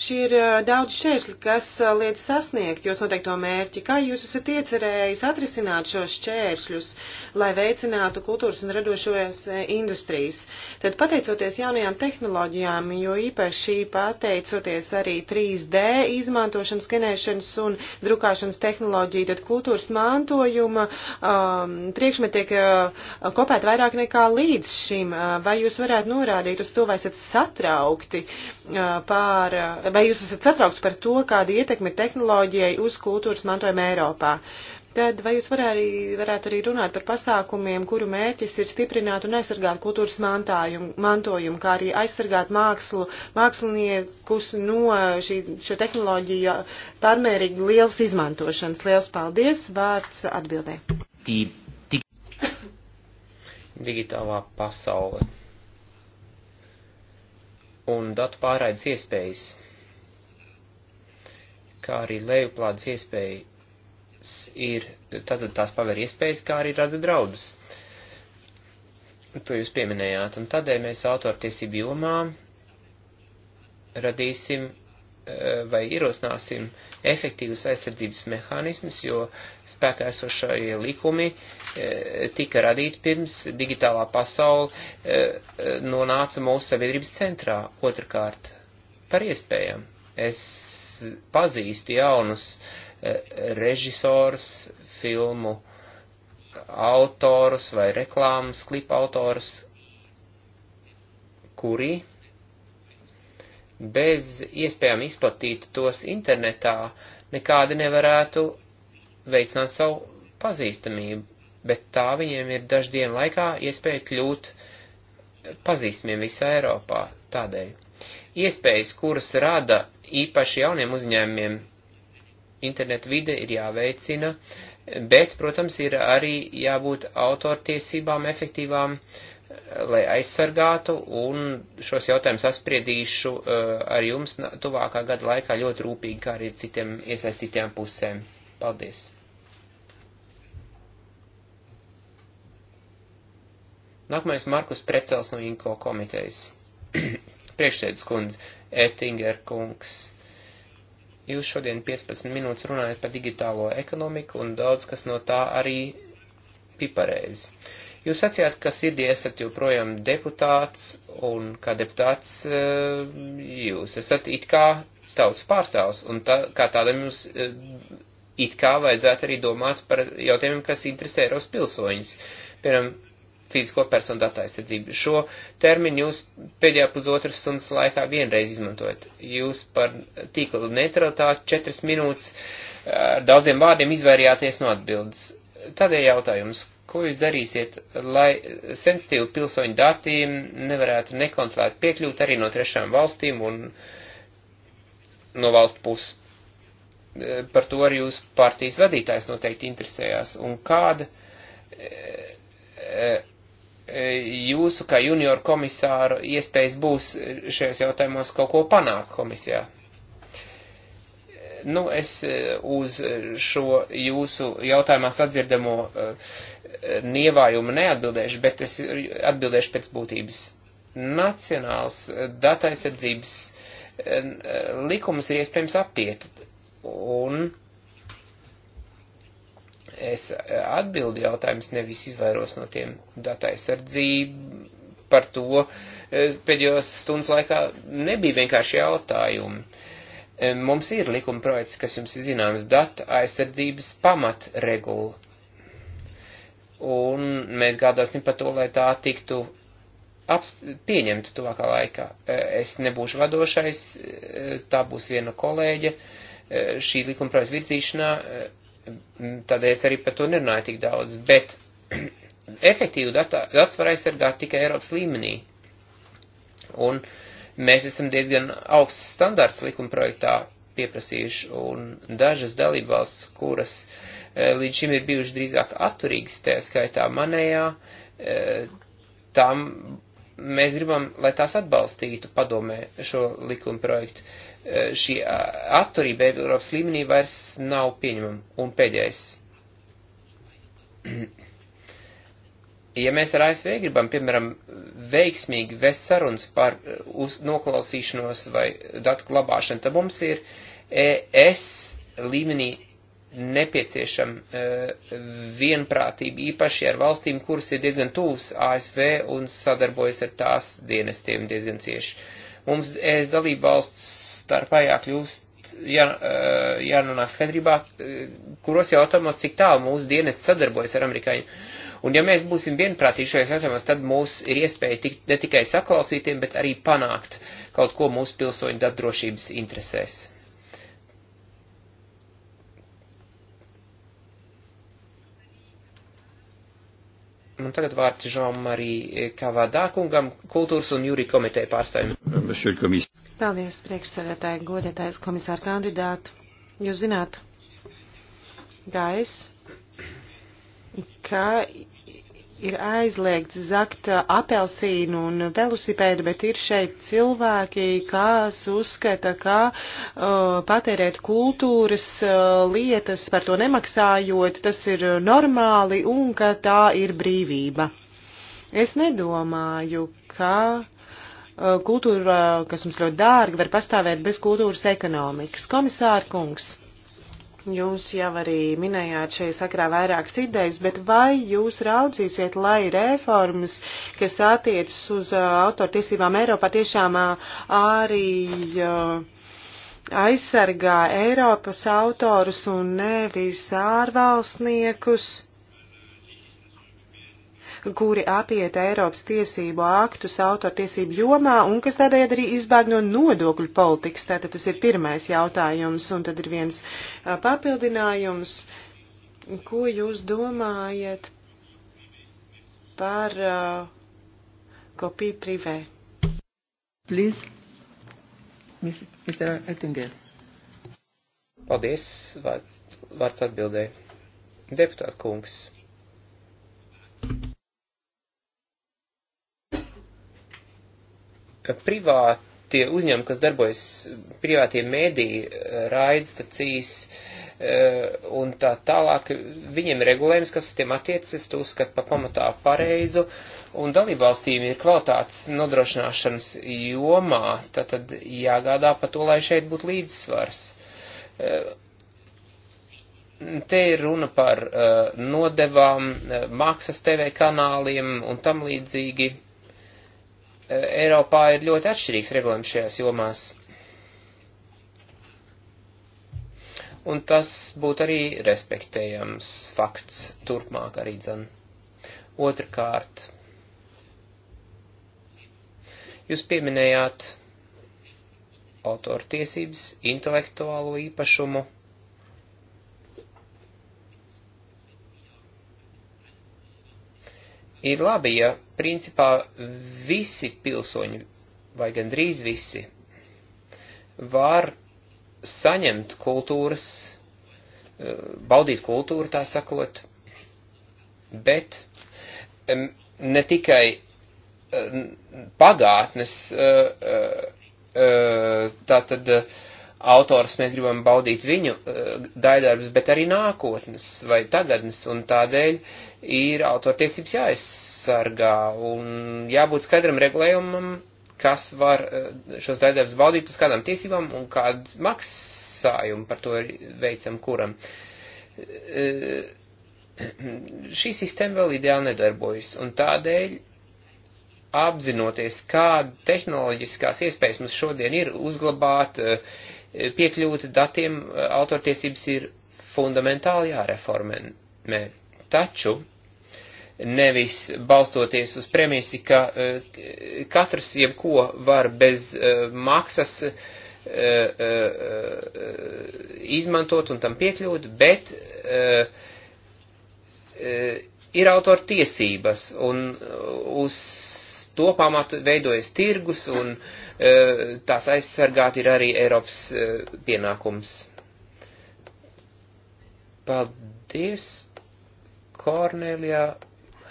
S1: Šie ir daudz šķēršļi, kas liedz sasniegt jūs noteikto mērķi. Kā jūs esat iecerējis atrisināt šos šķēršļus, lai veicinātu kultūras un radošojas industrijas? Tad pateicoties jaunajām tehnoloģijām, jo īpaši pateicoties arī 3D izmantošanas, skenēšanas un drukāšanas tehnoloģiju, tad kultūras mantojuma um, priekšmeti tiek uh, kopēt vairāk nekā līdz šim. Uh, vai jūs varētu norādīt uz to, vai esat satraukti uh, pār. Uh, vai jūs esat satraukts par to, kāda ietekme ir tehnoloģijai uz kultūras mantojumu Eiropā? Tad vai jūs var arī, varētu arī runāt par pasākumiem, kuru mērķis ir stiprināt un aizsargāt kultūras mantojumu, kā arī aizsargāt mākslu, māksliniekus no šī, šo tehnoloģiju pārmērīgi liels izmantošanas? Liels paldies! Vārds atbildē.
S2: Digitālā pasaule un datu pārraides iespējas kā arī lejuplādes iespējas ir, tātad tās paver iespējas, kā arī rada draudus. To jūs pieminējāt, un tādēļ mēs autortiesību jomā radīsim eh, vai ierosināsim efektīvus aizsardzības mehānismus, jo spēkā esošie likumi eh, tika radīti pirms digitālā pasaule eh, nonāca mūsu sabiedrības centrā. Otrakārt, par iespējām. Es pazīst jaunus e, režisors, filmu autorus vai reklāmas klipa autorus, kuri bez iespējām izplatīt tos internetā nekādi nevarētu veicināt savu pazīstamību, bet tā viņiem ir daždienu laikā iespēja kļūt pazīstamiem visā Eiropā tādēļ. Iespējas, kuras rada īpaši jauniem uzņēmumiem internetu vide ir jāveicina, bet, protams, ir arī jābūt autortiesībām efektīvām, lai aizsargātu, un šos jautājumus apspriedīšu eh, ar jums tuvākā gada laikā ļoti rūpīgi, kā arī citiem iesaistītiem pusēm. Paldies! Nākamais Markus Precels no Inko komitejas. Priekšsēdus kundze, Ettinger kungs. Jūs šodien 15 minūtes runājat par digitālo ekonomiku un daudz kas no tā arī pipareizi. Jūs sacījāt, ka sirdī esat joprojām deputāts un kā deputāts eh, jūs esat it kā tautas pārstāvs un tā, kā tādam jūs eh, it kā vajadzētu arī domāt par jautājumiem, kas interesē Eiropas pilsoņus. Piemēram, fizisko personu datu aizsardzību. Šo terminu jūs pēdējā pusotras stundas laikā vienreiz izmantojat. Jūs par tīkla neutralitāti četras minūtes eh, ar daudziem vārdiem izvairījāties no atbildes. Tādēļ jautājums, ko jūs darīsiet, lai sensitīvu pilsoņu datiem nevarētu nekontrolēt piekļūt arī no trešām valstīm un no valstu puses? Eh, par to arī jūs partijas vadītājs noteikti interesējās. Un kāda e, e, E, jūsu kā junior komisāru iespējas būs šajos jautājumos kaut ko panākt komisijā? Nu, es e, uz šo jūsu jautājumā sadzirdamo e, nievājumu neatbildēšu, bet es atbildēšu pēc būtības. Nacionāls dataizsardzības likums ir iespējams apiet, un uh, es e, atbildu jautājumus, nevis izvairos no tiem dataizsardzību par to. E, pēdējos stundas laikā nebija vienkārši jautājumi. E, mums ir likuma projekts, kas jums ir zināms, data aizsardzības pamatregula. Un mēs gādāsim par to, lai tā tiktu pieņemta tuvākā laikā. Es nebūšu vadošais, tā būs viena kolēģe šī likuma projekta virzīšanā tādēļ es arī par to nerunāju tik daudz, bet efektīvu datā, dats var aizsargāt tikai Eiropas līmenī. Un mēs esam diezgan augsts standarts likuma projektā pieprasījuši, un dažas dalībvalsts, kuras e, līdz šim ir bijušas drīzāk atturīgas, tā skaitā manējā, e, tām mēs gribam, lai tās atbalstītu padomē šo likuma projektu. Uh, Eh, šī atturība Eiropas līmenī vairs nav pieņemama. Un pēdējais. Ja mēs ar ASV gribam, piemēram, veiksmīgi vest sarunas par eh, uz noklausīšanos vai datu glabāšanu, tad mums ir ES līmenī nepieciešama eh, vienprātība, īpaši ar valstīm, kuras ir diezgan tūvas ASV un sadarbojas ar tās dienestiem diezgan cieši. Uh, Mums ES dalība valsts starpā jākļūst, jā, eh, jānonāk skaidrībā, eh, kuros jautājumos, cik tālu mūsu dienas sadarbojas ar amerikāņiem. Un ja mēs būsim vienprātīgi šajos jautājumos, tad mūs ir iespēja tik, ne tikai saklausītiem, bet arī panākt kaut ko mūsu pilsoņu darbdrošības interesēs. Un tagad vārds Žomarī Kavadā kungam, kultūras un jūrī komiteja
S3: pārstāvjiem.
S1: Paldies, priekšsēdētāji, godētājs komisāra kandidāti. Jūs zināt, gais, ka ir aizliegts zakt apelsīnu un velosipēdu, bet ir šeit cilvēki, kas uzskata, ka uh, patērēt kultūras uh, lietas par to nemaksājot, tas ir normāli un ka tā ir brīvība. Es nedomāju, ka uh, kultūra, kas mums ļoti dārga, var pastāvēt bez kultūras ekonomikas. Komisāra kungs. Jūs jau arī minējāt šajā sakrā vairākas idejas, bet vai jūs raudzīsiet, lai reformas, kas attiecas uz uh, autortiesībām Eiropā, tiešām uh, arī uh, aizsargā Eiropas autorus un nevis ārvalstniekus? kuri apiet Eiropas tiesību aktus autortiesību jomā un kas tādējādi arī izbēg no nodokļu politikas. Tātad tas ir pirmais jautājums un tad ir viens papildinājums. Ko jūs domājat par uh, kopiju privē? Please, Mr. Ettinger. Paldies,
S2: vārds atbildēja. Deputāt kungs. privātie uzņēmumi, kas darbojas privātie mēdī, eh, raidstacijas eh, un tā tālāk, viņiem regulējums, kas uz tiem attiecas, tu uzskat pa pamatā pareizu, un dalībvalstīm ir kvalitātes nodrošināšanas jomā, tad, tad jāgādā pa to, lai šeit būtu līdzsvars eh, te ir runa par uh, nodevām, uh, mākslas TV kanāliem un tam līdzīgi. Eiropā ir ļoti atšķirīgs regulējums šajās jomās. Un tas būtu arī respektējams fakts turpmāk arī dzan. Otrakārt, jūs pieminējāt autortiesības, intelektuālo īpašumu. Ir labi, ja principā visi pilsoņi, vai gandrīz visi, var saņemt kultūras, eh, baudīt kultūru, tā sakot, bet ne tikai eh, pagātnes, eh, tā tad autors, mēs gribam baudīt viņu eh, daidarbus, bet arī nākotnes vai tagadnes, un tādēļ ir autortiesības jāaizsargā, un jābūt skaidram regulējumam, kas var eh, šos daidarbus baudīt uz kādām tiesībām, un kādas maksājumi par to ir veicam kuram. Eh, šī sistēma vēl ideāli nedarbojas, un tādēļ apzinoties, kāda tehnoloģiskās iespējas mums šodien ir uzglabāt uh, piekļūt datiem eh, autortiesības ir fundamentāli jāreformē. Taču nevis balstoties uz premisi, ka eh, katrs jebko var bez eh, maksas izmantot un tam piekļūt, bet ir autor tiesības un uz to pamatu veidojas tirgus un uh, Eh, tās aizsargāt ir arī Eiropas eh, pienākums. Paldies, Kornelija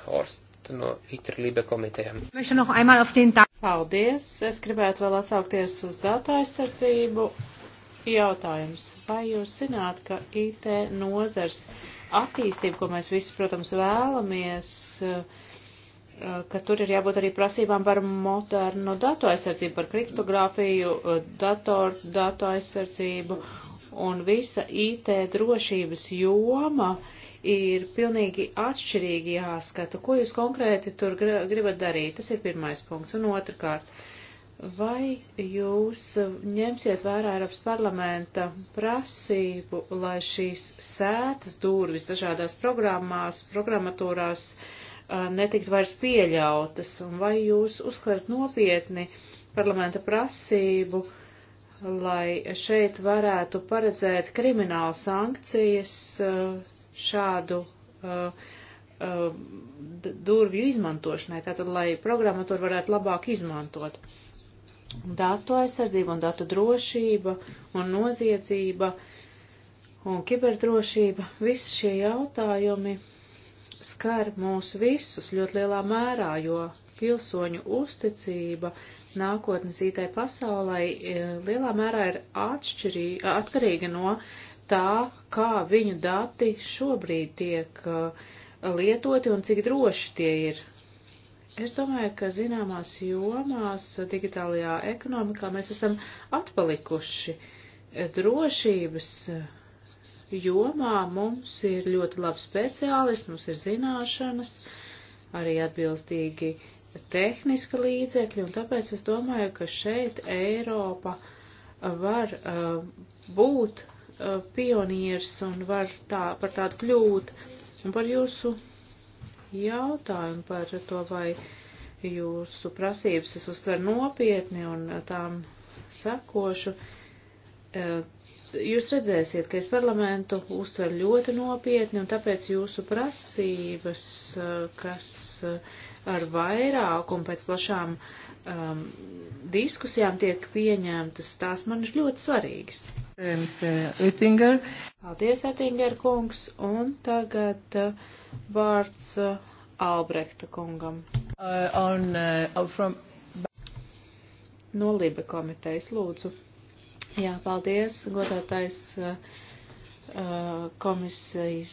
S2: Horst no Itrlība komitejām.
S3: Paldies, es gribētu vēl atsaukties uz datu aizsardzību. Jautājums, vai jūs zināt, ka IT nozars attīstība, ko mēs visi, protams, vēlamies, uh, Eh, ka tur ir jābūt arī prasībām par modernu datu aizsardzību, par kriptogrāfiju, eh, datoru datu aizsardzību un visa IT drošības joma ir pilnīgi atšķirīgi jāskata. Ko jūs konkrēti tur gribat darīt? Tas ir pirmais punkts. Un otrkārt, vai jūs ņemsiet vērā Eiropas parlamenta prasību, lai šīs sētas durvis dažādās programmās, programmatūrās, uh, netikt vairs pieļautas, un vai jūs uzskatāt nopietni parlamenta prasību, lai šeit varētu paredzēt kriminālu sankcijas šādu uh, uh, durvju izmantošanai, tātad, lai programmatori varētu labāk izmantot. Datu aizsardzība un datu drošība un noziedzība un kiberdrošība, visi šie jautājumi skar mūs visus ļoti lielā mērā, jo pilsoņu uzticība nākotnes IT pasaulē e, lielā mērā ir atšķirī, atkarīga no tā, kā viņu dati šobrīd tiek e, lietoti un cik droši tie ir. Es domāju, ka zināmās jomās digitālajā ekonomikā mēs esam atpalikuši e, drošības jomā mums ir ļoti labi speciālisti, mums ir zināšanas, arī atbilstīgi tehniska līdzekļi, un tāpēc es domāju, ka šeit Eiropa var uh, būt uh, pionieris un var tā, par tādu kļūt. Un par jūsu jautājumu par to, vai jūsu prasības es uztveru nopietni un uh, tām sakošu. Uh, jūs redzēsiet, ka es parlamentu uztveru ļoti nopietni, un tāpēc jūsu prasības, eh, kas eh, ar vairākumu pēc plašām um, diskusijām tiek pieņemtas, tās man ir ļoti svarīgas. Eh, Oettinger. Paldies, Oettinger kungs, un tagad uh, vārds uh, Albrekta kungam. Uh, on, uh, from... No Libe komitejas lūdzu. Jā, paldies, godātais uh, uh, komisijas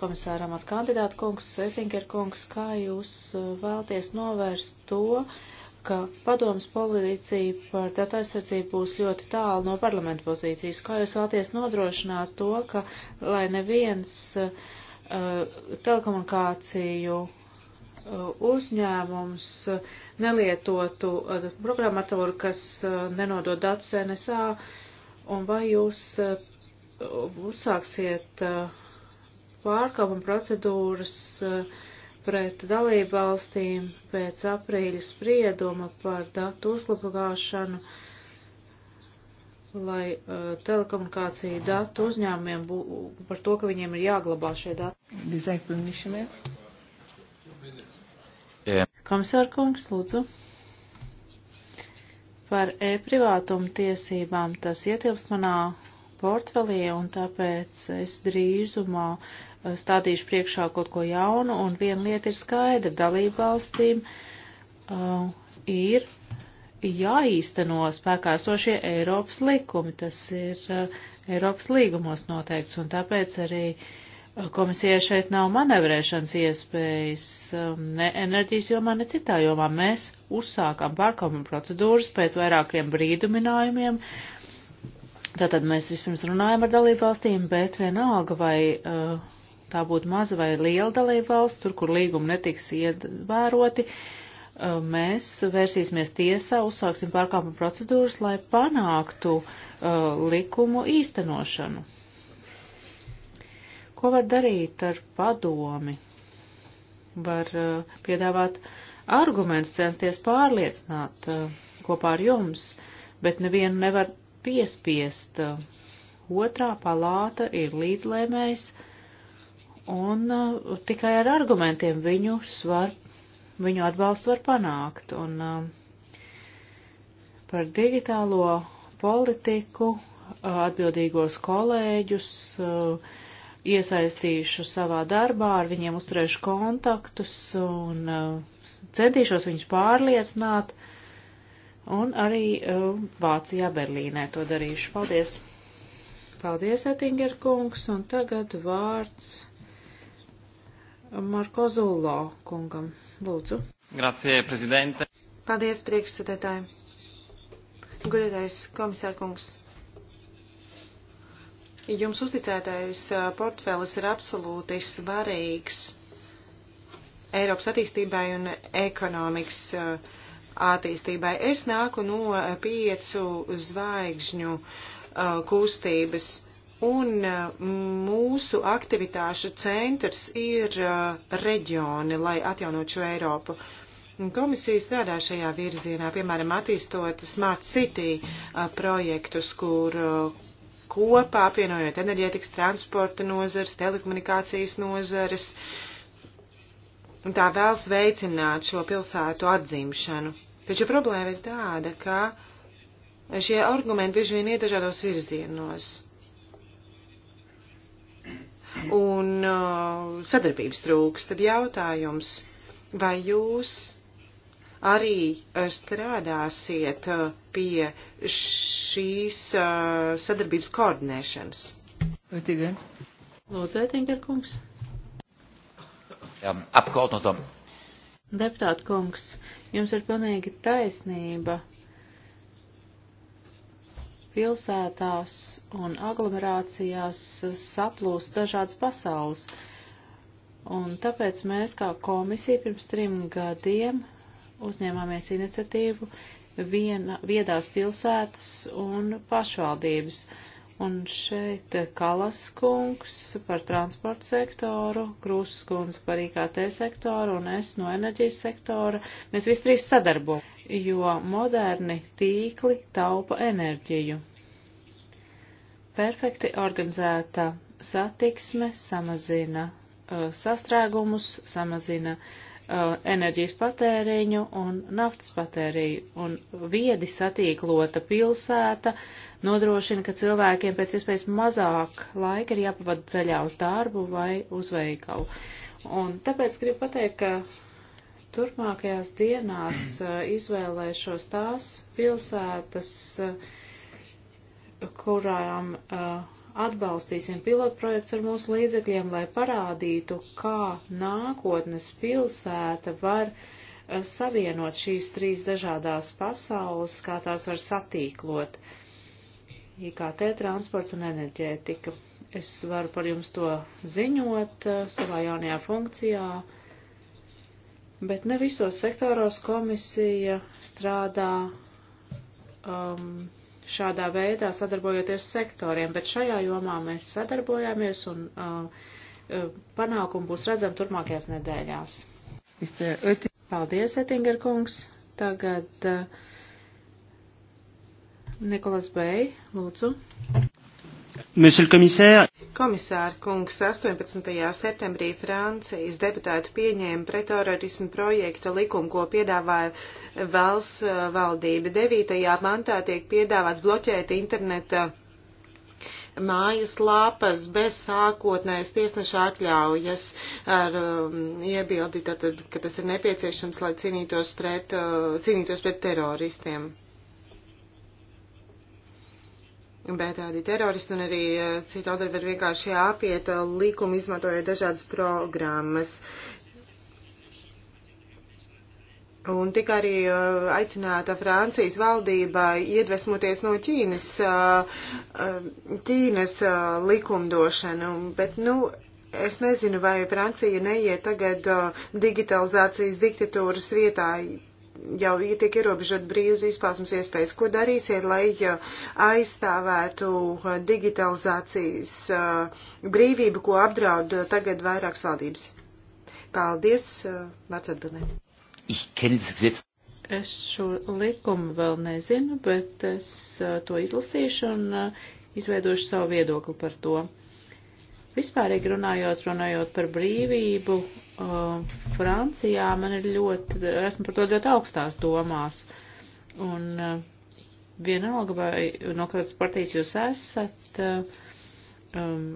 S3: komisāram ar kandidātu kungs, Svetinger kungs, kā jūs uh, vēlties novērst to, ka padomas pozīcija par datu aizsardzību būs ļoti tālu no parlamenta pozīcijas? Kā jūs vēlties nodrošināt to, ka lai neviens uh, telekomunikāciju Uh, uzņēmums uh, nelietotu uh, programmatoru, kas nenodod datus NSA, un vai jūs uzsāksiet pārkāpuma procedūras pret dalību valstīm pēc aprīļa sprieduma par datu uzlabāšanu, lai telekomunikāciju datu uzņēmumiem būtu par to, ka viņiem ir jāglabā šie dati. Komisārkungs, lūdzu. Par e-privātumu tiesībām tas ietilpst manā portfelī, un tāpēc es drīzumā eh, stādīšu priekšā kaut ko jaunu, un viena lieta ir skaidra. Dalībvalstīm uh, eh, ir jāīsteno spēkā sošie Eiropas likumi, tas ir uh, Eiropas līgumos noteikts, un tāpēc arī uh, Komisijai šeit nav manevrēšanas iespējas um, ne enerģijas jomā, ne citā jomā. Mēs uzsākām pārkāpuma procedūras pēc vairākiem brīduminājumiem. Tātad mēs vispirms runājam ar dalību valstīm, bet vienalga, vai uh, tā būtu maza vai liela dalību valsts, tur, kur līgumi netiks ievēroti, uh, mēs vērsīsimies tiesā, uzsāksim pārkāpuma procedūras, lai panāktu uh, likumu īstenošanu. Ko var darīt ar padomi? Var uh, piedāvāt argumentus, censties pārliecināt uh, kopā ar jums, bet nevienu nevar piespiest. Uh, otrā palāta ir līdzlēmējs, un uh, tikai ar argumentiem viņu svar, viņu atbalstu var panākt. Un uh, par digitālo politiku uh, atbildīgos kolēģus uh, iesaistīšu savā darbā, ar viņiem uzturēšu kontaktus un uh, centīšos viņus pārliecināt. Un arī uh, Vācijā, Berlīnē to darīšu. Paldies! Paldies, Ettinger kungs, un tagad vārds Marko Zullo kungam. Lūdzu.
S1: Grazie, prezidente. Paldies, priekšsēdētāji. Gudētais komisārkungs. Jums uzticētais portfelis ir absolūti svarīgs Eiropas attīstībai un ekonomikas attīstībai. Es nāku no piecu zvaigžņu kustības. Un mūsu aktivitāšu centrs ir reģioni, lai atjaunot šo Eiropu. Komisija strādā šajā virzienā, piemēram, attīstot Smart City projektus, kur kopā, apvienojot enerģētikas, transporta nozares, telekomunikācijas nozares, un tā vēlas veicināt šo pilsētu atzimšanu. Taču problēma ir tāda, ka šie argumenti bieži vien iet dažādos virzienos. Un uh, sadarbības trūks, tad jautājums, vai jūs arī eh, strādāsiet eh, pie šīs eh, sadarbības koordinēšanas?
S3: Lūdzu, Ētiņģer kungs.
S2: Apkaltnotam.
S1: Deputāta
S3: kungs, jums ir pilnīgi taisnība. Pilsētās un aglomerācijās saplūst dažādas pasaules. Un tāpēc mēs kā komisija pirms trim gadiem uzņēmāmies iniciatīvu viena, viedās pilsētas un pašvaldības. Un šeit Kalas kungs par transportu sektoru, Krūsas kungs par IKT sektoru un es no enerģijas sektora. Mēs visi trīs sadarbojam, jo moderni tīkli taupa enerģiju. Perfekti organizēta satiksme samazina uh, sastrēgumus, samazina uh, Uh, enerģijas patēriņu un naftas patēriju. Un viedi satīklota pilsēta nodrošina, ka cilvēkiem pēc iespējas mazāk laika ir jāpavada ceļā uz darbu vai uz veikalu. Un tāpēc gribu pateikt, ka turpmākajās dienās uh, izvēlēšos tās pilsētas, uh, kurām uh, atbalstīsim pilotprojekts ar mūsu līdzekļiem, lai parādītu, kā nākotnes pilsēta var eh, savienot šīs trīs dažādās pasaules, kā tās var satīklot IKT transports un enerģētika. Es varu par jums to ziņot eh, savā jaunajā funkcijā, bet ne visos sektoros komisija strādā um, šādā veidā sadarbojoties sektoriem, bet šajā jomā mēs sadarbojāmies un uh, uh, panākumu būs redzami turpmākajās nedēļās. Paldies, Ettinger kungs. Tagad uh, Nikolas
S1: Bey, lūdzu.
S2: Monsieur le commissaire.
S1: Komisāra kungs 18. septembrī Francijas deputāti pieņēma pretorerismu projekta likumu, ko piedāvāja valsts eh, valdība. 9. mantā tiek piedāvāts bloķēt interneta mājas lapas bez sākotnējas tiesneša atļaujas ar um, iebildi, tātad, ka tas ir nepieciešams, lai cīnītos pret, uh, cīnītos pret teroristiem. Bet tādi teroristi un arī eh, citu autori var vienkārši apiet eh, likumu, izmantojot dažādas programmas. Un tika arī eh, aicināta Francijas valdība iedvesmoties no Ķīnas, Ķīnas likumdošanu. Bet, nu, es nezinu, vai Francija neiet tagad digitalizācijas diktatūras vietā jau tiek ierobežot brīvas izpausmas iespējas. Ko darīsiet, lai aizstāvētu uh, digitalizācijas uh, brīvību, ko apdraud uh, tagad vairākas valdības? Paldies, vārds
S3: atbildē. Es šo likumu vēl nezinu, bet es to izlasīšu un izveidošu savu viedokli par to. Vispārīgi runājot, runājot par brīvību uh, Francijā man ir ļoti, esmu par to ļoti augstās domās. Un uh, vienalga, vai no kādas partijas jūs esat, uh, um,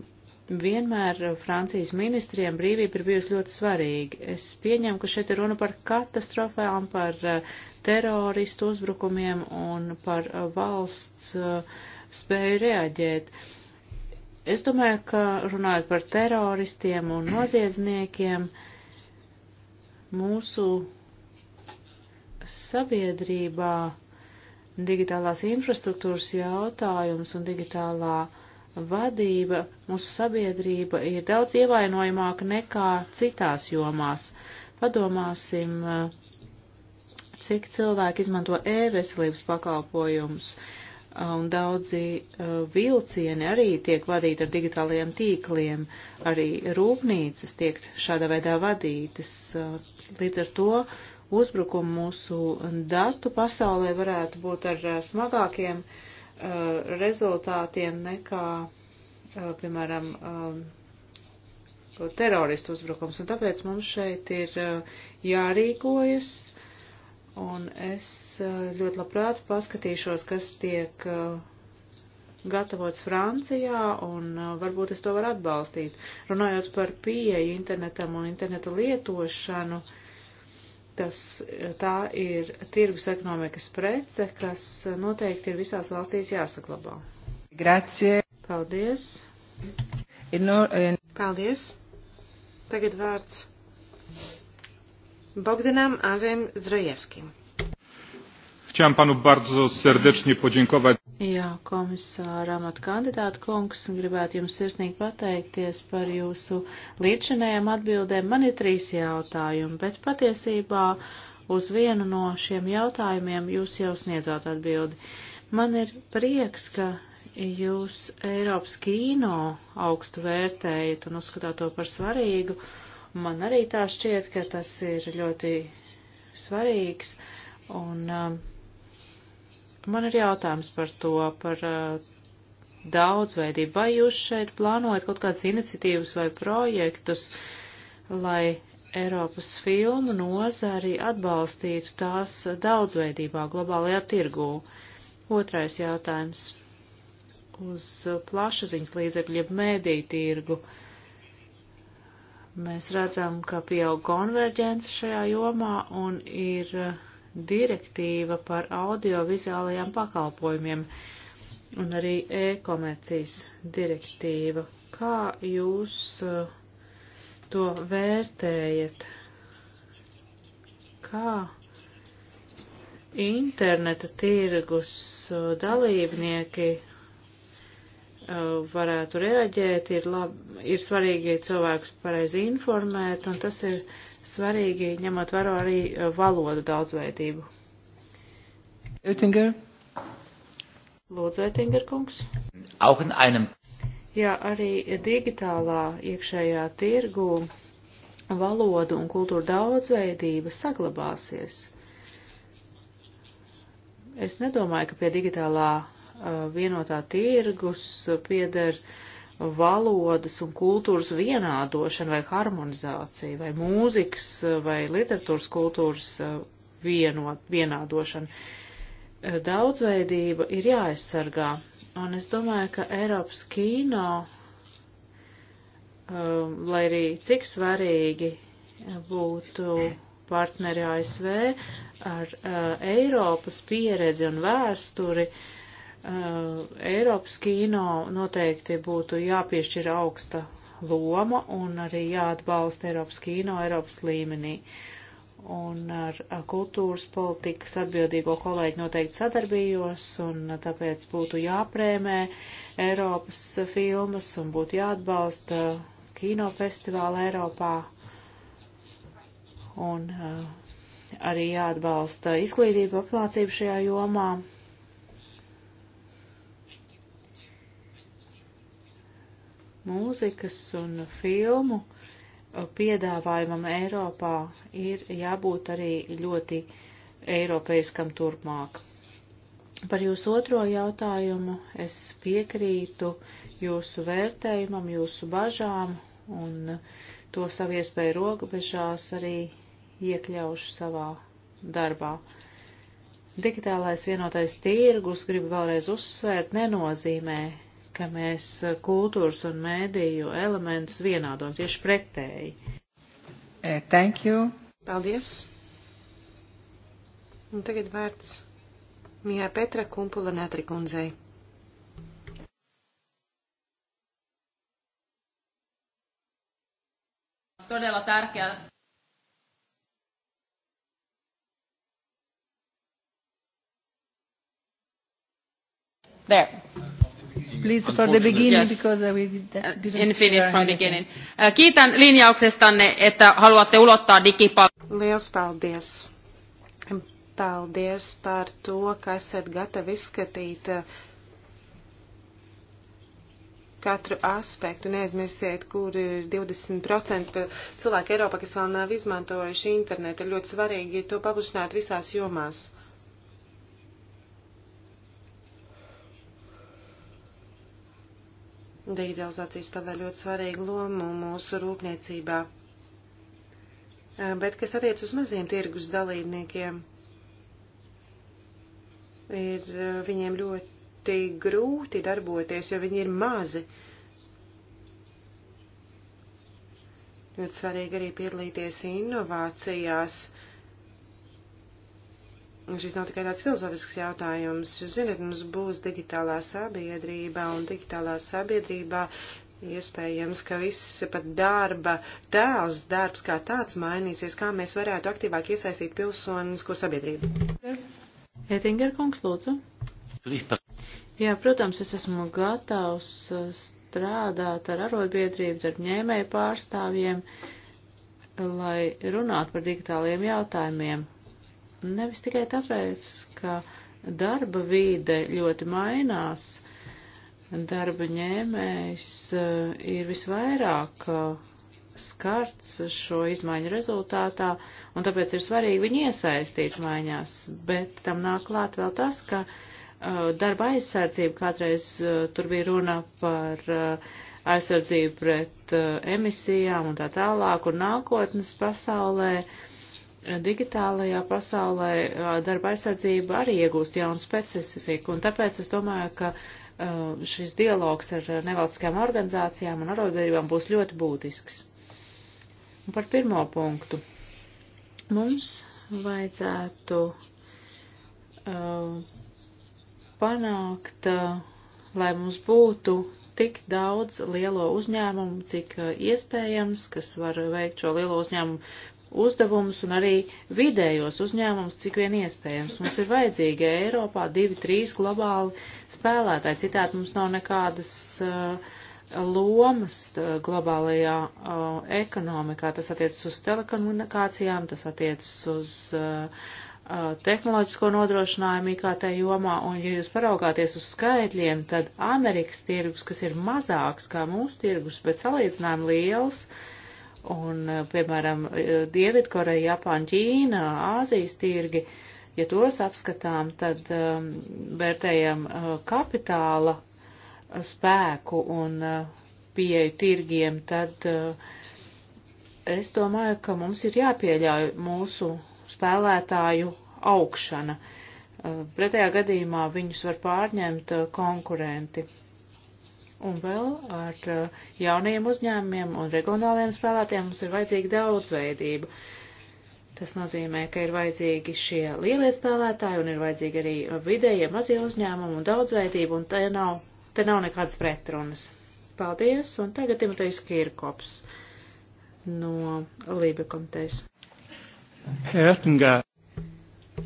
S3: vienmēr Francijas ministriem brīvība ir bijusi ļoti svarīga. Es pieņemu, ka šeit ir runa par katastrofām, par uh, teroristu uzbrukumiem un par uh, valsts uh, spēju reaģēt. Uh, Es domāju, ka runājot par teroristiem un noziedzniekiem, mūsu sabiedrībā digitālās infrastruktūras jautājums un digitālā vadība mūsu sabiedrība ir daudz ievainojamāka nekā citās jomās. Padomāsim, cik cilvēki izmanto e-veselības pakalpojumus, Ah, un daudzi eh, vilcieni arī tiek vadīti ar digitālajiem tīkliem, arī rūpnīcas tiek šādā veidā vadītas. Ah, līdz ar to uzbrukumu mūsu datu pasaulē varētu būt ar eh, smagākiem eh, rezultātiem nekā, piemēram, teroristu uzbrukums. Un tāpēc mums šeit ir jārīkojas un es eh, ļoti labprāt paskatīšos, kas tiek eh, gatavots Francijā, un eh, varbūt es to varu atbalstīt. Runājot par pieeju internetam un interneta lietošanu, tas, tā ir tirgus ekonomikas prece, kas noteikti ir visās valstīs
S1: jāsaglabā. Grazie. Paldies. E e Paldies. Tagad vārds Bogdanem Azem Zdrojewskim.
S2: Chciałem panu bardzo serdecznie podziękować.
S3: Jā, komisāra amata kandidāta kungs, gribētu jums sirsnīgi pateikties par jūsu līdzinējiem atbildēm. Man ir trīs jautājumi, bet patiesībā uz vienu no šiem jautājumiem jūs jau sniedzāt atbildi. Man ir prieks, ka jūs Eiropas kīno augstu vērtējat un uzskatāt to par svarīgu. Uh, Man arī tā šķiet, ka tas ir ļoti svarīgs. Un um, man ir jautājums par to, par uh, daudzveidību. Vai jūs šeit plānojat kaut kādas iniciatīvas vai projektus, lai Eiropas filmu nozari atbalstītu tās daudzveidībā globālajā tirgū? Otrais jautājums uz plašsaziņas līdzekļu, jeb mēdīju tirgu. Uh, Mēs redzam, ka pieaug konverģence šajā jomā un ir eh, direktīva par audiovizuālajiem pakalpojumiem un arī e-komercijas direktīva. Kā jūs eh, to vērtējat? Kā interneta tirgus eh, dalībnieki Uh, varētu reaģēt, ir, lab, ir svarīgi cilvēkus pareizi informēt, un tas ir svarīgi ņemot vērā arī uh, valodu daudzveidību. Oettinger. Lūdzu, Oettinger kungs. Auch in einem. Jā, arī digitālā iekšējā tirgu valodu un kultūra daudzveidība saglabāsies. Es nedomāju, ka pie digitālā vienotā tirgus pieder valodas un kultūras vienādošana vai harmonizācija, vai mūzikas vai literatūras kultūras vienot, vienādošana. Daudzveidība ir jāaizsargā, un es domāju, ka Eiropas kīno, um, lai arī cik svarīgi būtu partneri ASV ar uh, Eiropas pieredzi un vēsturi, uh, Eh, Eiropas kino noteikti būtu jāpiešķir augsta loma un arī jāatbalsta Eiropas kino Eiropas līmenī. Un ar kultūras politikas atbildīgo kolēģi noteikti sadarbījos, un tāpēc būtu jāprēmē Eiropas filmas un būtu jāatbalsta kinofestivāli Eiropā. Un uh, arī jāatbalsta izglītība apmācība šajā jomā mūzikas un filmu piedāvājumam Eiropā ir jābūt arī ļoti eiropeiskam turpmāk. Par jūsu otro jautājumu es piekrītu jūsu vērtējumam, jūsu bažām un to savu iespēju robežās arī iekļaušu savā darbā. Digitālais vienotais tirgus, gribu vēlreiz uzsvērt, nenozīmē ka mēs eh, kultūras un mēdīju elementus vienādojam
S1: tieši pretēji.
S3: Eh, thank you.
S1: Paldies. Un tagad vārds Mijā Petra Kumpula Netrikundzei.
S3: Todella tärkeä There.
S1: Please for the beginning, yes. because
S3: uh, we didn't In finish from beginning.
S1: Uh, kiitän linjauksestanne, että haluatte ulottaa digipalvelut. Liels paldies! Paldies par to, ka esat gatavi izskatīt uh, katru aspektu. Neaizmirstiet, kur ir 20% cilvēku Eiropā, kas vēl nav izmantojuši internetu. Ir ļoti svarīgi to paplašināt visās jomās. Digitalizācija spēlē ļoti svarīgu lomu mūsu rūpniecībā. Bet, kas attiec uz maziem tirgus dalībniekiem, ir viņiem ļoti grūti darboties, jo viņi ir mazi. Ļoti svarīgi arī piedalīties inovācijās šis nav tikai tāds filozofisks jautājums. Jūs zināt, mums būs digitālā sabiedrība un digitālā sabiedrībā Iespējams, ka viss pat darba tēls, darbs kā tāds mainīsies, kā mēs varētu aktīvāk iesaistīt pilsonisko sabiedrību.
S3: Ētinger kungs, lūdzu. Jā, protams, es esmu gatavs uh, strādāt ar arotbiedrību, ar ņēmēju pārstāvjiem, lai runātu par digitāliem jautājumiem. Nevis tikai tāpēc, ka darba vīde ļoti mainās, darba ņēmējs eh, ir visvairāk eh, skarts šo izmaiņu rezultātā, un tāpēc ir svarīgi viņu iesaistīt maiņās, bet tam nāk klāt vēl tas, ka eh, darba aizsardzība kādreiz tur bija runa par aizsardzību pret emisijām un tā tālāk, un nākotnes pasaulē uh, digitālajā pasaulē darba aizsardzība arī iegūst jaunu specifiku, un tāpēc es domāju, ka šis dialogs ar nevalstiskajām organizācijām un arotbiedrībām būs ļoti būtisks. Un par pirmo punktu. Mums vajadzētu uh, panākt, uh, lai mums būtu tik daudz lielo uzņēmumu, cik iespējams, kas var veikt šo lielo uzņēmumu uzdevumus un arī vidējos uzņēmumus, cik vien iespējams. Mums ir vajadzīgi Eiropā divi, trīs globāli spēlētāji, citādi mums nav nekādas uh, lomas uh, globālajā uh, ekonomikā. Tas attiecas uz telekomunikācijām, tas attiecas uz uh, uh, tehnoloģisko nodrošinājumu IKT jomā, un ja jūs paraugāties uz skaitļiem, tad Amerikas tirgus, kas ir mazāks kā mūsu tirgus, bet salīdzinājumi liels, uh, Un, eh, piemēram, eh, Dievidkoreja, Japāna, Ķīna, Āzijas tirgi, ja tos apskatām, tad um, vērtējam uh, kapitāla spēku un uh, pieeju tirgiem, tad uh, es domāju, ka mums ir jāpieļauj mūsu spēlētāju augšana. Pretējā gadījumā viņus var pārņemt konkurenti. Un vēl ar uh, jaunajiem uzņēmumiem un reģionāliem spēlētiem mums ir vajadzīga daudzveidība. Tas nozīmē, ka ir vajadzīgi šie lielie spēlētāji un ir vajadzīgi arī vidējie mazie uzņēmumi un daudzveidība, un te nav, te nav nekādas pretrunas. Paldies, un tagad Timotejs Kirkops
S1: no Lībe komitejas.
S3: Hertengā.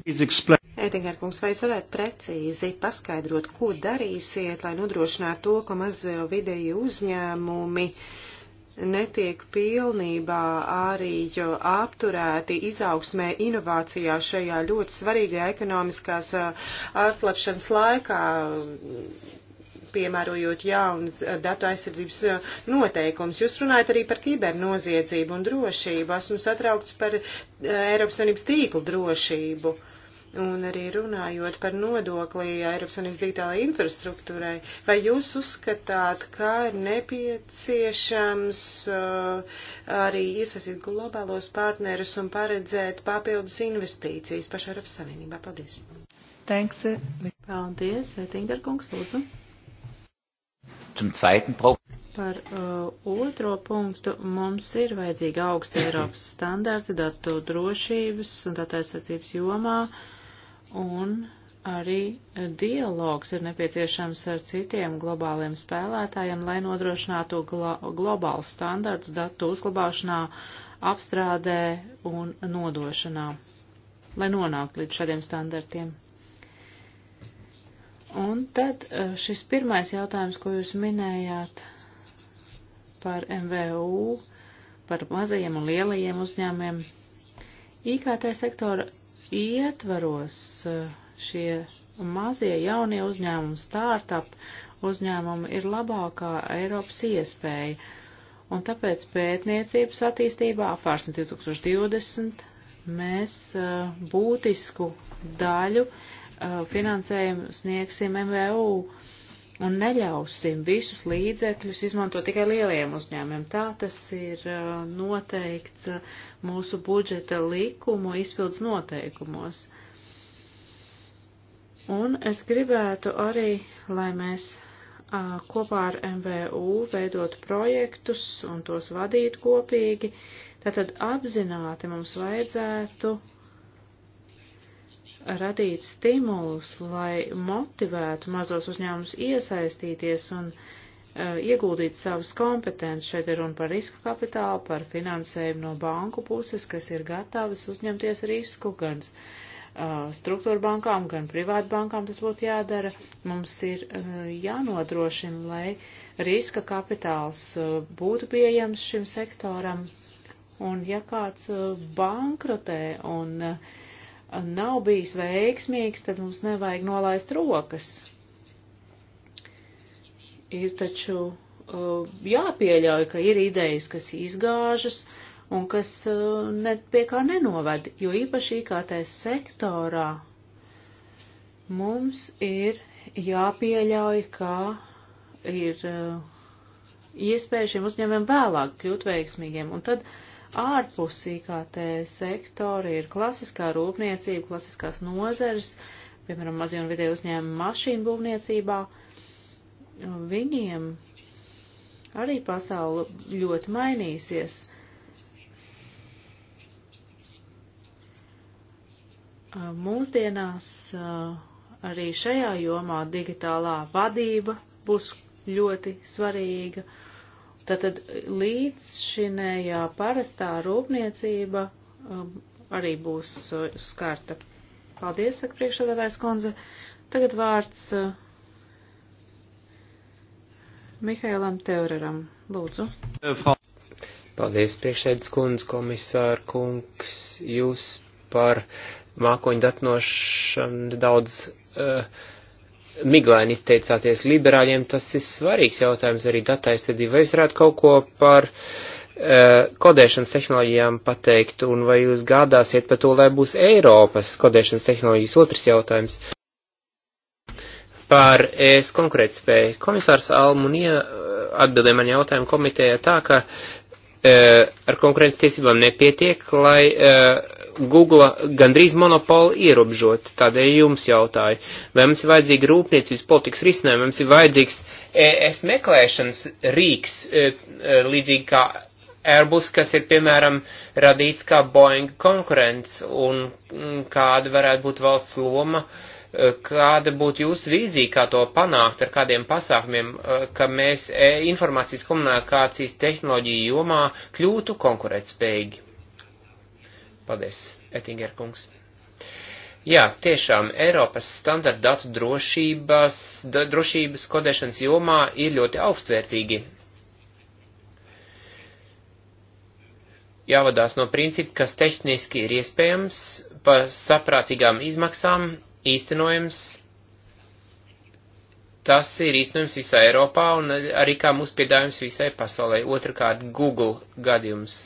S2: Please explain.
S1: Ētinger kungs, vai jūs varētu precīzi paskaidrot, ko darīsiet, lai nodrošinātu to, ka mazie vidēji uzņēmumi netiek pilnībā arī apturēti izaugsmē inovācijā šajā ļoti svarīgajā ekonomiskās atlapšanas laikā, piemērojot jaunas datu aizsardzības noteikumus. Jūs runājat arī par kibernoziedzību un drošību. Esmu satraukts par Eiropas Savienības tīklu drošību. Uh, un arī runājot par nodoklī Eiropas Unības digitālajai infrastruktūrai, vai jūs uzskatāt, ka ir nepieciešams uh, arī iesaistīt globālos partnerus un paredzēt papildus investīcijas pašā Eiropas Savienībā? Paldies!
S3: Thanks. Eh, paldies, eh, Tingarkungs, lūdzu.
S2: Zum zweiten braucht
S3: par uh, otro punktu mums ir vajadzīga augsta Eiropas standarta datu drošības un datu aizsardzības jomā, un arī dialogs ir nepieciešams ar citiem globāliem spēlētājiem, lai nodrošinātu glo globālu standarts datu uzglabāšanā, apstrādē un nodošanā, lai nonāktu līdz šādiem standartiem. Un tad e, šis pirmais jautājums, ko jūs minējāt par MVU, par mazajiem un lielajiem uzņēmiem. IKT sektora ietvaros eh, šie mazie jaunie uzņēmumi, startup uzņēmumi ir labākā Eiropas iespēja. Un tāpēc pētniecības attīstībā apvārsnes 2020 mēs uh, būtisku daļu uh, finansējumu sniegsim MVU. Uh, un neļausim visus līdzekļus izmantot tikai lieliem uzņēmiem. Tā tas ir uh, noteikts uh, mūsu budžeta likumu izpildes noteikumos. Un es gribētu arī, lai mēs uh, kopā ar MVU veidotu projektus un tos vadītu kopīgi, Tātad apzināti mums vajadzētu radīt stimulus, lai motivētu mazos uzņēmumus iesaistīties un uh, ieguldīt savas kompetences. Šeit ir runa par riska kapitālu, par finansējumu no banku puses, kas ir gatavas uzņemties risku gan uh, struktūra bankām, gan privātu bankām tas būtu jādara. Mums ir uh, jānodrošina, lai riska kapitāls uh, būtu pieejams šim sektoram. Un ja kāds uh, bankrotē un uh, nav bijis veiksmīgs, tad mums nevajag nolaist rokas. Ir taču uh, jāpieļauj, ka ir idejas, kas izgāžas un kas uh, ne, pie kā nenoved, jo īpaši IKT sektorā mums ir jāpieļauj, ka ir uh, iespēja šiem uzņēmumiem vēlāk kļūt veiksmīgiem. Un tad uh, ārpus IKT sektori ir klasiskā rūpniecība, klasiskās nozeres, piemēram, mazie un vidēji uzņēmumi mašīnu būvniecībā. Viņiem arī pasaule ļoti mainīsies. Mūsdienās uh, arī šajā jomā digitālā vadība būs ļoti svarīga Tātad līdzšinējā parastā rūpniecība um, arī būs uh, skarta. Paldies, saka priekšsēdētājs Konze. Tagad vārds uh, Mihailam Teureram. Lūdzu. Paldies,
S2: priekšsēdētājs Konze, komisāra kungs. Jūs par mākoņu datnošanu daudz. Uh, miglaini izteicāties liberāļiem, tas ir svarīgs jautājums arī datu aizsardzība. Vai jūs varētu kaut ko par uh, kodēšanas tehnoloģijām pateikt, un vai jūs gādāsiet par to, lai būs Eiropas kodēšanas tehnoloģijas otrs jautājums? Par es konkurētspēju. Komisārs Almunija e, atbildēja man jautājumu komitejā tā, ka uh, ar konkurences tiesībām nepietiek, lai uh, Google gandrīz monopolu ierobežot. Tādēļ jums jautāju, vai mums ir vajadzīga rūpniecības politikas risinājuma, mums ir vajadzīgs ES meklēšanas rīks, e, e, līdzīgi kā Airbus, kas ir, piemēram, radīts kā Boeing konkurents, un kāda varētu būt valsts loma, e, kāda būtu jūsu vīzija, kā to panākt, ar kādiem pasākumiem, ka mēs informācijas komunikācijas tehnoloģiju jomā kļūtu konkurētspējīgi. Paldies, Ettinger kungs. Jā, tiešām Eiropas standarta datu drošības, da, drošības kodēšanas jomā ir ļoti augstvērtīgi. Jāvadās no principa, kas tehniski ir iespējams, pa saprātīgām izmaksām īstenojams. Tas ir īstenojams visā Eiropā un arī kā mūsu piedāvājums visai pasaulē. Otrakārt, Google gadījums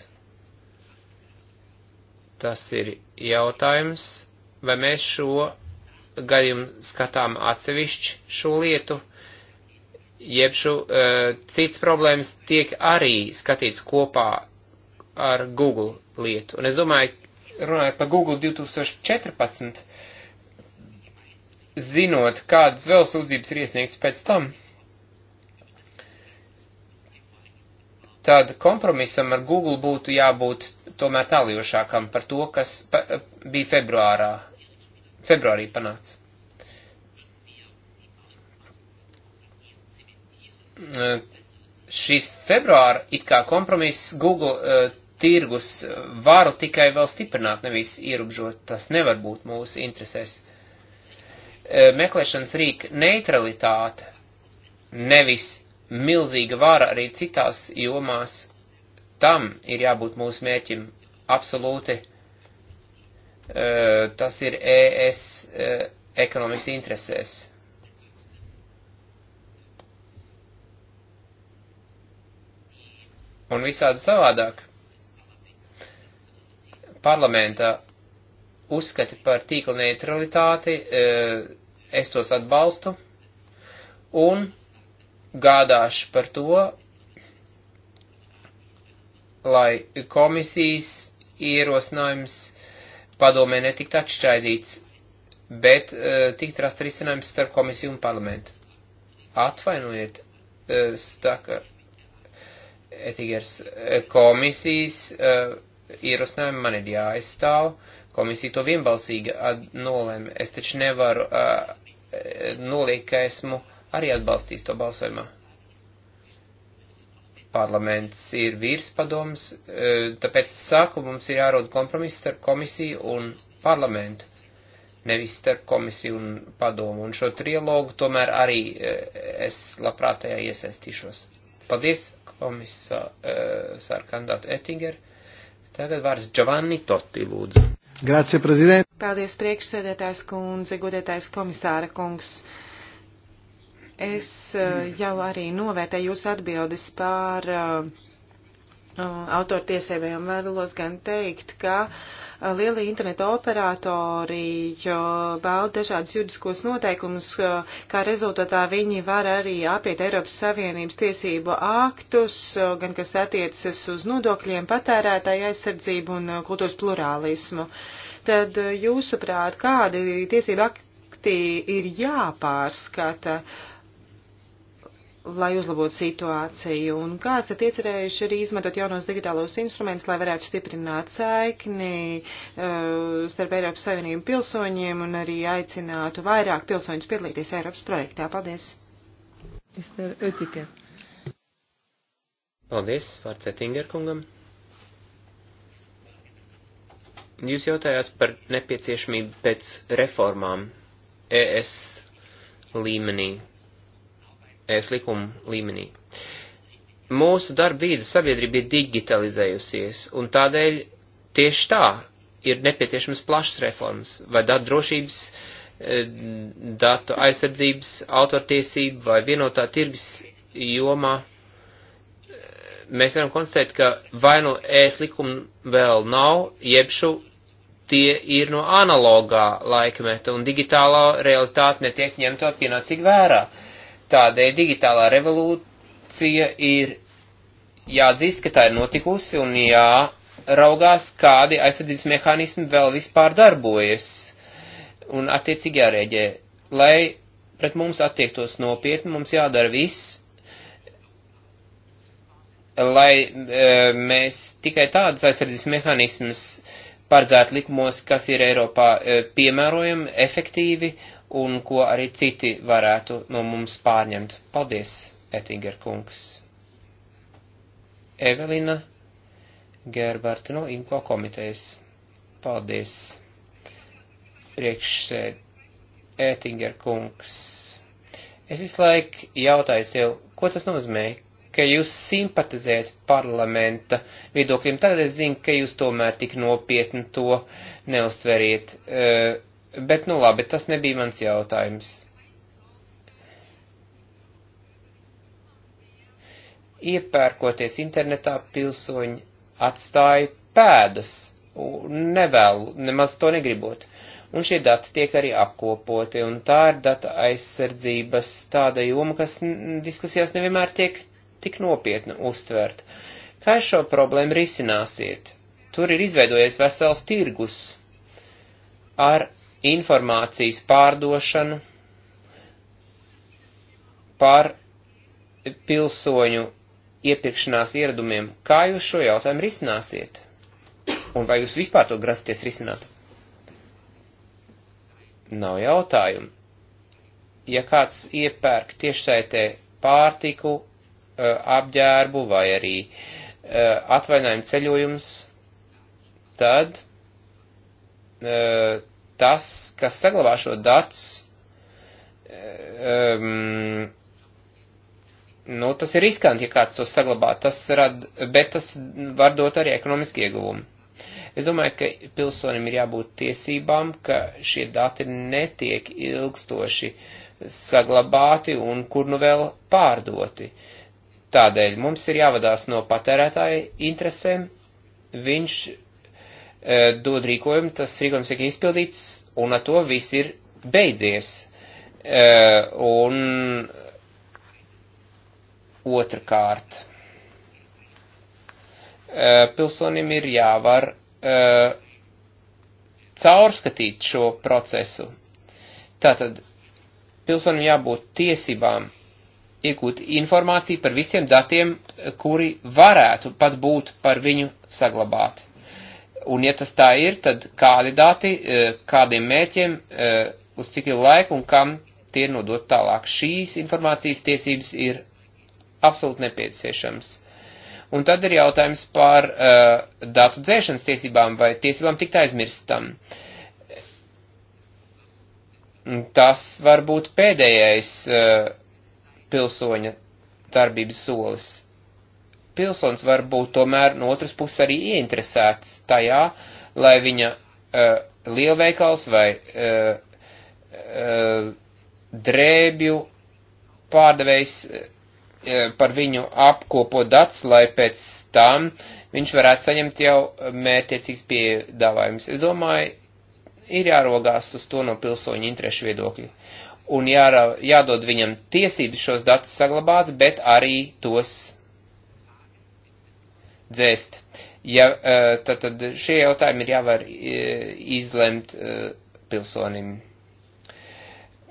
S2: Tas ir jautājums, vai mēs šo gadījumu skatām atsevišķi šo lietu, jeb šo uh, cits problēmas tiek arī skatīts kopā ar Google lietu. Un es domāju, runājot par Google 2014, zinot, kādas vēl sūdzības ir iesniegts pēc tam, tad kompromisam ar Google būtu jābūt tomēr tālījošākam par to, kas pa, bija februārā, februārī panāca. Šis februāra it kā kompromiss Google uh, tirgus varu tikai vēl stiprināt, nevis ierobžot. Tas nevar būt mūsu interesēs. Uh, meklēšanas rīka neutralitāte, nevis milzīga vara arī citās jomās. Tam ir jābūt mūsu mērķim absolūti. E, tas ir ES e, ekonomikas interesēs. Un visādi savādāk. Parlamentā uzskati par tīkla neutralitāti, e, es tos atbalstu. Un gādāšu par to, lai komisijas ierosinājums padomē netikt atšķaidīts, bet uh, tikt rast risinājums starp komisiju un parlamentu. Atvainojiet, uh, e, staka Etigers, e, komisijas uh, ierosinājumi man ir jāaizstāv, komisija to vienbalsīgi nolēma. Es taču nevaru uh, noliekt, ka esmu uh, arī atbalstīs to balsojumā. Parlaments ir virspadoms, e, tāpēc es saku, mums ir jārod kompromiss starp komisiju un parlamentu, nevis starp komisiju un padomu. Un šo trilogu tomēr arī e, es labprāt tajā iesaistīšos. Paldies, komisāra e, kandidāta Ettinger. Tagad vārds Giovanni Totti, lūdzu.
S1: Grazie, prezident. Paldies, priekšsēdētājs kundze, godētājs komisāra kungs. Uh, Es eh, jau arī novērtēju jūsu atbildes pār eh, eh, autortiesībiem. Vēlos gan teikt, ka lielie interneta operatori bauda dažādas juridiskos noteikumus, kā rezultātā viņi var arī apiet Eiropas Savienības tiesību aktus, gan kas attiecas uz nodokļiem, patērētāju aizsardzību un kultūras plurālismu. Tad jūsuprāt, kādi tiesību akti ir jāpārskata? Uh, lai uzlabotu situāciju. Un kā esat iecerējuši arī izmantot jaunos digitālos instrumentus, lai varētu stiprināt saikni uh, starp Eiropas Savienību pilsoņiem un arī aicinātu vairāk pilsoņus piedalīties Eiropas projektā? Paldies!
S2: Paldies, vārds Ettinger kungam. Jūs jautājāt par nepieciešamību pēc reformām ES līmenī es likumu līmenī. Mūsu darba vīda sabiedrība ir digitalizējusies, un tādēļ tieši tā ir nepieciešams plašs reformas, vai datu drošības, eh, datu aizsardzības, autortiesību vai vienotā tirgus jomā. Eh, mēs varam konstatēt, ka vai no nu ēs likuma vēl nav, jeb šo tie ir no analogā laikmeta, un digitālā realitāte netiek ņemta pienācīgi vērā. Uh, Tādēļ digitālā revolūcija ir jāatzīst, ka tā ir notikusi un jāraugās, kādi aizsardzības mehānismi vēl vispār darbojas un attiecīgi jārēģē. Lai pret mums attiektos nopietni, mums jādara viss, lai e, mēs tikai tādas aizsardzības mehānismus paredzētu likumos, kas ir Eiropā e, piemērojami, efektīvi un ko arī citi varētu no mums pārņemt. Paldies, Ettinger kungs. Evelina Gerberta no Inko komitejas. Paldies, priekšsēd Ettinger kungs. Es visu laiku jautāju sev, ko tas nozīmē, ka jūs simpatizējat parlamenta viedokļiem. Tagad es zinu, ka jūs tomēr tik nopietni to neustveriet. Uh, Bet, nu labi, tas nebija mans jautājums. Iepērkoties internetā, pilsoņi atstāja pēdas, nevēlu, nemaz to negribot. Un šie dati tiek arī apkopoti, un tā ir data aizsardzības tāda joma, kas diskusijās nevienmēr tiek tik nopietni uztvert. Kā šo problēmu risināsiet? Tur ir izveidojies vesels tirgus ar informācijas pārdošanu par pilsoņu iepirkšanās ieradumiem. Kā jūs šo jautājumu risināsiet? Un vai jūs vispār to grasties risināt? Nav jautājumu. Ja kāds iepērk tiešsaitē pārtiku, eh, apģērbu vai arī eh, atvainājumu ceļojums, tad eh, tas, kas saglabā šo datus, um, ehm, nu, tas ir riskanti, ja kāds to saglabā, tas rad, bet tas var dot arī ekonomiski ieguvumu. Es domāju, ka pilsonim ir jābūt tiesībām, ka šie dati netiek ilgstoši saglabāti un kur nu vēl pārdoti. Tādēļ mums ir jāvadās no patērētāja interesēm, viņš Eh, dod rīkojumu, tas rīkojums tiek izpildīts, un ar to viss ir beidzies. Eh, un otrkārt, eh, pilsonim ir jāvar caurskatīt šo procesu. Tātad pilsonim jābūt tiesībām iegūt informāciju par visiem datiem, kuri varētu pat būt par viņu saglabāti. Un ja tas tā ir, tad kādi dati, e, kādiem mēķiem, e, uz cik ilgu laiku un kam tie ir nodot tālāk. Šīs informācijas tiesības ir absolūti nepieciešams. Un tad ir jautājums par uh, datu dzēšanas tiesībām vai tiesībām tikt aizmirstam. Tas var būt pēdējais uh, pilsoņa darbības solis pilsonis var būt tomēr no otras puses arī ieinteresēts tajā, lai viņa uh, lielveikals vai uh, uh, drēbju pārdevējs uh, par viņu apkopo dats, lai pēc tam viņš varētu saņemt jau mērķiecīgs piedāvājums. Es domāju, ir jārogās uz to no pilsoņu interešu viedokļa. Un jārā, jādod viņam tiesības šos datus saglabāt, bet arī tos dzēst. Ja, eh, tad, tad šie jautājumi ir jāvar eh, izlemt eh, pilsonim.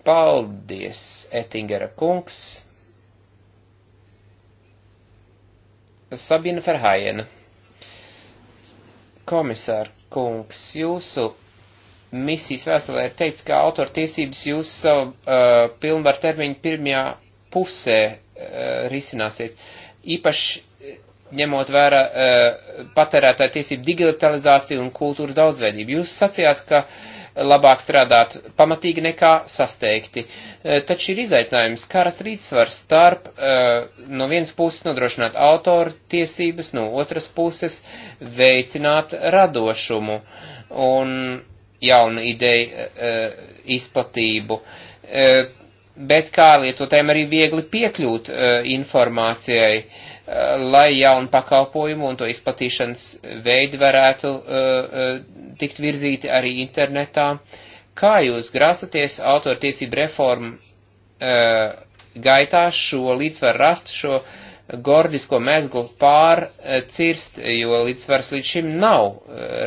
S2: Paldies, Ettingera kungs. Sabina Ferhājena. Komisār kungs, jūsu misijas vēstulē ir teikts, ka autortiesības jūs savu uh, pilnvar termiņu pirmajā pusē uh, risināsiet. Īpaši ņemot vērā e, patērētāju tiesību digitalizāciju un kultūras daudzveidību. Jūs sacījāt, ka eh, labāk strādāt pamatīgi nekā sasteigti. E, taču ir izaicinājums, kā rast līdzsvars starp e, no vienas puses nodrošināt autoru tiesības, no otras puses veicināt radošumu un jaunu ideju e, izplatību. E, bet kā lietotēm arī viegli piekļūt e, informācijai. E, Eh, lai jaunu pakalpojumu un to izplatīšanas veidu varētu uh, uh, tikt virzīti arī internetā. Kā jūs grāsaties autortiesību reformu uh, gaitā šo līdzsvaru rast, šo gordisko mezglu pārcirst, jo līdzsvars līdz šim nav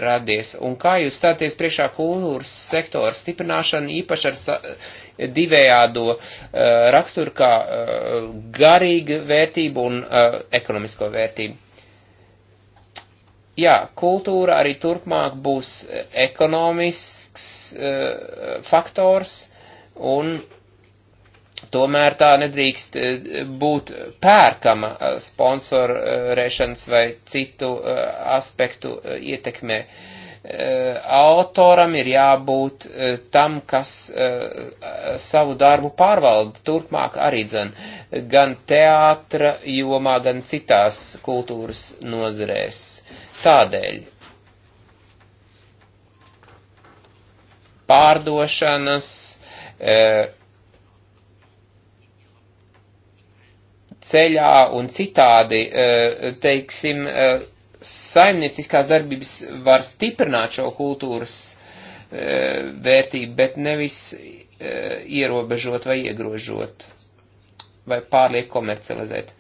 S2: radies? Un kā jūs stāties priekšā kultūras sektora stiprināšanu īpaši ar divējādo uh, raksturu kā uh, garīga vērtība un uh, ekonomisko vērtību. Jā, kultūra arī turpmāk būs ekonomisks uh, faktors un tomēr tā nedrīkst būt pērkama sponsorēšanas vai citu aspektu ietekmē. Uh, Eh, autoram ir jābūt eh, tam, kas eh, savu darbu pārvalda turpmāk arī dzen, gan teātra jomā, gan citās kultūras nozarēs. Tādēļ pārdošanas, ceļā un citādi, teiksim, saimnieciskās darbības var stiprināt šo kultūras e, vērtību, bet nevis e, ierobežot vai iegrožot vai pārliek komercializēt.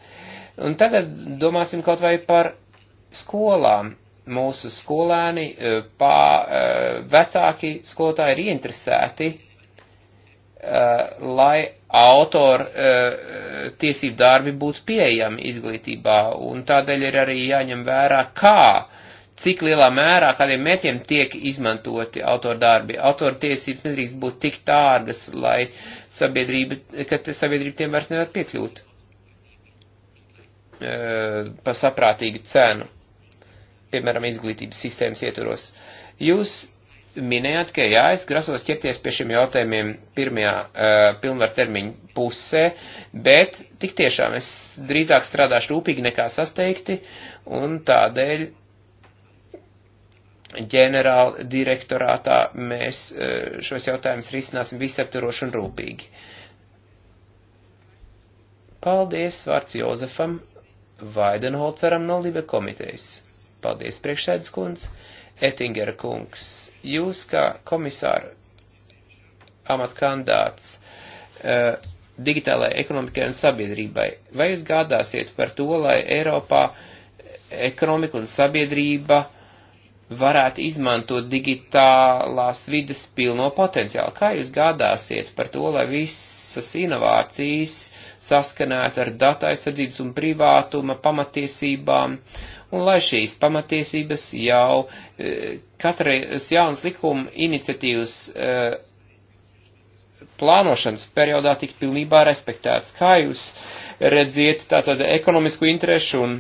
S2: Un tagad domāsim kaut vai par skolām. Mūsu skolēni, e, pā, e, vecāki skolotāji ir ieinteresēti, e, lai autora e, tiesību darbi būtu pieejami izglītībā, un tādēļ ir arī jāņem vērā, kā, cik lielā mērā, kādiem mērķiem tiek izmantoti autora darbi. Autora tiesības nedrīkst būt tik tārgas, lai sabiedrība, ka sabiedrība tiem vairs nevar piekļūt e, pa saprātīgu cenu, piemēram, izglītības sistēmas ietvaros. Jūs minējāt, ka jā, es grasos ķerties pie šiem jautājumiem pirmajā uh, eh, pilnvartermiņa pusē, bet tik tiešām es drīzāk strādāšu rūpīgi nekā sasteigti, un tādēļ ģenerāla direktorātā mēs uh, šos jautājumus risināsim visaptaroši un rūpīgi. Paldies vārds Jozefam Vaidenholceram no Libe komitejas. Paldies priekšsēdus kundze. Ettingera kungs, jūs kā komisāra amatkandāts uh, digitālajai ekonomikai un sabiedrībai, vai jūs gādāsiet par to, lai Eiropā ekonomika un sabiedrība varētu izmantot digitālās vides pilno potenciālu? Kā jūs gādāsiet par to, lai visas inovācijas saskanētu ar datu aizsardzības un privātuma pamatiesībām, un lai šīs pamatiesības jau e, katras jaunas likuma iniciatīvas e, plānošanas periodā tik pilnībā respektēts. Kā jūs redziet tātad ekonomisku interešu un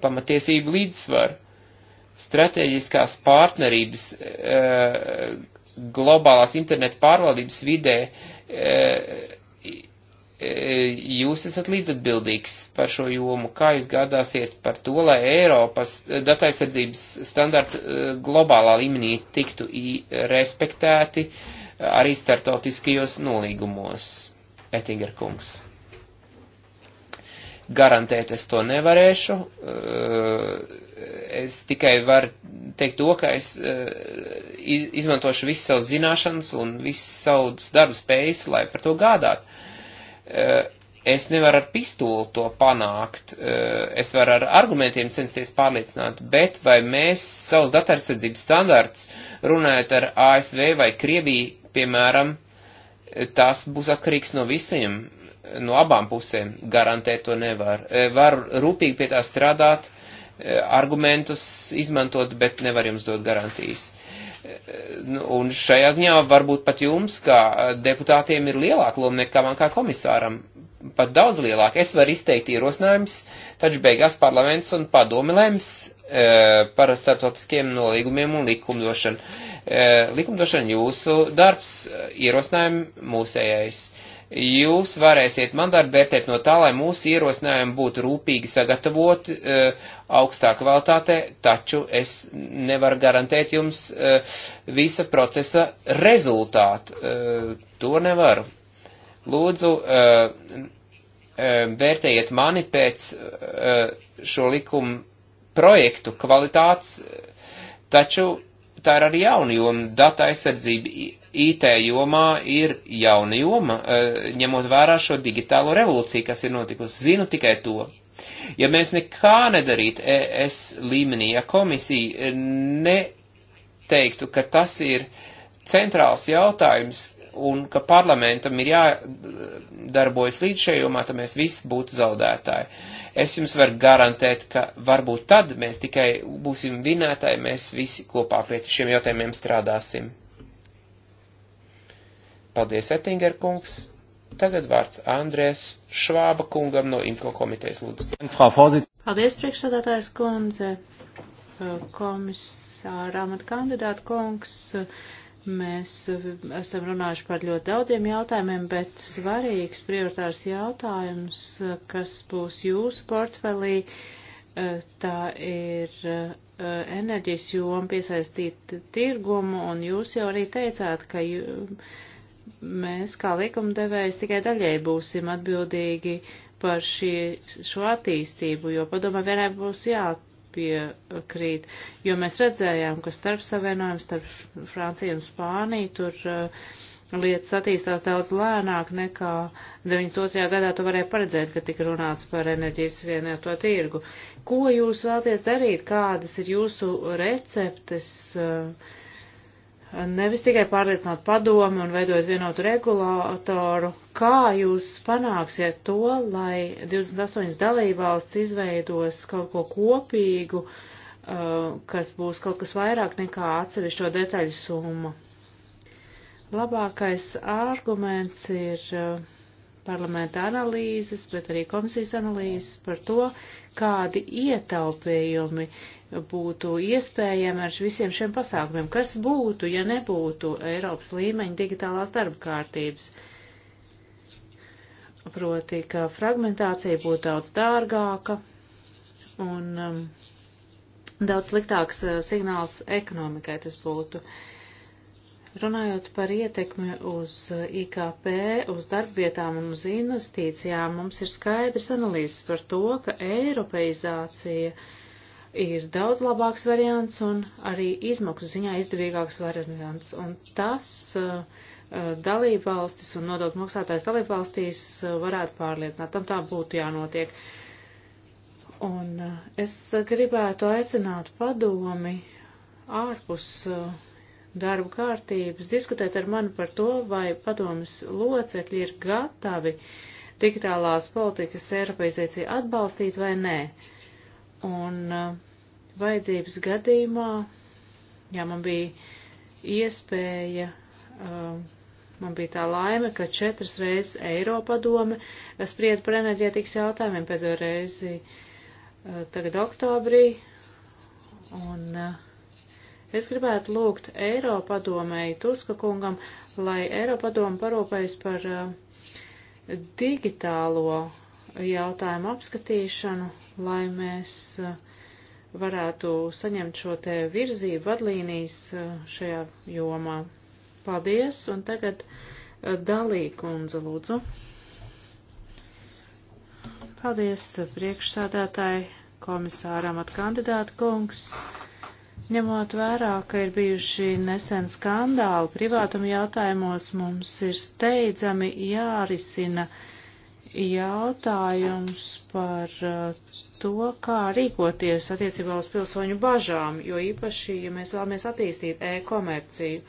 S2: pamatiesību līdzsvaru? Stratēģiskās partnerības e, globālās interneta pārvaldības vidē E, jūs esat līdzatbildīgs par šo jomu, kā jūs gādāsiet par to, lai Eiropas e, dataizsardzības standarti e, globālā līmenī tiktu respektēti arī startautiskajos nolīgumos, Ettinger kungs. Garantēt es to nevarēšu, es tikai varu teikt to, ka es izmantošu visu savus zināšanas un visu savus darbu spējas, lai par to gādātu Eh, es nevaru ar pistoli to panākt, eh, es varu ar argumentiem censties pārliecināt, bet vai mēs savus datarsardzības standārts runājot ar ASV vai Krieviju, piemēram, eh, tas būs atkarīgs no visiem, no abām pusēm, garantēt to nevar. Varu rūpīgi pie tā strādāt, argumentus izmantot, bet nevar jums dot garantijas. Nu, un šajā ziņā varbūt pat jums, kā eh, deputātiem, ir lielāka loma nekā man kā komisāram. Pat daudz lielāka. Es varu izteikt ierosinājums, taču beigās parlaments un padome lems e, par starptautiskiem nolīgumiem un likumdošanu. E, likumdošana jūsu darbs, ierosinājumi mūsējais. E, jūs varēsiet mandātu vērtēt no tā, lai mūsu ierosinājumi būtu rūpīgi sagatavoti e, augstā kvalitātē, taču es nevaru garantēt jums e, visa procesa rezultātu. E, to nevaru. Lūdzu, e, e, vērtējiet mani pēc e, šo likumu projektu kvalitātes, taču tā ir arī jauna joma - data aizsardzība IT jomā ir jauna joma, e, ņemot vērā šo digitālo revolūciju, kas ir notikusi. Zinu tikai to. Ja mēs nekā nedarītu ES līmenī, ja komisija neteiktu, ka tas ir centrāls jautājums un ka parlamentam ir jādarbojas līdz šajā jomā, tad mēs visi būtu zaudētāji. Es jums varu garantēt, ka varbūt tad mēs tikai būsim vinētāji, mēs visi kopā pie šiem jautājumiem strādāsim. Paldies, Ettinger kungs. Tagad vārds Andrēs Švāba kungam no Imko komitejas lūdzu. Paldies,
S3: priekšsādātājs kundze, komisāra amata kandidāta kungs. Mēs esam runājuši par ļoti daudziem jautājumiem, bet svarīgs prioritārs jautājums, kas būs jūsu portfelī, tā ir eh, enerģijas joma piesaistīt tirgumu, un jūs jau arī teicāt, ka. Jū, mēs kā likumdevējs tikai daļai būsim atbildīgi par šie, šo attīstību, jo padomē vienai būs jāpiekrīt, jo mēs redzējām, ka starp savienojumu, starp Franciju un Spāniju tur uh, lietas attīstās daudz lēnāk nekā 92. gadā to varēja paredzēt, kad tika runāts par enerģijas vienoto tirgu. Ko jūs vēlties darīt, kādas ir jūsu receptes? Uh, nevis tikai pārliecināt padomi un veidot vienotu regulātoru, kā jūs panāksiet to, lai 28 dalībvalsts izveidos kaut ko kopīgu, uh, kas būs kaut kas vairāk nekā atsevišķo detaļu summa. Labākais arguments ir uh, parlamenta analīzes, bet arī komisijas analīzes par to, kādi ietaupījumi būtu iespējami ar visiem šiem pasākumiem. Kas būtu, ja nebūtu Eiropas līmeņa digitālās darba kārtības? Proti, ka fragmentācija būtu daudz dārgāka un um, daudz sliktāks uh, signāls ekonomikai tas būtu. Uh, Runājot par ietekmi uz eh, IKP, uz darbvietām un uz investīcijām, mums ir skaidrs analīzes par to, ka eiropeizācija ir daudz labāks variants un arī izmaksu ziņā izdevīgāks variants. Un tas uh, dalībvalstis un nodot maksātājs dalībvalstīs uh, varētu pārliecināt. Tam tā būtu jānotiek. Un uh, es gribētu aicināt padomi ārpus. Uh, darba kārtības diskutēt ar mani par to, vai padomas locekļi ir gatavi digitālās politikas Eiropaizāciju atbalstīt vai nē. Un eh, vajadzības gadījumā, jā, man bija iespēja. Um, Man bija tā laime, ka četras reizes Eiropadome spried par enerģētikas jautājumiem pēdējo reizi eh, tagad oktobrī. Un uh, Es gribētu lūgt Eiropadomēji Tuska kungam, lai Eiropadoma parūpējas par eh, digitālo jautājumu apskatīšanu, lai mēs eh, varētu saņemt šo te virzību vadlīnijas eh, šajā jomā. Paldies, un tagad Dalī kundze lūdzu. Paldies priekšsādātāji komisāram at kandidāta kungs. Ņemot vērā, ka ir bijuši nesen skandāli privātuma jautājumos, mums ir steidzami jārisina jautājums par uh, to, kā rīkoties attiecībā uz pilsoņu bažām, jo īpaši, ja mēs vēlamies attīstīt e-komerciju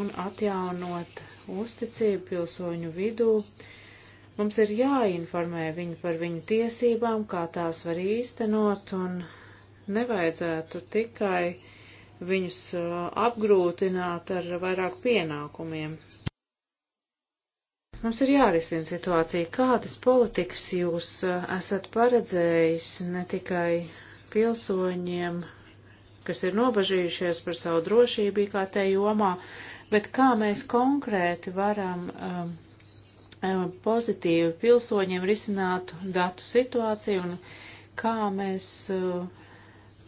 S3: un atjaunot uzticību pilsoņu vidū. Mums ir jāinformē viņu par viņu tiesībām, kā tās var īstenot, un nevajadzētu tikai viņus apgrūtināt ar vairāk pienākumiem. Mums ir jārisina situācija, kādas politikas jūs esat paredzējis ne tikai pilsoņiem, kas ir nobažījušies par savu drošību IKT jomā, bet kā mēs konkrēti varam um, pozitīvi pilsoņiem risināt datu situāciju un kā mēs uh,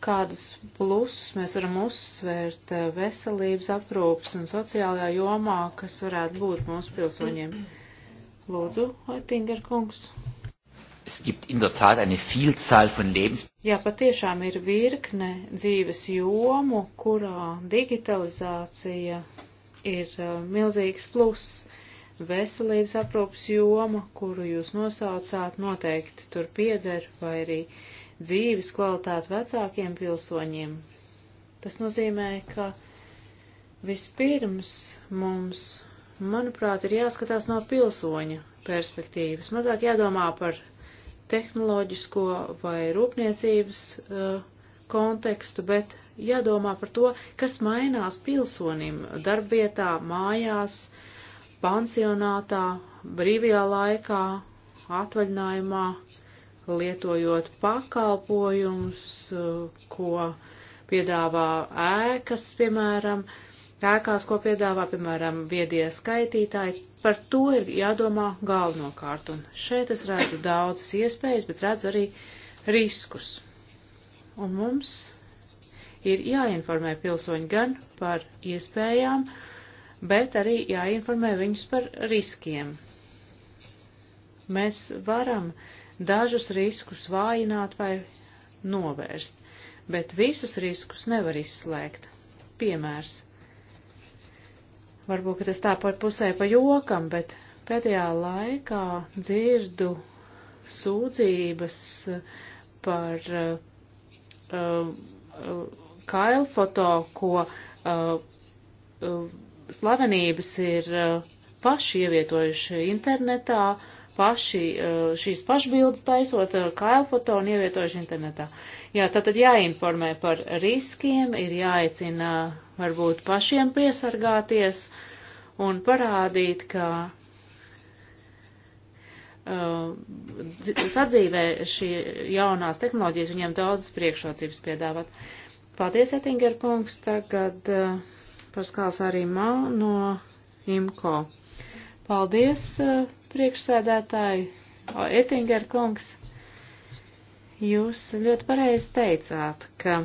S3: kādus plusus mēs varam uzsvērt eh, veselības aprūpas un sociālajā jomā, kas varētu būt mūsu pilsoņiem. Lūdzu, Oettinger kungs.
S2: Es gibt in der Tat eine Vielzahl von Lebens.
S3: Jā, patiešām ir virkne dzīves jomu, kurā digitalizācija ir eh, milzīgs pluss. Veselības aprūpas joma, kuru jūs nosaucāt, noteikti tur pieder vai arī uh, dzīves kvalitāti vecākiem pilsoņiem. Tas nozīmē, ka vispirms mums, manuprāt, ir jāskatās no pilsoņa perspektīvas, mazāk jādomā par tehnoloģisko vai rūpniecības uh, kontekstu, bet jādomā par to, kas mainās pilsonim darbvietā, mājās, pansionātā, brīvajā laikā, atvaļinājumā, lietojot pakalpojumus, eh, ko piedāvā ēkas, piemēram, ēkās, ko piedāvā, piemēram, viedie skaitītāji. Par to ir jādomā galvenokārt, un šeit es redzu daudzas iespējas, bet redzu arī riskus. Un mums ir jāinformē pilsoņi gan par iespējām, bet arī jāinformē viņus par riskiem. Mēs varam uh, dažus riskus vājināt vai novērst, bet visus riskus nevar izslēgt. Piemērs. Varbūt, ka tas tāpat pusē pa jokam, bet pēdējā laikā dzirdu sūdzības par uh, uh, kailfoto, ko uh, uh, slavenības ir uh, paši ievietojuši internetā, paši eh, šīs pašbildes taisot eh, kailfoto un ievietojuši internetā. Jā, tātad jāinformē par riskiem, ir jāicina varbūt pašiem piesargāties un parādīt, ka uh, sadzīvē šī jaunās tehnoloģijas viņiem daudzas priekšrocības piedāvāt. Paldies, Ettinger kungs, tagad uh, Paskāls arī man no IMCO. Paldies, eh, priekšsēdētāji, Ettinger kungs. Jūs ļoti pareizi teicāt, ka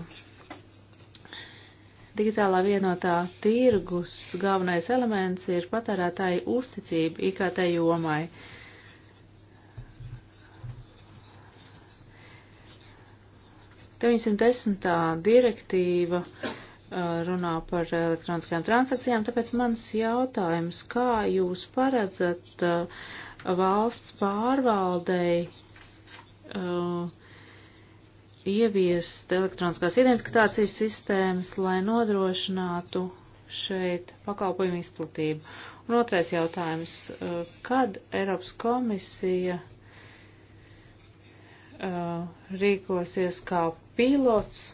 S3: digitālā vienotā tirgus galvenais elements ir patērētāju uzticība IKT jomai. Deviņsimtdesmitā direktīva uh, runā par elektroniskajām transakcijām, tāpēc mans jautājums, kā jūs paredzat valsts pārvaldei uh, ieviest elektroniskās identifikācijas sistēmas, lai nodrošinātu šeit pakalpojumu izplatību? Un otrais jautājums, uh, kad Eiropas komisija uh, rīkosies kā pilots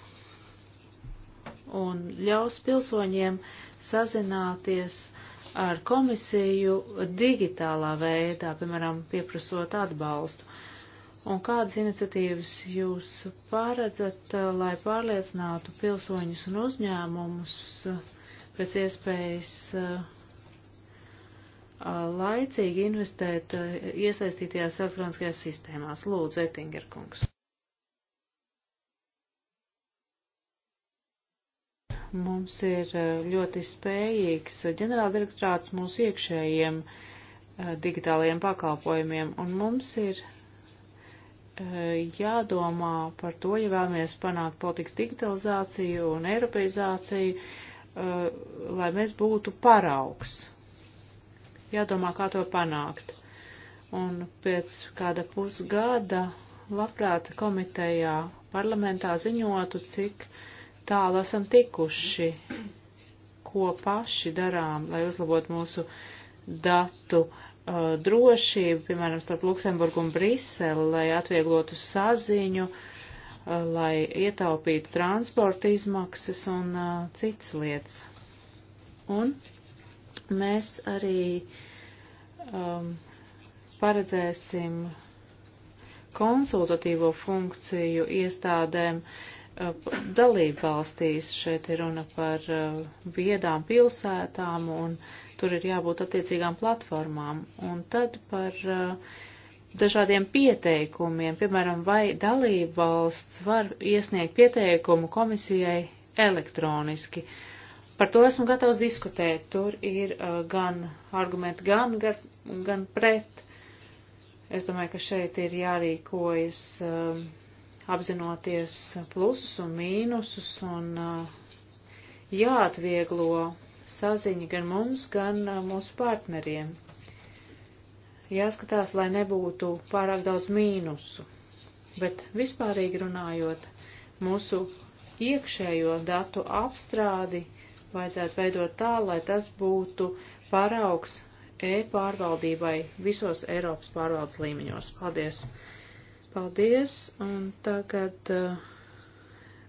S3: un ļaus pilsoņiem sazināties ar komisiju digitālā veidā, piemēram, pieprasot atbalstu. Un kādas iniciatīvas jūs paredzat, eh, lai pārliecinātu pilsoņus un uzņēmumus eh, pēc iespējas eh, laicīgi investēt iesaistītajās elektroniskajās sistēmās? Lūdzu, Etingerkungs. mums ir e, ļoti spējīgs ģenerāldirektorāts mūsu iekšējiem e, digitālajiem pakalpojumiem, un mums ir e, jādomā par to, ja vēlamies panākt politikas digitalizāciju un eiropeizāciju, lai mēs būtu paraugs. Jādomā, kā to panākt. Un pēc kāda pusgada labprāt komitejā parlamentā ziņotu, cik uh, tālu esam tikuši, ko paši darām, lai uzlabotu mūsu datu uh, drošību, piemēram, starp Luksemburgu un Briseli, lai atvieglotu saziņu, uh, lai ietaupītu transporta izmaksas un uh, citas lietas. Un mēs arī um, paredzēsim konsultatīvo funkciju iestādēm uh, dalību valstīs. Šeit ir runa par uh, viedām pilsētām un tur ir jābūt attiecīgām platformām. Un tad par uh, dažādiem pieteikumiem, piemēram, vai dalību valsts var iesniegt pieteikumu komisijai elektroniski. Par to esmu gatavs diskutēt. Tur ir uh, gan argumenti, gan, gar, gan pret. Es domāju, ka šeit ir jārīkojas. Uh, apzinoties plusus un mīnusus un uh, jāatvieglo saziņa gan mums, gan uh, mūsu partneriem. Jāskatās, lai nebūtu pārāk daudz mīnusu, bet vispārīgi runājot, mūsu iekšējo datu apstrādi vajadzētu veidot tā, lai tas būtu paraugs e-pārvaldībai visos Eiropas pārvaldes līmeņos. Paldies! Paldies, un tagad uh,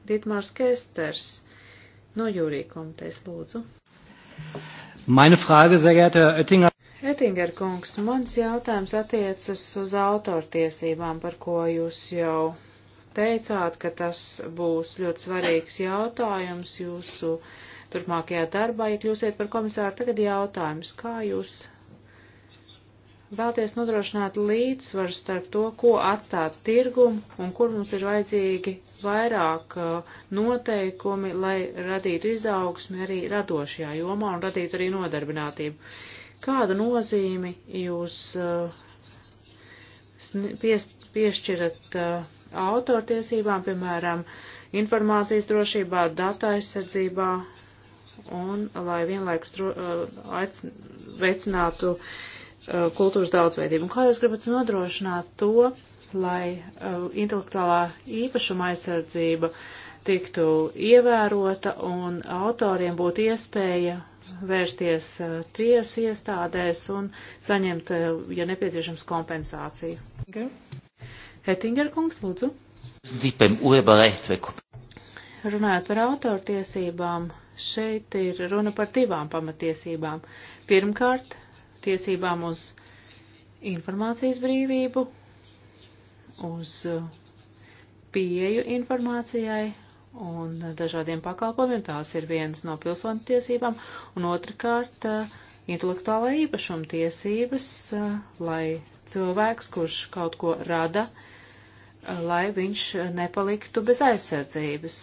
S3: Dietmārs Kesters no jūrija komitejas lūdzu. Meine Frage,
S2: sehr geehrter Herr Oettinger.
S3: Ettinger kungs, mans jautājums attiecas uz autortiesībām, par ko jūs jau teicāt, ka tas būs ļoti svarīgs jautājums jūsu turpmākajā darbā, ja kļūsiet par komisāru. Tagad jautājums, kā jūs vēlties nodrošināt līdzsvaru starp to, ko atstāt tirgumu un kur mums ir vajadzīgi vairāk uh, noteikumi, lai radītu izaugsmi arī radošajā jomā un radītu arī nodarbinātību. Kādu nozīmi jūs uh, piešķirat uh, autortiesībām, piemēram, informācijas drošībā, data aizsardzībā un lai vienlaikus dro, aic, veicinātu uh, Uh, kultūras daudzveidību. Un kā jūs gribat nodrošināt to, lai uh, intelektuālā īpašuma aizsardzība tiktu ievērota un autoriem būtu iespēja vērsties uh, tiesu iestādēs un saņemt, uh, ja nepieciešams, kompensāciju? Okay. Hettinger kungs, lūdzu. Zipem, Runājot par autortiesībām, šeit ir runa par divām pamatiesībām. Pirmkārt, tiesībām uz informācijas brīvību, uz uh, pieju informācijai un dažādiem pakalpojumiem. Tās ir vienas no pilsoņu tiesībām. Un otrkārt, uh, intelektuālā īpašuma tiesības, uh, lai cilvēks, kurš kaut ko rada, lai viņš nepaliktu bez aizsardzības.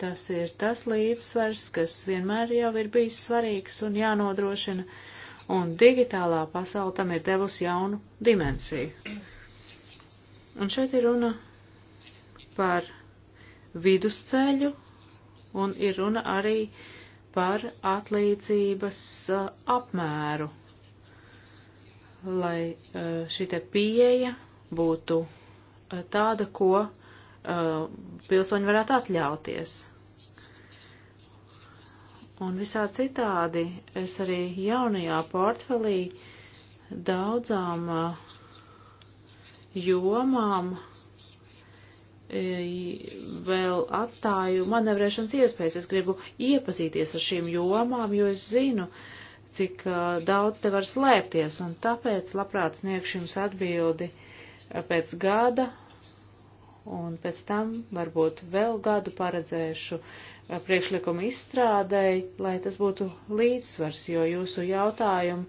S3: Tas ir tas līdzsvars, kas vienmēr jau ir bijis svarīgs un jānodrošina un digitālā pasaule tam ir devusi jaunu dimensiju. Un šeit ir runa par vidusceļu, un ir runa arī par atlīdzības uh, apmēru, lai uh, šī te pieeja būtu uh, tāda, ko pilsoņi varētu atļauties un visā citādi es arī jaunajā portfelī daudzām eh, jomām eh, vēl atstāju manevrēšanas iespējas. Es gribu iepazīties ar šīm jomām, jo es zinu, cik eh, daudz te var slēpties, un tāpēc labprāt sniegšu jums atbildi pēc gada, un pēc tam varbūt vēl gadu paredzēšu priekšlikumu izstrādēji, lai tas būtu līdzsvars, jo jūsu jautājumi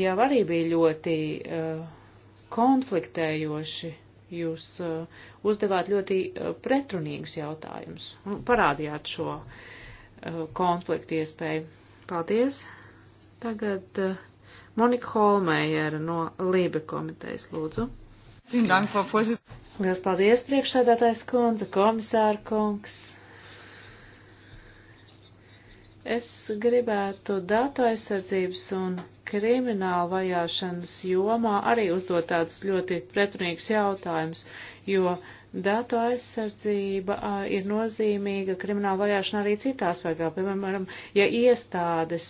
S3: jau arī bija ļoti uh, konfliktējoši. Jūs uh, uzdevāt ļoti uh, pretrunīgus jautājumus un parādījāt šo uh, konfliktu iespēju. Paldies! Tagad uh, Monika Holmējera no Lībe komitejas lūdzu. Cīn, dank, Lielas paldies, priekšsēdētājs kundze, komisāra kungs! Es gribētu datu aizsardzības un krimināla vajāšanas jomā arī uzdot tādus ļoti pretrunīgus jautājumus, jo datu aizsardzība ir nozīmīga krimināla vajāšana arī citās paikā. Piemēram, ja iestādes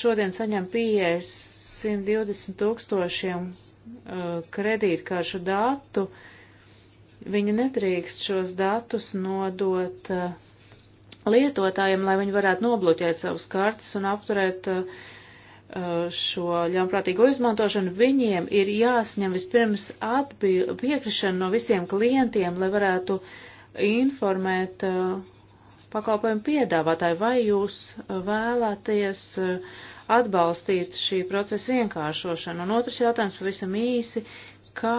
S3: šodien saņem pieejas 120 tūkstošiem kredītkāršu datu, viņi nedrīkst šos datus nodot uh, lietotājiem, lai viņi varētu nobloķēt savus kartes un apturēt uh, uh šo ļaunprātīgo izmantošanu, viņiem ir jāsņem vispirms piekrišana no visiem klientiem, lai varētu informēt uh, pakalpojumu piedāvātāju, vai jūs uh, vēlaties uh, atbalstīt šī procesa vienkāršošanu. Un otrs jautājums pavisam īsi, kā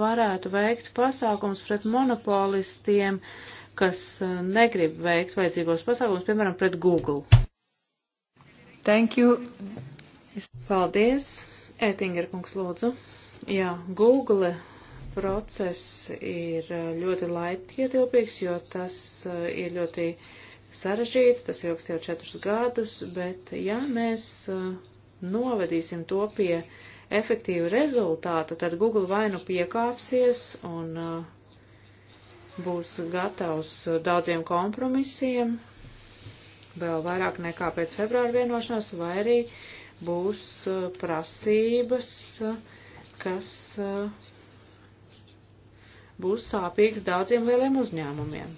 S3: varētu veikt pasākums pret monopolistiem, uh, kas eh, negrib veikt vajadzīgos pasākumus, piemēram, pret Google. Thank you. Paldies. Ētinger kungs lūdzu. Jā, Google process ir eh, ļoti laikietilpīgs, jo tas eh, ir ļoti sarežģīts, tas ilgst jau četrus gadus, bet ja mēs novedīsim to pie efektīva rezultāta, tad Google vainu piekāpsies un uh, būs gatavs daudziem kompromisiem, vēl vairāk nekā pēc februāra vienošanās, vai arī būs uh, prasības, uh, kas uh, būs sāpīgas daudziem lieliem uzņēmumiem,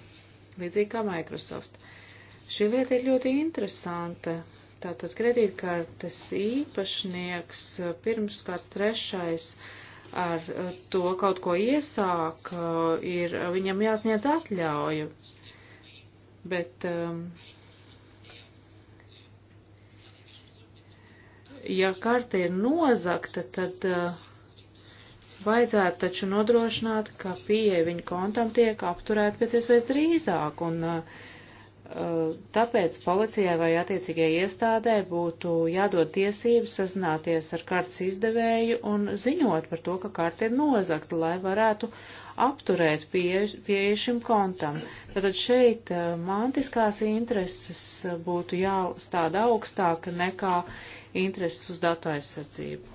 S3: līdzīgi kā Microsoft. Šī lieta ir ļoti interesanta. Tātad kredītkartes īpašnieks pirms kāds trešais uh, ar eh, to kaut ko iesāk, eh, ir eh, viņam jāsniedz atļauju. Bet, ehm, ja karte ir nozakta, tad vajadzētu taču nodrošināt, ka pieeja viņa kontam tiek apturēta pēc iespējas drīzāk. Un, uh, Tāpēc policijai vai attiecīgajai iestādē būtu jādod tiesības sazināties ar kartes izdevēju un ziņot par to, ka karte ir nozagta, lai varētu apturēt pieeju šim kontam. Tātad šeit eh, mantiskās intereses būtu jāstāda augstāk nekā intereses uz datu aizsardzību.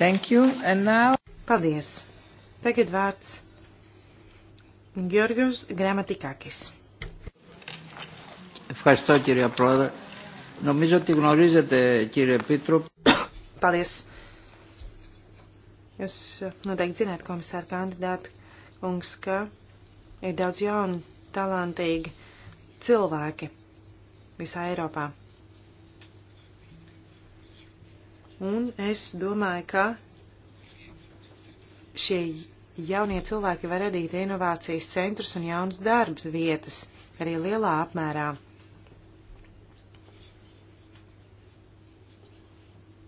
S1: Thank you, and now... Paldies. Tagad vārds Georgios Gramatikakis.
S3: Ευχαριστώ κυρία Πρόεδρε. Νομίζω ότι γνωρίζετε κύριε Επίτροπε.
S1: Paldies. Jūs noteikti zināt, komisāra kandidāti, kungs, ka ir daudz jaunu, talantīgi cilvēki visā Eiropā. Un es domāju, ka šie jaunie cilvēki var radīt inovācijas centrus un jaunas darbas vietas arī lielā apmērā.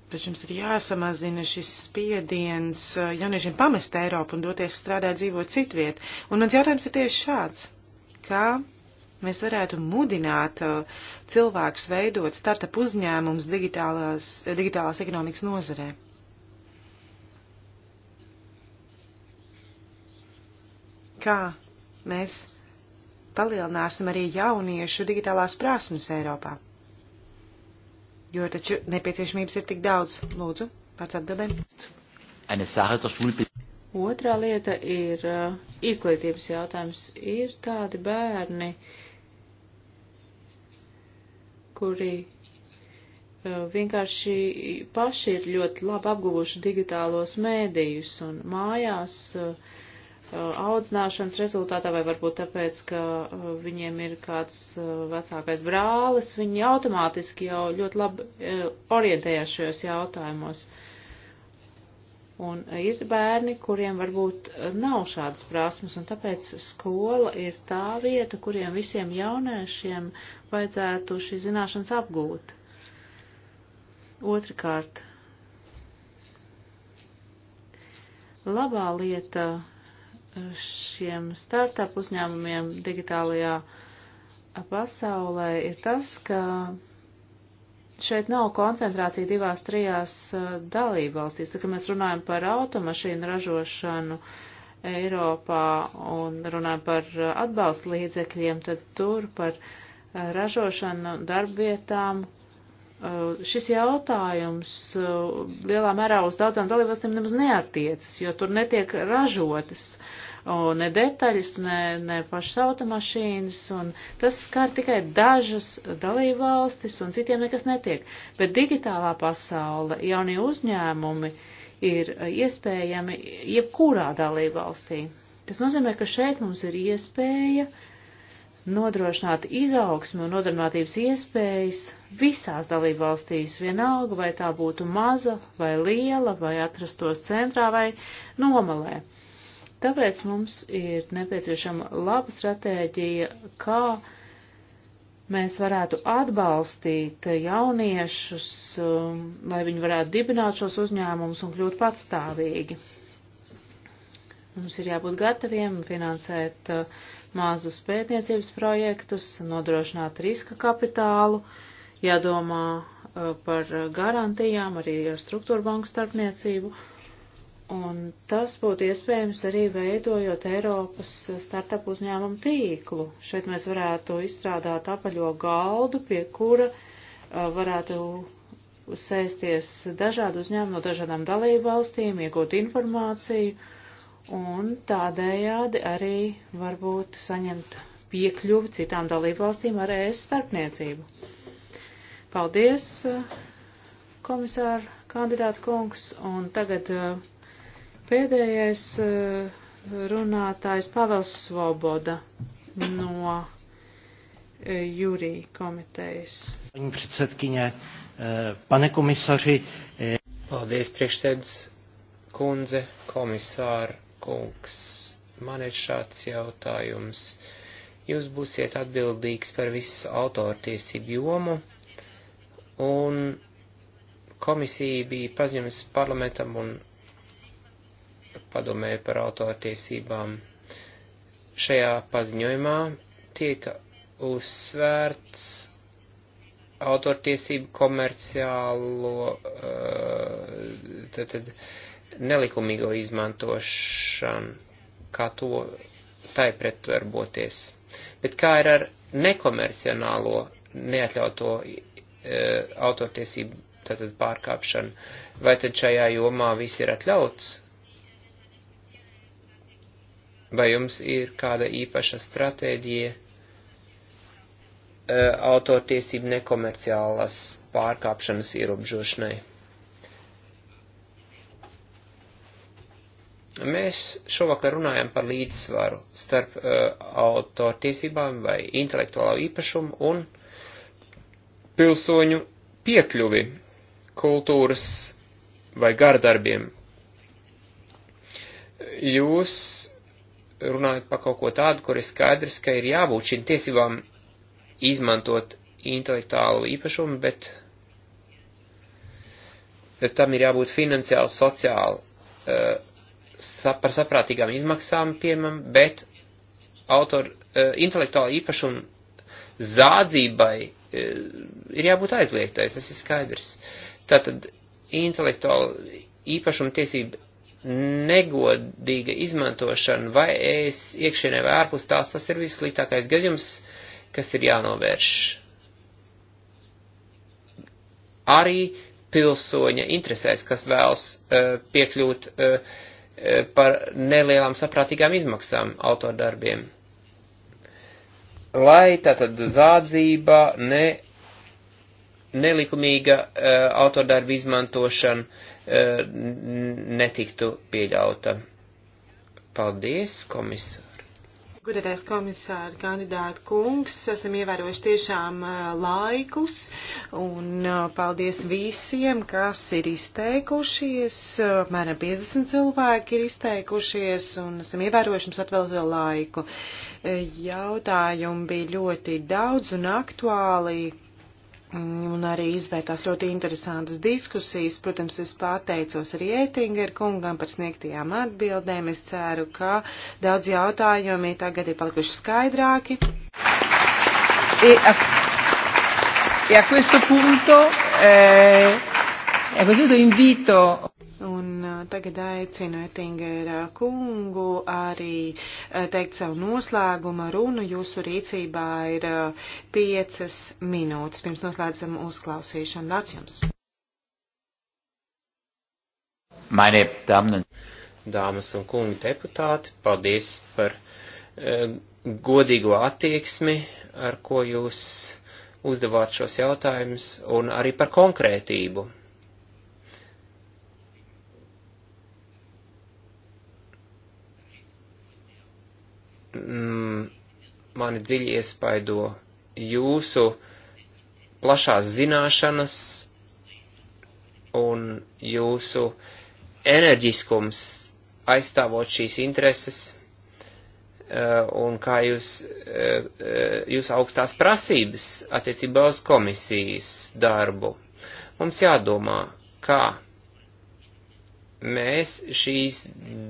S1: Taču mums ir jāsamazina šis spiediens uh, jauniešiem pamest Eiropu un doties strādāt, dzīvot citviet. Un mans jautājums ir tieši šāds. Kā mēs varētu mudināt uh, cilvēkus veidot startup uzņēmums digitālās, eh, digitālās ekonomikas nozarē? Kā mēs palielināsim arī jauniešu digitālās prasmes Eiropā? Jo taču nepieciešamības ir tik daudz. Lūdzu, pārts atbildēm. Otrā lieta ir uh, izglītības
S3: jautājums. Ir tādi bērni, kuri uh, vienkārši paši ir ļoti labi apguvuši digitālos mēdījus un mājās uh, Uh, audzināšanas rezultātā, vai varbūt tāpēc, ka uh, viņiem ir kāds uh, vecākais brālis, viņi automātiski jau ļoti labi orientējās šajos jautājumos. Un ir bērni, kuriem varbūt nav šādas prasmes, un tāpēc skola ir tā vieta, kuriem visiem jauniešiem vajadzētu šī zināšanas apgūt. Otrakārt, labā lieta šiem startup uzņēmumiem digitālajā pasaulē ir tas, ka šeit nav koncentrācija divās, trijās dalībvalstīs. Tā kā mēs runājam par automašīnu ražošanu Eiropā un runājam par atbalstu līdzekļiem, tad tur par ražošanu darbvietām. Šis jautājums lielā mērā uz daudzām dalībvalstīm nemaz neatiecas, jo tur netiek ražotas uh, un ne detaļas, ne, ne pašas automašīnas, un tas skar tikai dažas dalību valstis, un citiem nekas netiek. Bet digitālā pasaule, jaunie uzņēmumi ir iespējami jebkurā dalību valstī. Tas nozīmē, ka šeit mums ir iespēja nodrošināt izaugsmu un nodarbinātības iespējas visās dalībvalstīs, vienalga vai tā būtu maza vai liela, vai atrastos centrā vai nomalē. Tāpēc mums ir nepieciešama laba stratēģija, kā mēs varētu atbalstīt jauniešus, um, lai viņi varētu dibināt šos uzņēmumus un kļūt patstāvīgi. Mums ir jābūt gataviem finansēt uh, mazus pētniecības projektus, nodrošināt riska kapitālu, jādomā uh, par garantijām, arī ar struktūra banku starpniecību. Un tas būtu iespējams arī veidojot Eiropas startup uzņēmumu tīklu. Šeit mēs varētu izstrādāt apaļo galdu, pie kura uh, varētu sēsties dažādi uzņēmumi no dažādām dalību valstīm, iegūt informāciju un tādējādi arī varbūt saņemt piekļuvi citām dalību valstīm ar ES starpniecību. Paldies, uh, komisāra kandidāta kungs, un tagad uh, Pēdējais eh, runātājs Pavels Svoboda no eh, Jurī komitejas.
S1: Paņi predsedkiņē, eh, pane komisāri.
S2: Paldies, priekšsēdz kundze, komisāra kungs. Man ir šāds jautājums. Jūs būsiet atbildīgs par visu autortiesību jomu, un komisija bija paziņojusi parlamentam un padomē par autortiesībām. Šajā paziņojumā tiek uzsvērts autortiesību komerciālo, eh, tad, tad nelikumīgo izmantošanu, kā to tai pretdarboties. Bet kā ir ar nekomercionālo, neatļauto e, autortiesību tātad pārkāpšanu? Vai tad šajā jomā viss ir atļauts? Vai jums ir kāda īpaša stratēģija eh, autortiesību nekomerciālas pārkāpšanas ierobežošanai? Mēs šovakar runājam par līdzsvaru starp uh, autortiesībām vai intelektuālā īpašumu un pilsoņu piekļuvi kultūras vai gardarbiem. Jūs runājat par kaut ko tādu, kur ir skaidrs, ka ir jābūt šīm tiesībām izmantot intelektuālu īpašumu, bet tam ir jābūt finansiāli, sociāli, eh, par saprātīgām izmaksām piemēram, bet autoru eh, intelektuāla īpašuma zādzībai eh, ir jābūt aizliegtai, tas ir skaidrs. Tātad intelektuāla īpašuma tiesība negodīga izmantošana vai es iekšienē vai ārpus tās, tas ir vissliktākais gadījums, kas ir jānovērš. Arī pilsoņa interesēs, kas vēlas uh, piekļūt uh, par nelielām saprātīgām izmaksām autordarbiem. Lai tātad zādzība, ne, nelikumīga uh, autordarba izmantošana, uh, E, netiktu pieļauta. Paldies, komisār!
S1: Gudētais komisāra kandidāta kungs, esam ievērojuši tiešām e, laikus un e, paldies visiem, kas ir izteikušies. Apmēram 50 cilvēki ir izteikušies un esam ievērojuši mums atvēl vēl laiku. Jautājumi bija ļoti daudz un aktuāli Mm, un arī izvērtās ļoti interesantas diskusijas. Protams, es pateicos arī Ētingeru kungam par sniegtajām atbildēm. Es ceru, ka daudz jautājumi tagad ir palikuši skaidrāki. E a, e a questo punto, eh, E văzut invito. Un eh, tagad aicinu Ettingera kungu arī eh, teikt savu noslēguma runu. Jūsu rīcībā ir eh, piecas minūtes. Pirms noslēdzam uzklausīšanu. Vārds jums.
S2: Meine Damen un Dāmas un kungi deputāti, paldies par e, godīgo attieksmi, ar ko jūs uzdevāt šos jautājumus, un arī par konkrētību. mm, mani dziļi iespaido jūsu plašās zināšanas un jūsu enerģiskums aizstāvot šīs intereses eh, un kā jūs, eh, eh, jūs augstās prasības attiecībā uz komisijas darbu. Mums jādomā, kā mēs šīs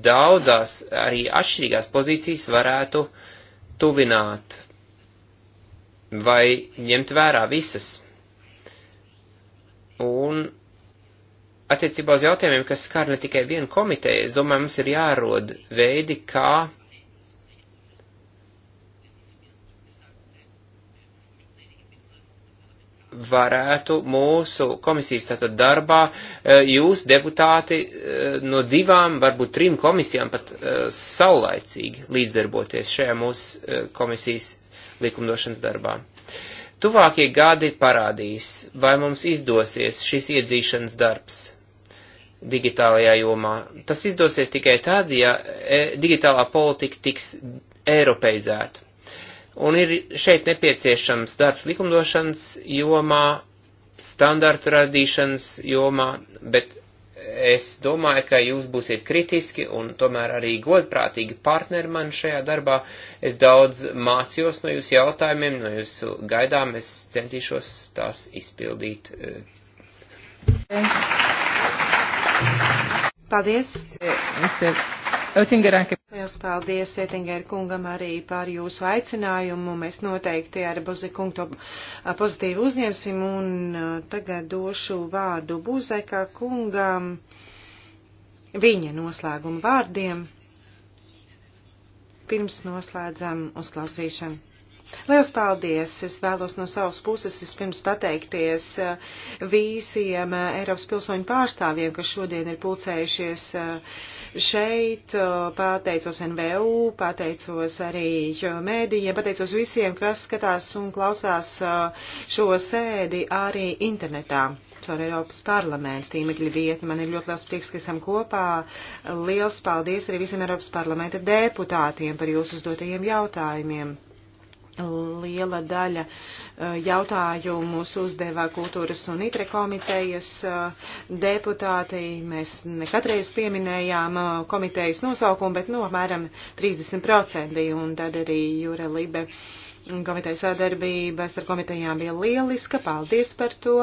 S2: daudzās arī atšķirīgās pozīcijas varētu tuvināt vai ņemt vērā visas. Un attiecībā uz jautājumiem, kas skar ne tikai vienu komiteju, es domāju, mums ir jārod veidi, kā varētu mūsu komisijas tātad darbā e, jūs, deputāti, e, no divām, varbūt trim komisijām pat e, saulaicīgi līdzdarboties šajā mūsu komisijas likumdošanas darbā. Tuvākie gadi parādīs, vai mums izdosies šis iedzīšanas darbs digitālajā jomā. Tas izdosies tikai tad, ja digitālā politika tiks eiropeizēta Un ir šeit nepieciešams darbs likumdošanas jomā, standartu radīšanas jomā, bet es domāju, ka jūs būsiet kritiski un tomēr arī godprātīgi partneri man šajā darbā. Es daudz mācījos no jūsu jautājumiem, no jūsu gaidām, es centīšos tās
S1: izpildīt. Paldies! Eh, Mr. Liels paldies, Ietingera kungam, arī par jūsu aicinājumu. Mēs noteikti ar Buzi kungu to pozitīvi uzņemsim un tagad došu vārdu Buzeka kungam viņa noslēguma vārdiem. Pirms noslēdzam uzklausīšanu. Liels paldies! Es vēlos no savas puses vispirms pateikties visiem Eiropas pilsoņu pārstāvjiem, kas šodien ir pulcējušies uh, šeit, uh, pateicos NVU, pateicos arī uh, mēdījiem, pateicos visiem, kas skatās un klausās uh, šo sēdi arī internetā caur Eiropas parlamentu tīmekļa vietni. Man ir ļoti liels prieks, ka esam kopā. Liels paldies arī visiem Eiropas parlamenta deputātiem par jūsu uzdotajiem jautājumiem. Liela daļa eh, jautājumus uzdevā kultūras un itre komitejas eh, deputāti. Mēs nekatreiz pieminējām eh, komitejas nosaukumu, bet no nu, apmēram 30% bija un tad arī Jūra Libe komitejas sadarbības ar komitejām bija lieliska. Paldies par to.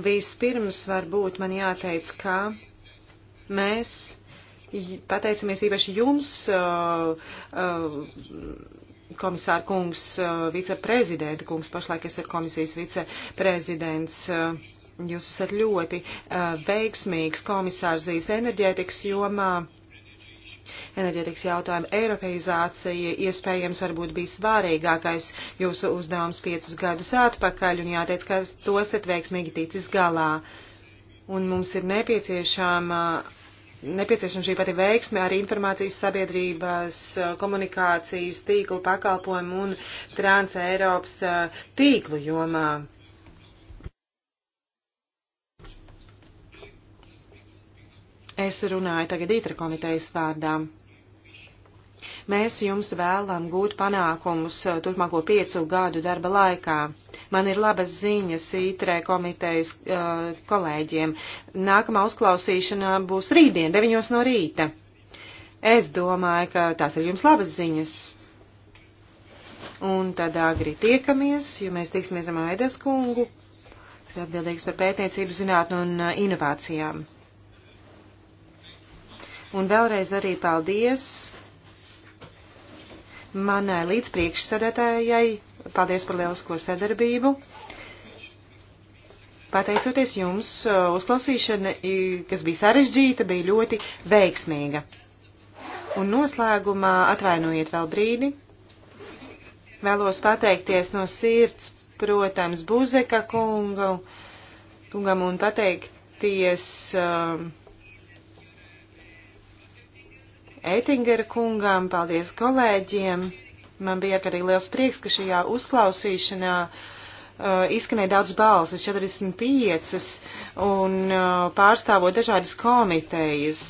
S1: Vispirms varbūt man jāteic, ka mēs pateicamies īpaši jums. Uh, uh, komisāra kungs, eh, viceprezidenta kungs, pašlaik es esmu komisijas viceprezidents. Eh, jūs esat ļoti eh, veiksmīgs komisārs vīs enerģētikas jomā enerģētikas jautājuma eiropeizācija iespējams varbūt bija svārīgākais jūsu uzdevums piecus gadus atpakaļ, un jāteic, ka to esat veiksmīgi ticis galā. Un mums ir nepieciešama nepieciešama šī pati veiksme arī informācijas sabiedrības, eh, komunikācijas, tīklu pakalpojumu un Trans-Eiropas eh, tīklu jomā. Es runāju tagad Ītra komitejas vārdām. Mēs jums vēlam gūt panākumus eh, turpmāko piecu gadu darba laikā. Man ir labas ziņas ITRE komitejas uh, kolēģiem. Nākamā uzklausīšana būs rītdien, 9 no rīta. Es domāju, ka tās ir jums labas ziņas. Un tad agri tiekamies, jo mēs tiksimies ar Maides kungu, ir atbildīgs par pētniecību, zinātnu un eh, inovācijām. Un vēlreiz arī paldies manai līdzpriekšsēdētājai. Paldies par lielisko sadarbību. Pateicoties jums, uh, uzklausīšana, kas bija sarežģīta, bija ļoti veiksmīga. Un noslēgumā atvainojiet vēl brīdi. Vēlos pateikties no sirds, protams, Buzeka kungu, kungam un pateikties. Uh, Eitingera kungām, paldies kolēģiem. Man bija arī liels prieks, ka šajā uzklausīšanā uh, izskanēja daudz balsis, 45, un uh, pārstāvot dažādas komitejas.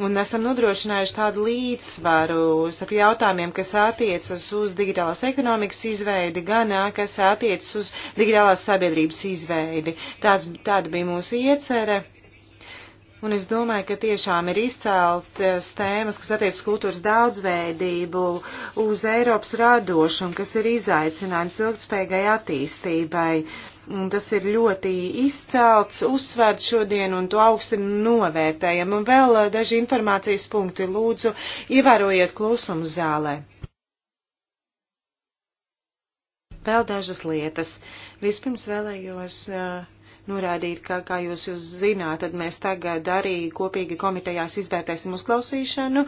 S1: Un esam nodrošinājuši tādu līdzsvaru starp jautājumiem, kas attiecas uz digitālās ekonomikas izveidi, gan kas attiecas uz digitālās sabiedrības izveidi. Tāds, tāda bija mūsu iecerē. Un es domāju, ka tiešām ir izceltas eh, tēmas, kas attiecas kultūras daudzveidību, uz Eiropas radošumu, kas ir izaicinājums ilgtspējīgai attīstībai. Un tas ir ļoti izcelts, uzsvērts šodien un to augsti novērtējam. Un vēl eh, daži informācijas punkti lūdzu, ievērojiet klusumu zālē. Vēl dažas lietas. Vispirms vēlējos. Uh, norādīt, ka, kā jūs, jūs zināt, tad mēs tagad arī kopīgi komitejās izvērtēsim uzklausīšanu,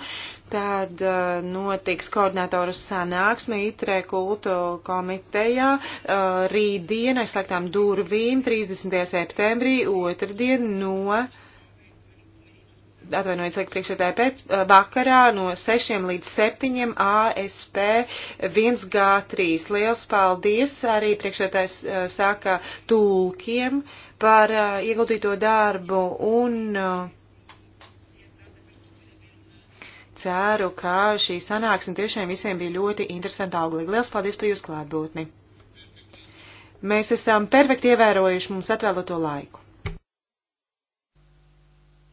S1: tad uh, notiks koordinatoru sanāksme ITRE kultu komitejā uh, rītdien aizslēgtām durvīm 30. septembrī, otrdien no atvainojiet, saka priekšsēdētāja pēc uh, vakarā no 6 līdz 7 ASP 1G3. Liels paldies arī priekšsēdētājs uh, saka tulkiem par uh, ieguldīto darbu un uh, ceru, ka šī sanāksme tiešām visiem bija ļoti interesanta auglīga. Lielas paldies par jūsu klātbūtni! Mēs esam perfekti ievērojuši mums atvēloto laiku.